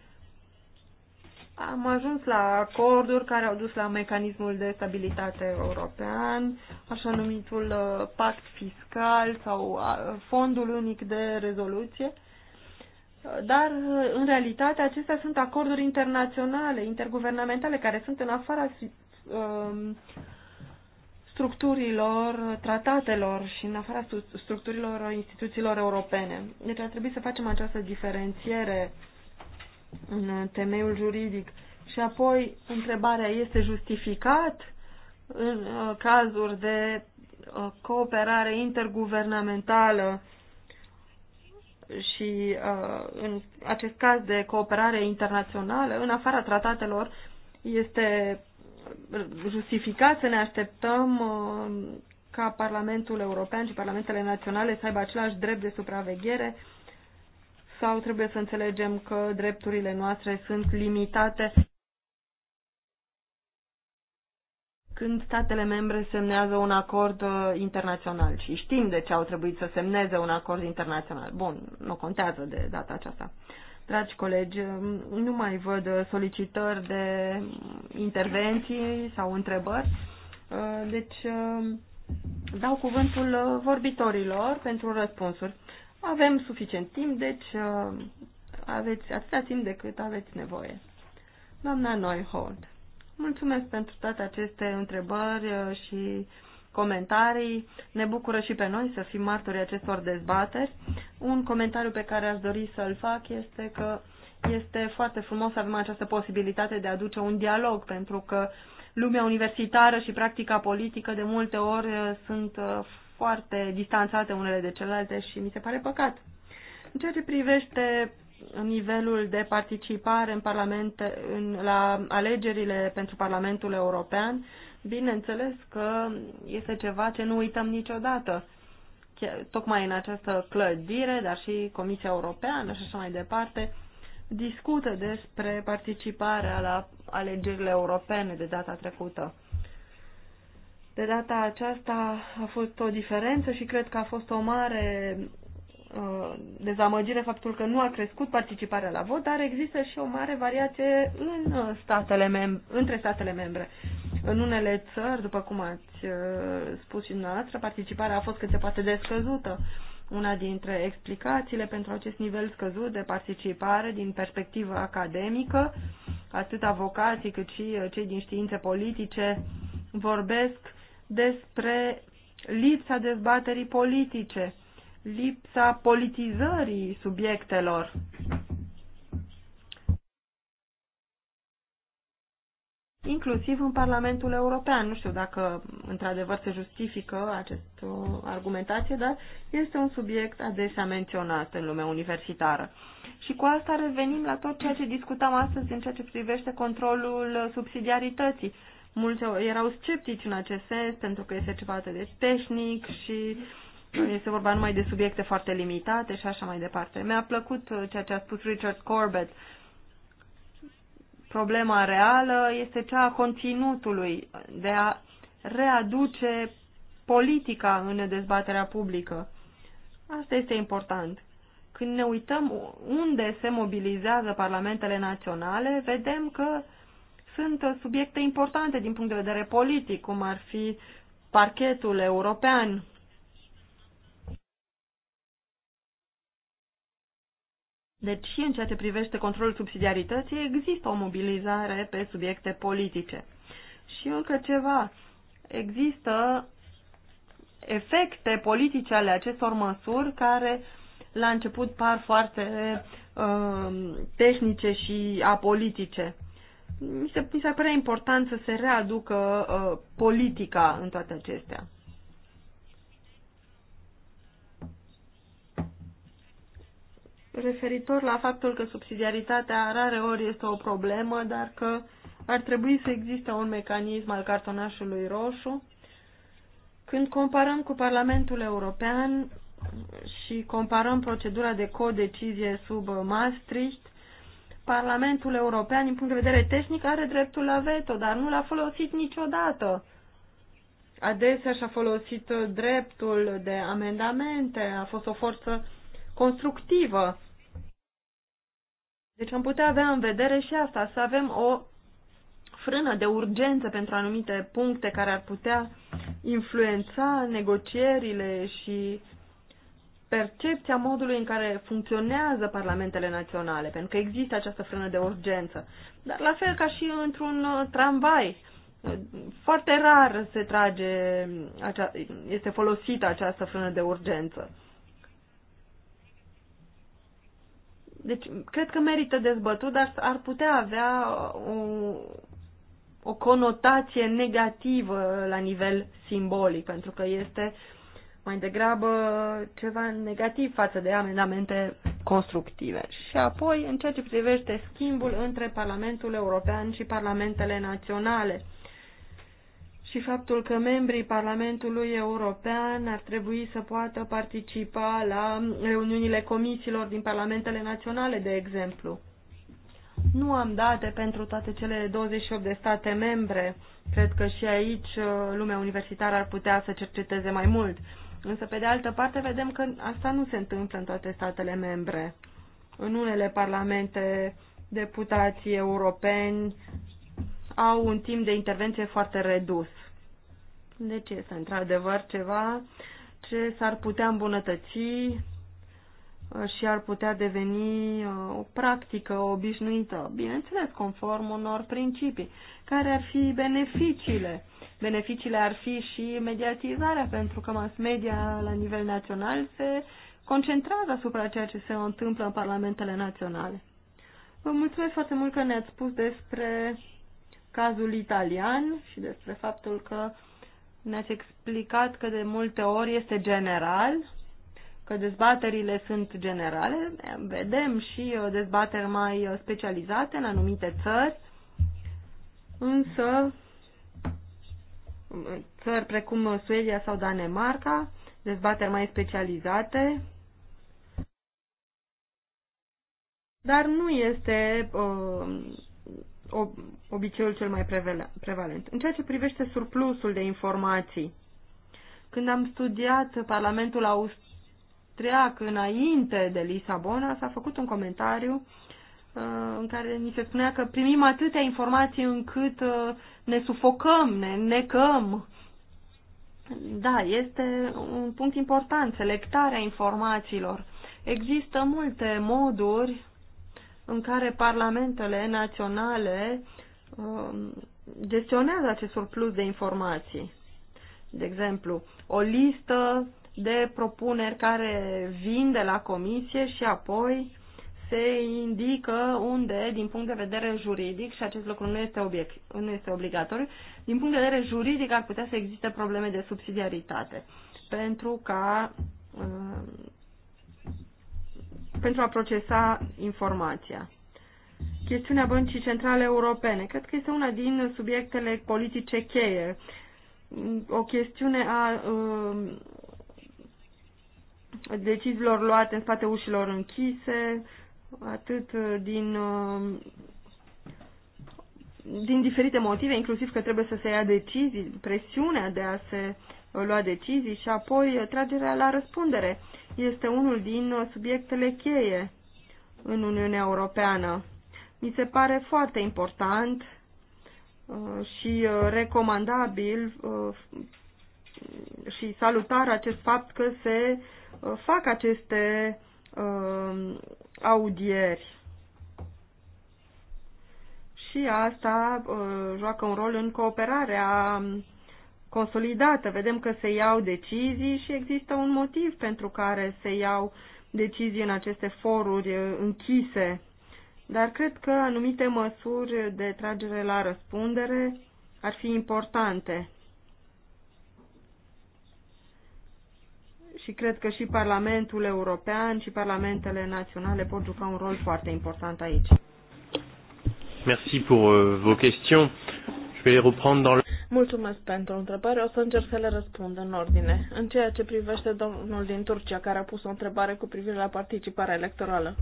am ajuns la acorduri care au dus la mecanismul de stabilitate european, așa numitul uh, pact fiscal sau uh, fondul unic de rezoluție, uh, dar în realitate acestea sunt acorduri internaționale, interguvernamentale, care sunt în afara structurilor, tratatelor și în afara structurilor instituțiilor europene. Deci ar trebui să facem această diferențiere uh, în temeiul juridic. Și apoi, întrebarea este justificat în uh, cazuri de uh, cooperare interguvernamentală și uh, în acest caz de cooperare internațională, în afara tratatelor, este justificat să ne așteptăm ca Parlamentul European și Parlamentele Naționale să aibă același drept de supraveghere sau trebuie să înțelegem că drepturile noastre sunt limitate când statele membre semnează un acord uh, internațional și știm de ce au trebuit să semneze un acord internațional. Bun, nu contează de data aceasta. Dragi colegi, um, nu mai văd uh, solicitări de um, intervenții sau întrebări, uh, deci um, dau cuvântul vorbitorilor pentru răspunsuri. Avem suficient timp, deci uh, aveți atâta timp decât aveți nevoie. Doamna Neuhold, mulțumesc pentru toate aceste întrebări uh, și comentarii. Ne bucură și pe noi să fim martorii acestor dezbateri. Un comentariu pe care aș dori să-l fac este că este foarte frumos să avem această posibilitate de a aduce un dialog, pentru că lumea universitară și practica politică de multe ori uh, sunt foarte distanțate unele de celelalte și mi se pare păcat. În ceea ce privește nivelul de participare în parlament, în, la alegerile pentru Parlamentul European, bineînțeles că este ceva ce nu uităm niciodată. Chiar, tocmai în această clădire, dar și Comisia Europeană și așa mai departe, discută despre participarea la alegerile europene de data trecută. De data aceasta a fost o diferență și cred că a fost o mare uh, dezamăgire faptul că nu a crescut participarea la vot, dar există și o mare variație în uh, statele mem- între statele membre. În unele țări, după cum ați uh, spus și dumneavoastră, participarea a fost cât se poate de scăzută. Una dintre explicațiile pentru acest nivel scăzut de participare din perspectivă academică, atât avocații cât și uh, cei din științe politice vorbesc despre lipsa dezbaterii politice, lipsa politizării subiectelor. inclusiv în Parlamentul European. Nu știu dacă într-adevăr se justifică această argumentație, dar este un subiect adesea menționat în lumea universitară. Și cu asta revenim la tot ceea ce discutam astăzi în ceea ce privește controlul subsidiarității mulți erau sceptici în acest sens pentru că este ceva atât de tehnic și este vorba numai de subiecte foarte limitate și așa mai departe. Mi-a plăcut uh, ceea ce a spus Richard Corbett. Problema reală este cea a conținutului, de a readuce politica în dezbaterea publică. Asta este important. Când ne uităm unde se mobilizează parlamentele naționale, vedem că sunt subiecte importante din punct de vedere politic, cum ar fi parchetul european. Deci și în ceea ce privește controlul subsidiarității există o mobilizare pe subiecte politice. Și încă ceva, există efecte politice ale acestor măsuri care la început par foarte uh, tehnice și apolitice mi se, mi se părea important să se readucă uh, politica în toate acestea. Referitor la faptul că subsidiaritatea rare ori este o problemă, dar că ar trebui să existe un mecanism al cartonașului roșu, când comparăm cu Parlamentul European și comparăm procedura de codecizie sub Maastricht, Parlamentul European, din punct de vedere tehnic, are dreptul la veto, dar nu l-a folosit niciodată. Adesea și-a folosit uh, dreptul de amendamente, a fost o forță constructivă. Deci am putea avea în vedere și asta, să avem o frână de urgență pentru anumite puncte care ar putea influența negocierile și percepția modului în care funcționează parlamentele naționale, pentru că există această frână de urgență. Dar la fel ca și într-un uh, tramvai, foarte rar se trage, este folosită această frână de urgență. Deci, cred că merită dezbătut, dar ar putea avea uh, o, o conotație negativă la nivel simbolic, pentru că este uh, mai degrabă ceva negativ față de amendamente constructive. Și apoi, în ceea ce privește schimbul între Parlamentul European și Parlamentele Naționale și faptul că membrii Parlamentului European ar trebui să poată participa la reuniunile comisiilor din Parlamentele Naționale, de exemplu. Nu am date pentru toate cele 28 de state membre. Cred că și aici uh, lumea universitară ar putea să cerceteze mai mult. Însă, pe de altă parte, vedem că asta nu se întâmplă în toate statele membre. În unele parlamente, deputații europeni au un timp de intervenție foarte redus. Deci este într-adevăr ceva ce s-ar putea îmbunătăți uh, și ar putea deveni uh, o practică obișnuită, bineînțeles, conform unor principii. Care ar fi beneficiile? beneficiile ar fi și mediatizarea, pentru că mass media la nivel național se concentrează asupra ceea ce se întâmplă în parlamentele naționale. Vă mulțumesc foarte mult că ne-ați spus despre cazul italian și despre faptul că ne-ați explicat că de multe ori este general, că dezbaterile sunt generale. Vedem și uh, dezbateri mai uh, specializate în anumite țări, însă țări precum Suedia sau Danemarca, dezbateri mai specializate, dar nu este uh, obiceiul cel mai prevalent. În ceea ce privește surplusul de informații, când am studiat Parlamentul Austriac înainte de Lisabona, s-a făcut un comentariu Uh, în care ni se spunea că primim atâtea informații încât uh, ne sufocăm, ne necăm. Da, este un punct important, selectarea informațiilor. Există multe moduri în care parlamentele naționale um, gestionează acest surplus de informații. De exemplu, o listă de propuneri care vin de la comisie și apoi se indică unde, din punct de vedere juridic, și acest lucru nu este, obiect, nu este obligatoriu, din punct de vedere juridic ar putea să existe probleme de subsidiaritate. Pentru ca uh, pentru a procesa informația. Chestiunea Băncii Centrale Europene. Cred că este una din subiectele politice cheie. O chestiune a uh, deciziilor luate în spate ușilor închise, atât uh, din, uh, din diferite motive, inclusiv că trebuie să se ia decizii, presiunea de a se lua decizii și apoi tragerea la răspundere este unul din subiectele cheie în Uniunea Europeană. Mi se pare foarte important uh, și recomandabil și salutar acest fapt că se fac aceste audieri. Și asta uh, joacă un rol în cooperarea consolidată. Vedem că se iau decizii și există un motiv pentru care se iau decizii în aceste foruri uh, închise. Dar cred că anumite măsuri de tragere la răspundere ar fi importante. și cred că și Parlamentul European și Parlamentele naționale pot juca un rol foarte important aici. Merci pour uh, vos questions. Je vais les reprendre dans le... Mulțumesc pentru întrebare. O să încerc să le răspund în ordine. În ceea ce privește domnul din Turcia, care a pus o întrebare cu privire la participarea electorală.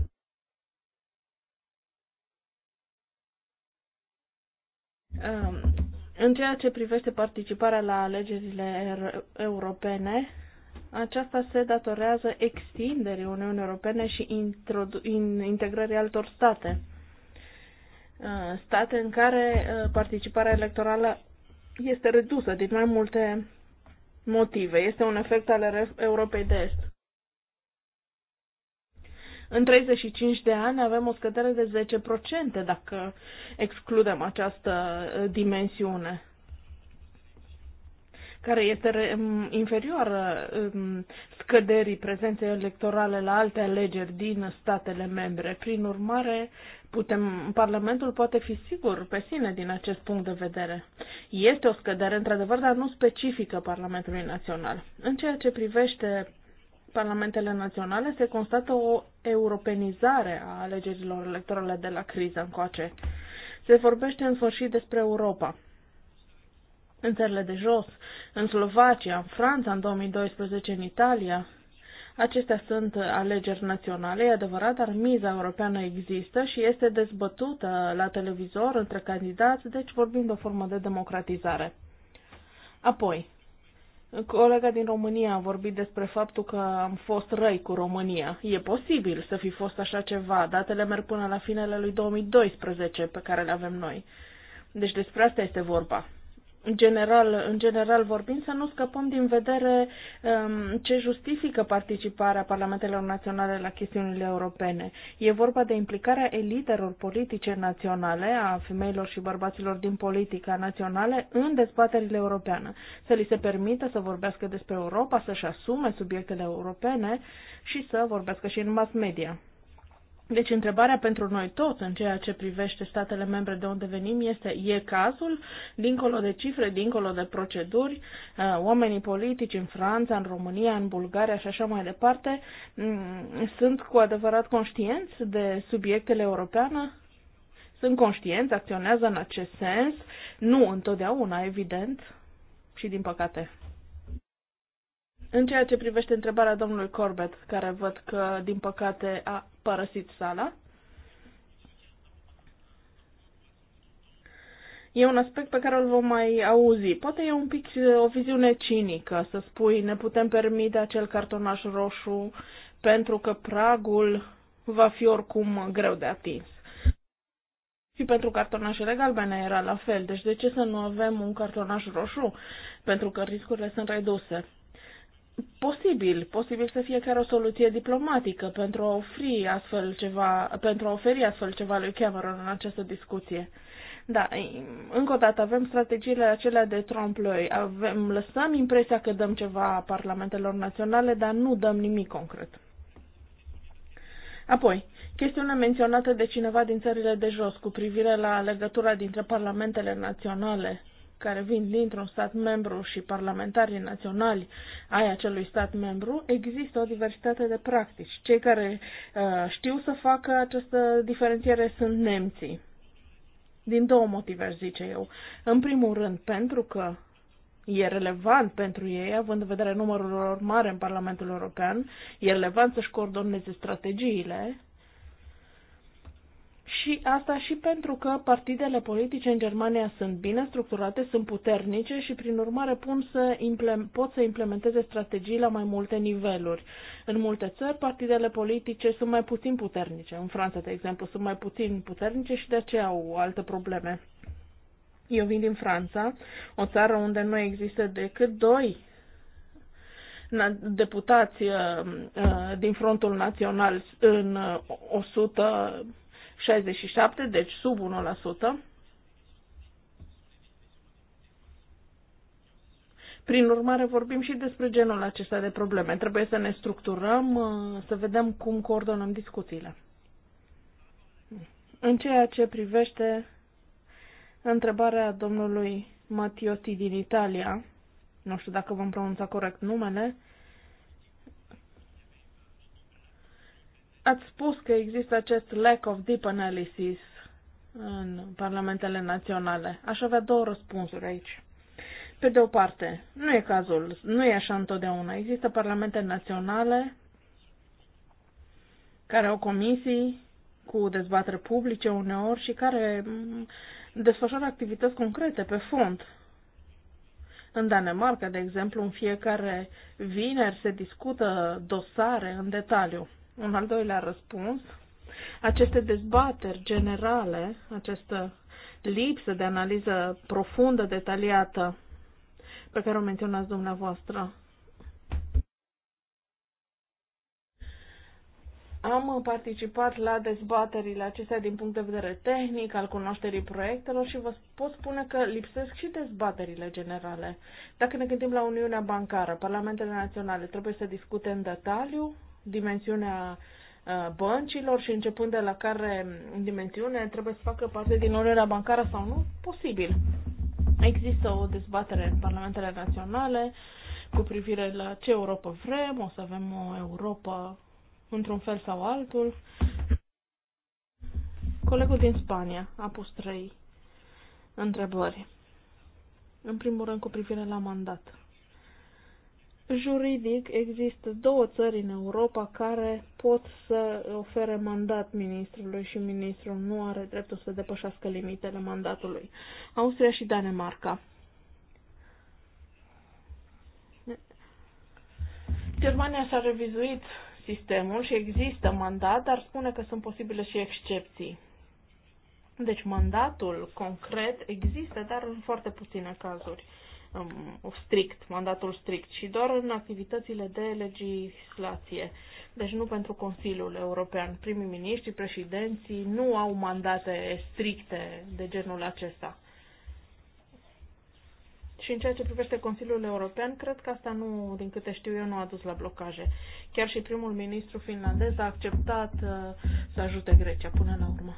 Um, în ceea ce privește participarea la alegerile europene, aceasta se datorează extinderii Uniunii Europene și integrării altor state. Uh, state în care uh, participarea electorală este redusă din mai multe motive. Este un efect al Europei de Est. În 35 de ani avem o scădere de 10% dacă excludem această uh, dimensiune care este mm, inferioară mm, scăderii prezenței electorale la alte alegeri din statele membre. Prin urmare, putem, Parlamentul poate fi sigur pe sine din acest punct de vedere. Este o scădere, într-adevăr, dar nu specifică Parlamentului Național. În ceea ce privește parlamentele naționale, se constată o europenizare a alegerilor electorale de la criză încoace. Se vorbește în sfârșit despre Europa în țările de jos, în Slovacia, în Franța, în 2012, în Italia. Acestea sunt alegeri naționale, e adevărat, dar miza europeană există și este dezbătută la televizor între candidați, deci vorbim de o formă de democratizare. Apoi, colega din România a vorbit despre faptul că am fost răi cu România. E posibil să fi fost așa ceva, datele merg până la finele lui 2012 pe care le avem noi. Deci despre asta este vorba general, în general vorbind, să nu scăpăm din vedere um, ce justifică participarea parlamentelor naționale la chestiunile europene. E vorba de implicarea elitelor politice naționale, a femeilor și bărbaților din politica națională, în dezbaterile europeană. Să li se permită să vorbească despre Europa, să-și asume subiectele europene și să vorbească și în mass media. Deci întrebarea pentru noi tot în ceea ce privește statele membre de unde venim este, e cazul, dincolo de cifre, dincolo de proceduri, uh, oamenii politici în Franța, în România, în Bulgaria și așa mai departe, mm, sunt cu adevărat conștienți de subiectele europeană? Sunt conștienți, acționează în acest sens? Nu întotdeauna, evident, și din păcate. În ceea ce privește întrebarea domnului Corbett, care văd că, din păcate, a părăsit sala, e un aspect pe care îl vom mai auzi. Poate e un pic uh, o viziune cinică să spui ne putem permite acel cartonaș roșu pentru că pragul va fi oricum greu de atins. Și pentru cartonașele galbene era la fel, deci de ce să nu avem un cartonaș roșu? Pentru că riscurile sunt reduse posibil, posibil să fie chiar o soluție diplomatică pentru a oferi astfel ceva, pentru a oferi astfel ceva lui Cameron în această discuție. Da, încă o dată avem strategiile acelea de trompe-l'œil. Avem, lăsăm impresia că dăm ceva parlamentelor naționale, dar nu dăm nimic concret. Apoi, chestiunea menționată de cineva din țările de jos cu privire la legătura dintre parlamentele naționale care vin dintr-un stat membru și parlamentarii naționali ai acelui stat membru, există o diversitate de practici. Cei care uh, știu să facă această diferențiere sunt nemții. Din două motive, aș zice eu. În primul rând, pentru că e relevant pentru ei, având în vedere numărul lor mare în Parlamentul European, e relevant să-și coordoneze strategiile și asta și pentru că partidele politice în Germania sunt bine structurate, sunt puternice și, prin urmare, pun să pot să implementeze strategii la mai multe niveluri. În multe țări, partidele politice sunt mai puțin puternice. În Franța, de exemplu, sunt mai puțin puternice și de aceea au alte probleme. Eu vin din Franța, o țară unde nu există decât doi deputați uh, uh, din Frontul Național în 100 uh, 67, deci sub 1%. Prin urmare, vorbim și despre genul acesta de probleme. Trebuie să ne structurăm, uh, să vedem cum coordonăm discuțiile. În ceea ce privește întrebarea domnului Matiotti din Italia, nu știu dacă vom pronunța corect numele, Ați spus că există acest lack of deep analysis în parlamentele naționale. Aș avea două răspunsuri aici. Pe de o parte, nu e cazul, nu e așa întotdeauna. Există parlamente naționale care au comisii cu dezbatere publice uneori și care mm, desfășoară activități concrete pe fond. În Danemarca, de exemplu, în fiecare vineri se discută dosare în detaliu. Un al doilea răspuns. Aceste dezbateri generale, această lipsă de analiză profundă, detaliată, pe care o menționați dumneavoastră, Am participat la dezbaterile acestea din punct de vedere tehnic, al cunoașterii proiectelor și vă pot spune că lipsesc și dezbaterile generale. Dacă ne gândim la Uniunea Bancară, Parlamentele Naționale trebuie să discute în detaliu dimensiunea uh, băncilor și începând de la care mm, dimensiune trebuie să facă parte din uniunea bancară sau nu? Posibil. Există o dezbatere în parlamentele naționale cu privire la ce Europa vrem, o să avem o Europa într-un fel sau altul. Colegul din Spania a pus trei întrebări. În primul rând cu privire la mandat. Juridic, există două țări în Europa care pot să ofere mandat ministrului și ministrul nu are dreptul să depășească limitele mandatului. Austria și Danemarca. Germania și-a revizuit sistemul și există mandat, dar spune că sunt posibile și excepții. Deci mandatul concret există, dar în foarte puține cazuri. Um, strict, mandatul strict, și doar în activitățile de legislație. Deci nu pentru Consiliul European. Primii miniștri, președinții nu au mandate stricte de genul acesta. Și în ceea ce privește Consiliul European, cred că asta nu, din câte știu eu, nu a dus la blocaje. Chiar și primul ministru finlandez a acceptat uh, să ajute Grecia până la urmă.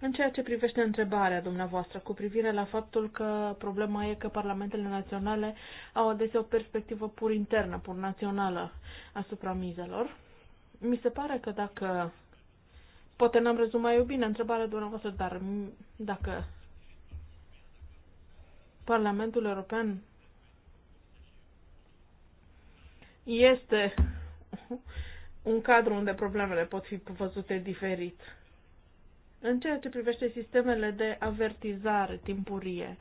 În ceea ce privește întrebarea dumneavoastră cu privire la faptul că problema e că parlamentele naționale au adesea o perspectivă pur internă, pur națională asupra mizelor, mi se pare că dacă poate n-am rezumat eu bine întrebarea dumneavoastră, dar dacă Parlamentul European este un cadru unde problemele pot fi văzute diferit în ceea ce privește sistemele de avertizare timpurie,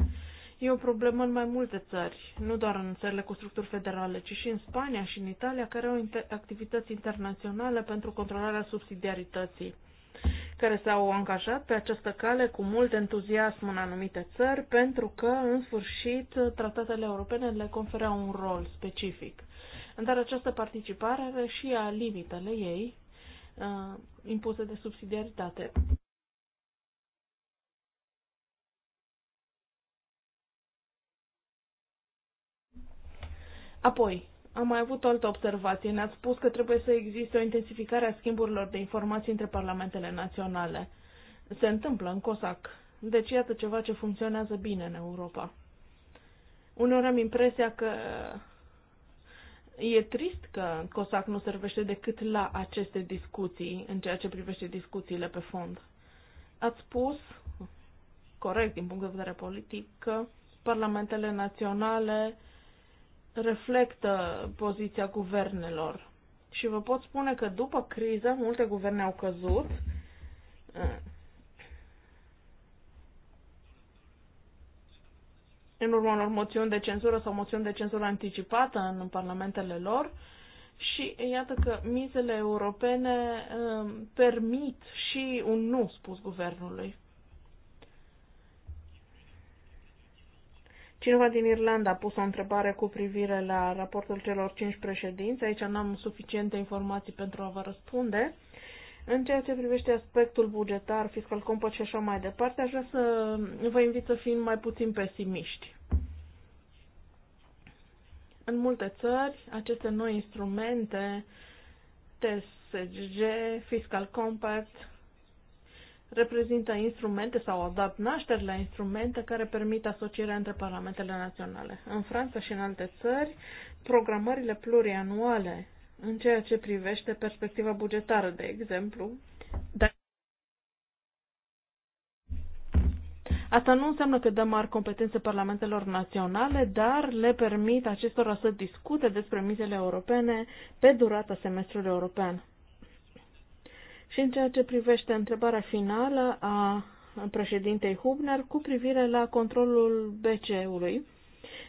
e o problemă în mai multe țări, nu doar în țările cu structuri federale, ci și în Spania și în Italia, care au inter- activități internaționale pentru controlarea subsidiarității care s-au angajat pe această cale cu mult entuziasm în anumite țări, pentru că, în sfârșit, tratatele europene le confereau un rol specific. Dar această participare are și a limitele ei uh, impuse de subsidiaritate. Apoi, am mai avut o altă observație. Ne-ați spus că trebuie să existe o intensificare a schimburilor de informații între parlamentele naționale. Se întâmplă în COSAC. Deci iată ceva ce funcționează bine în Europa. Uneori am impresia că e trist că COSAC nu servește decât la aceste discuții, în ceea ce privește discuțiile pe fond. Ați spus, corect din punct de vedere politic, că parlamentele naționale uh, reflectă poziția guvernelor. Și vă pot spune că după criză multe guverne au căzut. În urma unor moțiuni de cenzură sau moțiuni de cenzură anticipată în parlamentele lor, și iată că mizele europene um, permit și un nu spus guvernului. Cineva din Irlanda a pus o întrebare cu privire la raportul celor cinci președinți. Aici n-am suficiente informații pentru a vă răspunde. În ceea ce privește aspectul bugetar, fiscal compact și așa mai departe, aș vrea să vă invit să fim mai puțin pesimiști. În multe țări, aceste noi instrumente, TSG, Fiscal Compact, reprezintă instrumente sau au dat naștere la instrumente care permit asocierea între parlamentele naționale. În Franța și în alte țări, programările plurianuale în ceea ce privește perspectiva bugetară, de exemplu, Asta nu înseamnă că dăm mari competențe parlamentelor naționale, dar le permit acestora să discute despre mizele europene pe durata semestrului european. Și în ceea ce privește întrebarea finală a președintei Hubner cu privire la controlul BCE-ului,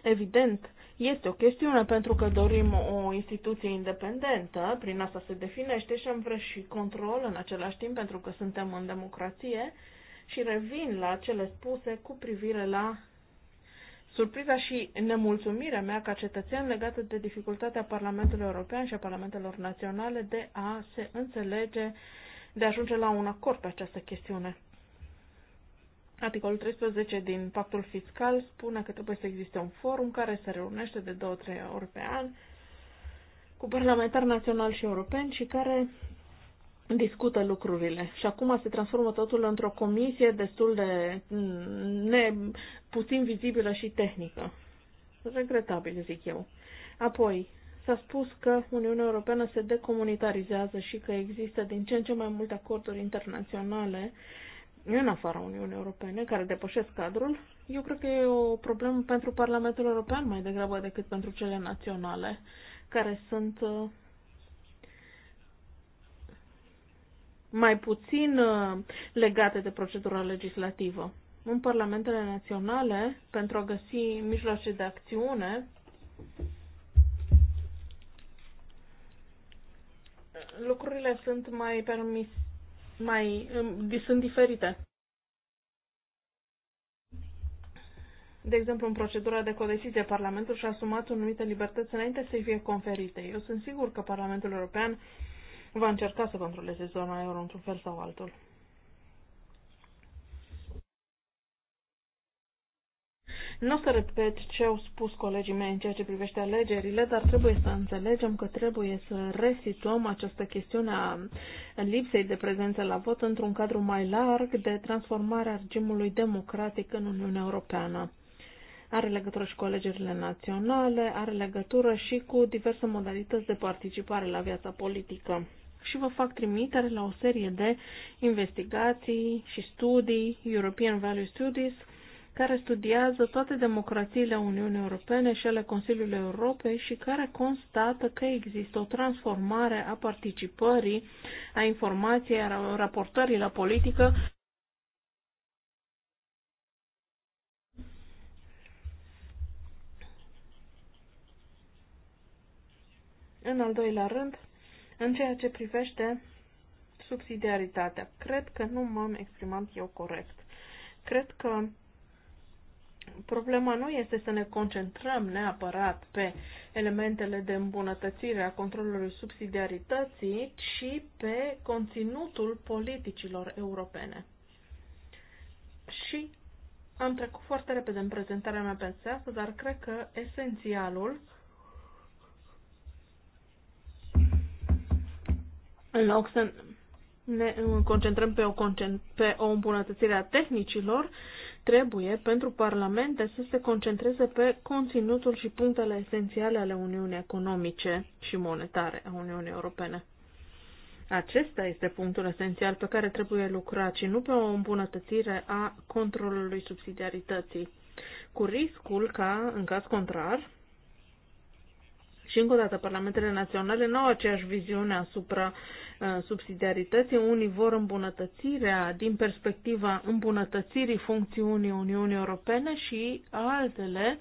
evident, este o chestiune pentru că dorim o instituție independentă, prin asta se definește și am vrea și control în același timp pentru că suntem în democrație și revin la cele spuse cu privire la surpriza și nemulțumirea mea ca cetățean legată de dificultatea Parlamentului European și a Parlamentelor Naționale de a se înțelege de a ajunge la un acord pe această chestiune. Articolul 13 din pactul fiscal spune că trebuie să existe un forum care se reunește de 2-3 ori pe an cu parlamentari naționali și europeni și care discută lucrurile. Și acum se transformă totul într-o comisie destul de ne, puțin vizibilă și tehnică. Regretabil, zic eu. Apoi, S-a spus că Uniunea Europeană se decomunitarizează și că există din ce în ce mai multe acorduri internaționale în afara Uniunii Europene care depășesc cadrul. Eu cred că e o problemă pentru Parlamentul European mai degrabă decât pentru cele naționale, care sunt uh, mai puțin uh, legate de procedura legislativă. În parlamentele naționale, pentru a găsi mijloace de acțiune, lucrurile sunt mai permis, mai, um, sunt diferite. De exemplu, în procedura de codecizie, Parlamentul și-a asumat anumite libertăți înainte să-i fie conferite. Eu sunt sigur că Parlamentul European va încerca să controleze zona euro într-un fel sau altul. Nu o să repet ce au spus colegii mei în ceea ce privește alegerile, dar trebuie să înțelegem că trebuie să resituăm această chestiune a lipsei de prezență la vot într-un cadru mai larg de transformarea regimului democratic în Uniunea Europeană are legătură și cu alegerile naționale, are legătură și cu diverse modalități de participare la viața politică. Și vă fac trimitere la o serie de investigații și studii, European Value Studies, care studiază toate democrațiile Uniunii Europene și ale Consiliului Europei și care constată că există o transformare a participării, a informației, a raportării la politică În al doilea rând, în ceea ce privește subsidiaritatea, cred că nu m-am exprimat eu corect. Cred că Problema nu este să ne concentrăm neapărat pe elementele de îmbunătățire a controlului subsidiarității, ci pe conținutul politicilor europene. Și am trecut foarte repede în prezentarea mea pe asta, dar cred că esențialul în loc să ne concentrăm pe o, concent- pe o îmbunătățire a tehnicilor, trebuie pentru parlamente să se concentreze pe conținutul și punctele esențiale ale Uniunii Economice și Monetare a Uniunii Europene. Acesta este punctul esențial pe care trebuie lucrat și nu pe o îmbunătățire a controlului subsidiarității, cu riscul ca, în caz contrar, și încă o dată, parlamentele naționale nu au aceeași viziune asupra Uh, subsidiarității, unii vor îmbunătățirea din perspectiva îmbunătățirii funcțiunii Uniunii Europene și altele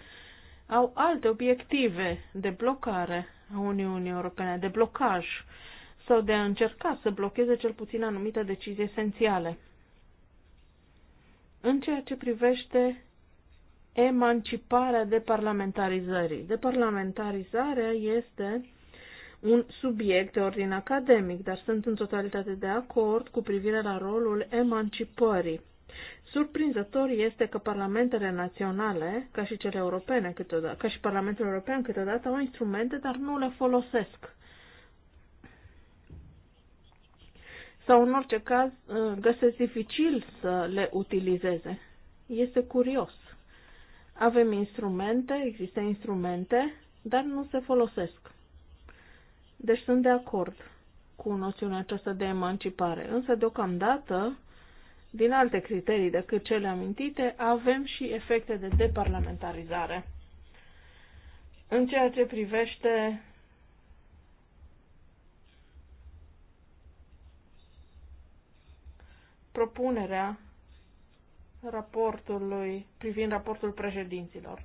au alte obiective de blocare a Uniunii Europene, de blocaj sau de a încerca să blocheze cel puțin anumite decizii esențiale. În ceea ce privește emanciparea de parlamentarizării. parlamentarizarea este un subiect de ordin academic, dar sunt în totalitate de acord cu privire la rolul emancipării. Surprinzător este că parlamentele naționale, ca și cele europene câteodată, ca și Parlamentul European câteodată au instrumente, dar nu le folosesc. Sau în orice caz ă, găsesc dificil să le utilizeze. Este curios. Avem instrumente, există instrumente, dar nu se folosesc. Deci sunt de acord cu noțiunea aceasta de emancipare. Însă, deocamdată, din alte criterii decât cele amintite, avem și efecte de deparlamentarizare. În ceea ce privește propunerea raportului privind raportul președinților,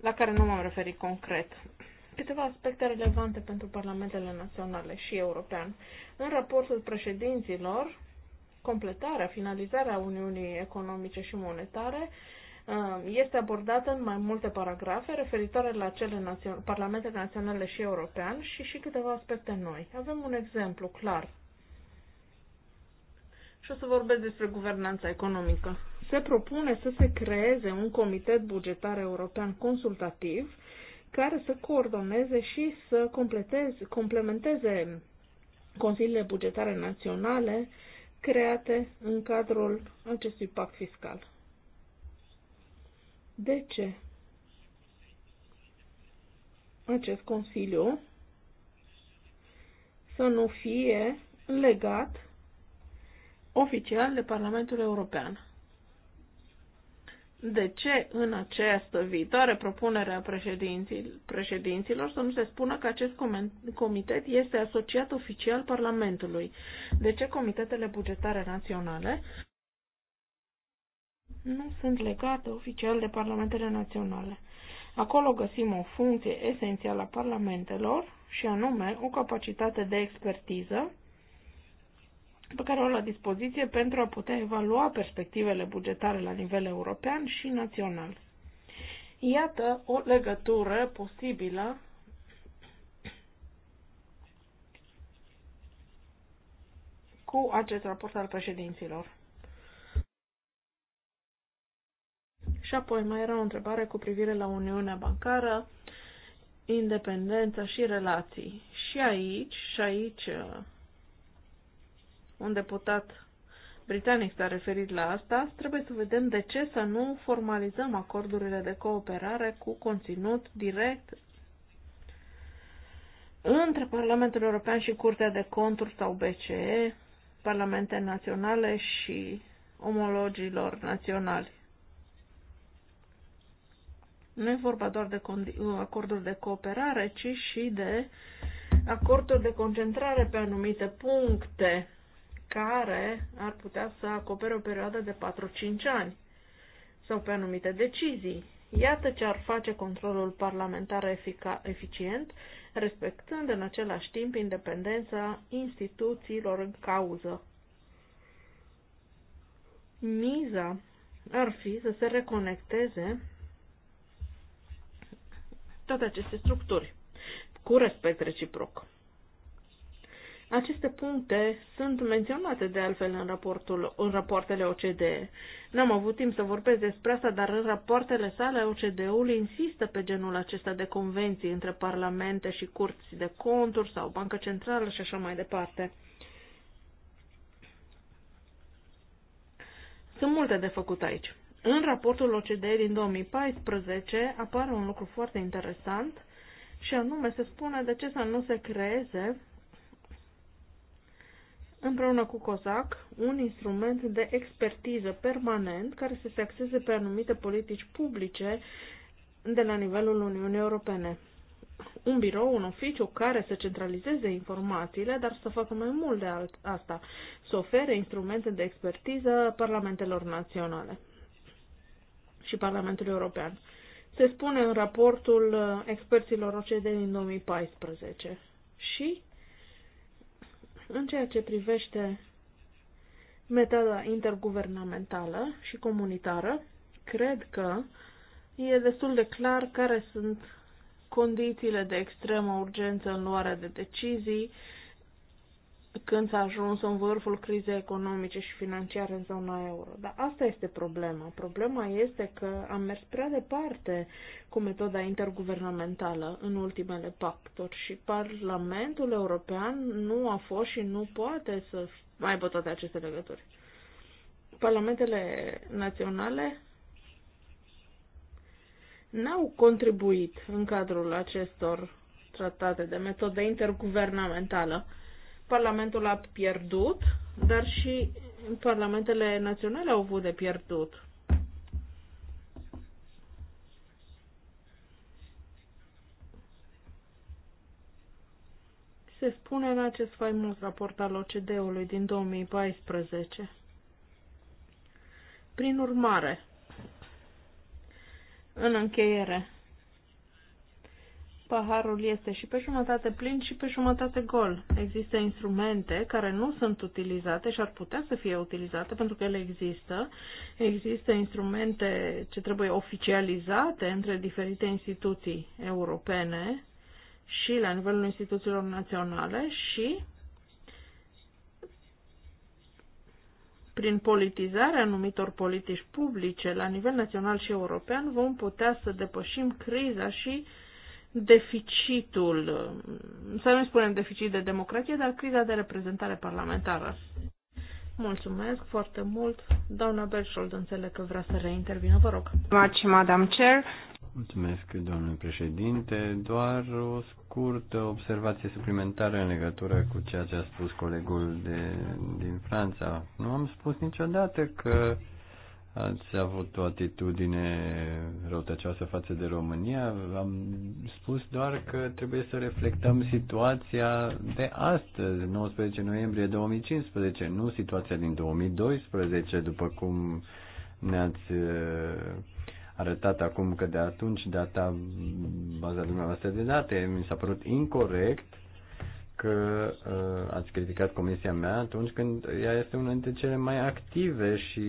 la care nu m-am referit concret câteva aspecte relevante pentru parlamentele naționale și european. În raportul președinților, completarea, finalizarea Uniunii Economice și Monetare uh, este abordată în mai multe paragrafe referitoare la cele națion- parlamentele naționale și european și și câteva aspecte noi. Avem un exemplu clar și o să vorbesc despre guvernanța economică. Se propune să se creeze un comitet bugetar european consultativ care să coordoneze și să completeze, complementeze consiliile bugetare naționale create în cadrul acestui pact fiscal. De ce? Acest consiliu să nu fie legat oficial de Parlamentul European de ce în această viitoare propunere a președinților să nu se spună că acest comitet este asociat oficial Parlamentului? De ce comitetele bugetare naționale nu sunt legate oficial de Parlamentele naționale? Acolo găsim o funcție esențială a parlamentelor și anume o capacitate de expertiză pe care o la dispoziție pentru a putea evalua perspectivele bugetare la nivel european și național. Iată o legătură posibilă cu acest raport al președinților. Și apoi mai era o întrebare cu privire la Uniunea Bancară, independența și relații. Și aici, și aici un deputat britanic s-a referit la asta, trebuie să vedem de ce să nu formalizăm acordurile de cooperare cu conținut direct între Parlamentul European și Curtea de Conturi sau BCE, parlamente naționale și omologilor naționali. Nu e vorba doar de acorduri de cooperare, ci și de acorduri de concentrare pe anumite puncte care ar putea să acopere o perioadă de 4-5 ani sau pe anumite decizii. Iată ce ar face controlul parlamentar efica- eficient, respectând în același timp independența instituțiilor în cauză. Miza ar fi să se reconecteze toate aceste structuri cu respect reciproc. Aceste puncte sunt menționate de altfel în, raportul, în rapoartele OCDE. N-am avut timp să vorbesc despre asta, dar în rapoartele sale OCDE-ul insistă pe genul acesta de convenții între parlamente și curți de conturi sau Bancă Centrală și așa mai departe. Sunt multe de făcut aici. În raportul OCDE din 2014 apare un lucru foarte interesant și anume se spune de ce să nu se creeze împreună cu COSAC, un instrument de expertiză permanent care să se axeze pe anumite politici publice de la nivelul Uniunii Europene. Un birou, un oficiu care să centralizeze informațiile, dar să facă mai mult de alt, asta, să ofere instrumente de expertiză parlamentelor naționale și Parlamentului European. Se spune în raportul uh, experților OCDE din 2014. Și în ceea ce privește metoda interguvernamentală și comunitară, cred că e destul de clar care sunt condițiile de extremă urgență în luarea de decizii, când s-a ajuns în vârful crizei economice și financiare în zona euro. Dar asta este problema. Problema este că am mers prea departe cu metoda interguvernamentală în ultimele pacturi și Parlamentul European nu a fost și nu poate să aibă toate aceste legături. Parlamentele naționale n-au contribuit în cadrul acestor tratate de metodă interguvernamentală Parlamentul a pierdut, dar și parlamentele naționale au avut de pierdut. se spune în acest faimos raport al OCD-ului din 2014. Prin urmare, în încheiere, paharul este și pe jumătate plin și pe jumătate gol. Există instrumente care nu sunt utilizate și ar putea să fie utilizate pentru că ele există. Există instrumente ce trebuie oficializate între diferite instituții europene și la nivelul instituțiilor naționale și prin politizarea anumitor politici publice la nivel național și european vom putea să depășim criza și uh, deficitul, să nu spunem deficit de democrație, dar criza de reprezentare parlamentară. Mulțumesc foarte mult. Doamna Bershold, înțeleg că vrea să reintervină. Vă rog. Mulțumesc, Madam Chair. Mulțumesc, domnule președinte. Doar o scurtă observație suplimentară în legătură cu ceea ce a spus colegul de, din Franța. Nu am spus niciodată că uh, ați avut o atitudine răutăcioasă față de România. Am spus doar că trebuie să reflectăm situația de astăzi, 19 noiembrie 2015, nu situația din 2012, după cum ne-ați uh, arătat acum că de atunci data baza dumneavoastră de date mi s-a părut incorrect că uh, ați criticat comisia mea atunci când ea este una dintre cele mai active și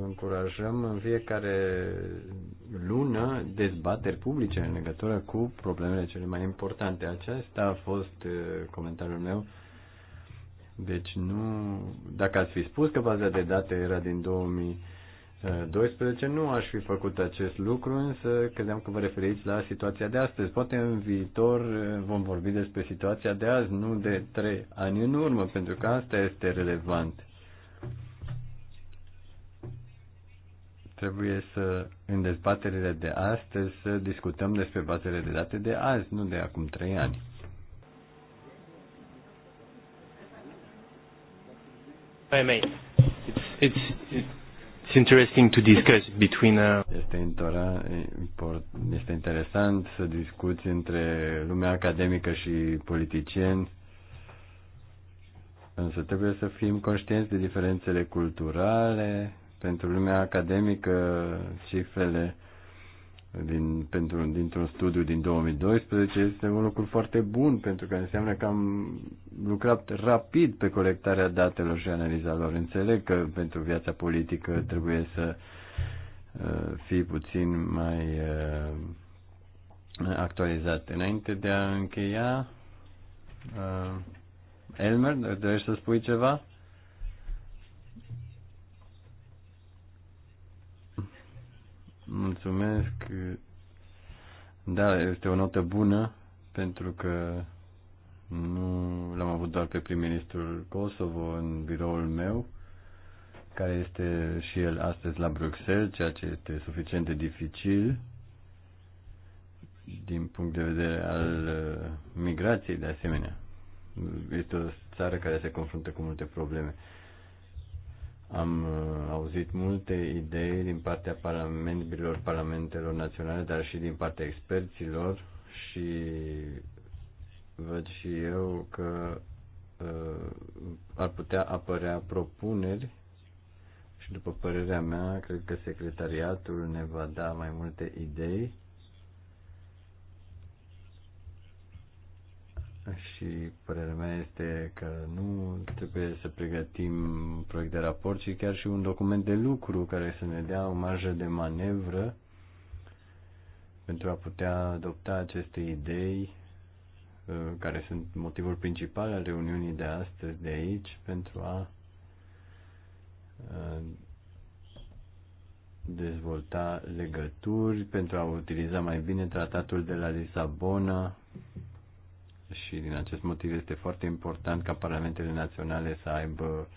încurajăm în fiecare lună dezbateri publice în legătură cu problemele cele mai importante. Acesta a fost uh, comentariul meu. Deci nu... Dacă ați fi spus că baza de date era din 2000 12 nu aș fi făcut acest lucru, însă credeam că vă referiți la situația de astăzi. Poate în viitor eh, vom vorbi despre situația de azi, nu de 3 ani în urmă, pentru că asta este relevant. Trebuie să, în dezbaterile de astăzi, să discutăm despre bazele de date de azi, nu de acum 3 ani. It's, it's, it's interesting to discuss between a uh, este, intora, este interesant să discuți între lumea academică și politicieni însă trebuie să fim conștienți de diferențele culturale pentru lumea academică cifrele din, pentru, dintr-un studiu din 2012 este un lucru foarte bun pentru că înseamnă că am lucrat rapid pe colectarea datelor și analiza lor. Înțeleg că pentru viața politică trebuie să uh, fii puțin mai uh, actualizat. Înainte de a încheia, uh, Elmer, dorești să spui ceva? Mulțumesc. Da, este o notă bună pentru că nu l-am avut doar pe prim-ministrul Kosovo în biroul meu, care este și el astăzi la Bruxelles, ceea ce este suficient de dificil din punct de vedere al uh, migrației, de asemenea. Este o țară care se confruntă cu multe probleme. Am uh, auzit multe idei din partea parlamentelor, parlamentelor naționale, dar și din partea experților și văd și eu că uh, ar putea apărea propuneri și după părerea mea, cred că secretariatul ne va da mai multe idei și părerea mea este că nu trebuie să pregătim un proiect de raport, ci chiar și un document de lucru care să ne dea o marjă de manevră pentru a putea adopta aceste idei uh, care sunt motivul principal al reuniunii de astăzi de aici pentru a uh, dezvolta legături, pentru a utiliza mai bine tratatul de la Lisabona și din acest motiv este foarte important ca parlamentele naționale să aibă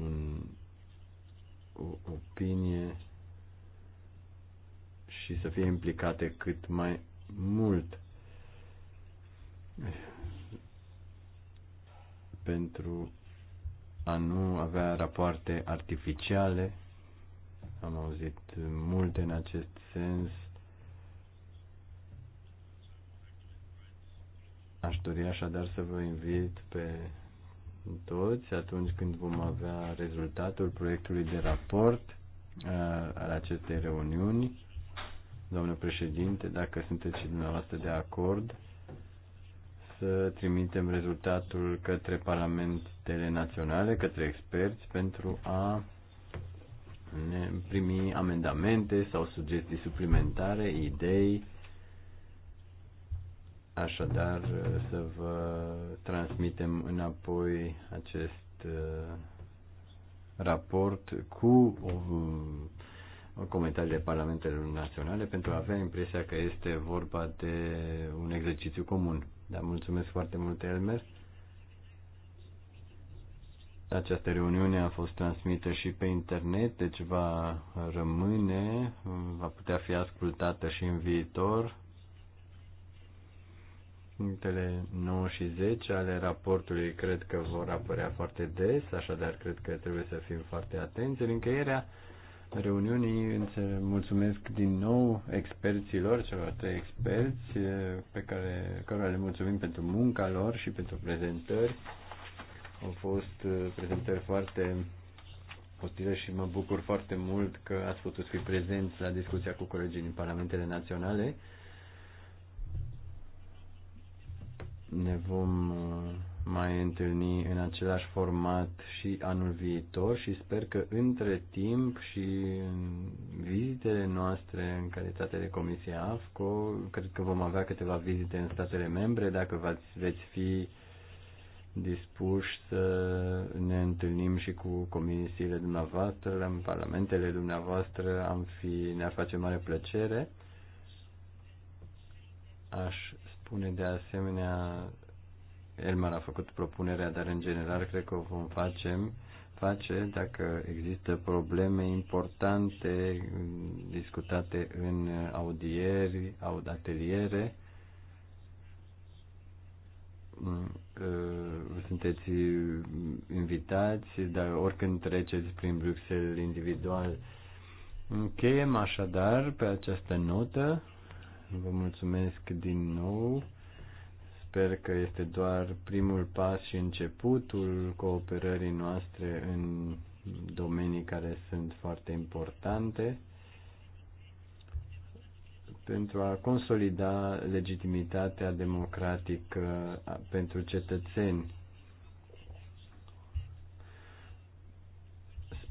un, o opinie și să fie implicate cât mai mult pentru a nu avea rapoarte artificiale. Am auzit multe în acest sens Aș dori așadar să vă invit pe toți atunci când vom avea rezultatul proiectului de raport uh, al acestei reuniuni. Domnul președinte, dacă sunteți și dumneavoastră de acord, să trimitem rezultatul către parlamentele naționale, către experți, pentru a ne primi amendamente sau sugestii suplimentare, idei Așadar, să vă transmitem înapoi acest uh, raport cu de uh, parlamentele Naționale pentru a avea impresia că este vorba de un exercițiu comun. Dar mulțumesc foarte mult, Elmer. Această reuniune a fost transmisă și pe internet, deci va rămâne, va putea fi ascultată și în viitor Punctele 9 și 10 ale raportului cred că vor apărea foarte des, așadar cred că trebuie să fim foarte atenți. În încheierea reuniunii mulțumesc din nou experților, celor trei experți, pe care, care le mulțumim pentru munca lor și pentru prezentări. Au fost uh, prezentări foarte utile și mă bucur foarte mult că ați putut fi prezenți la discuția cu colegii din Parlamentele Naționale. ne vom uh, mai întâlni în același format și anul viitor și sper că între timp și în vizitele noastre în calitate de Comisia AFCO, cred că vom avea câteva vizite în statele membre, dacă v veți fi dispuși să ne întâlnim și cu comisiile dumneavoastră, în parlamentele dumneavoastră, am fi, ne-ar face mare plăcere. Aș spune de asemenea, Elmar a făcut propunerea, dar în general cred că o vom face, face dacă există probleme importante discutate în audieri, audateliere. Mm, sunteți invitați, dar oricând treceți prin Bruxelles individual. Încheiem așadar pe această notă. Vă mulțumesc din nou. Sper că este doar primul pas și începutul cooperării noastre în domenii care sunt foarte importante pentru a consolida legitimitatea democratică pentru cetățeni.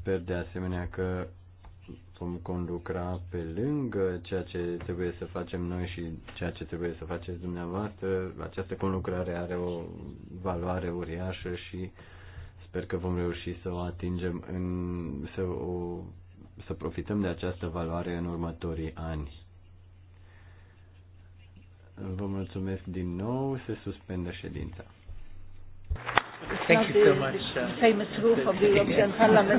Sper de asemenea că vom conducra pe lângă ceea ce trebuie să facem noi și ceea ce trebuie să faceți dumneavoastră. Această conlucrare are o valoare uriașă și sper că vom reuși să o atingem, în, să, o, să profităm de această valoare în următorii ani. Vă mulțumesc din nou, se suspendă ședința. Thank you so much. Famous roof of the European Parliament.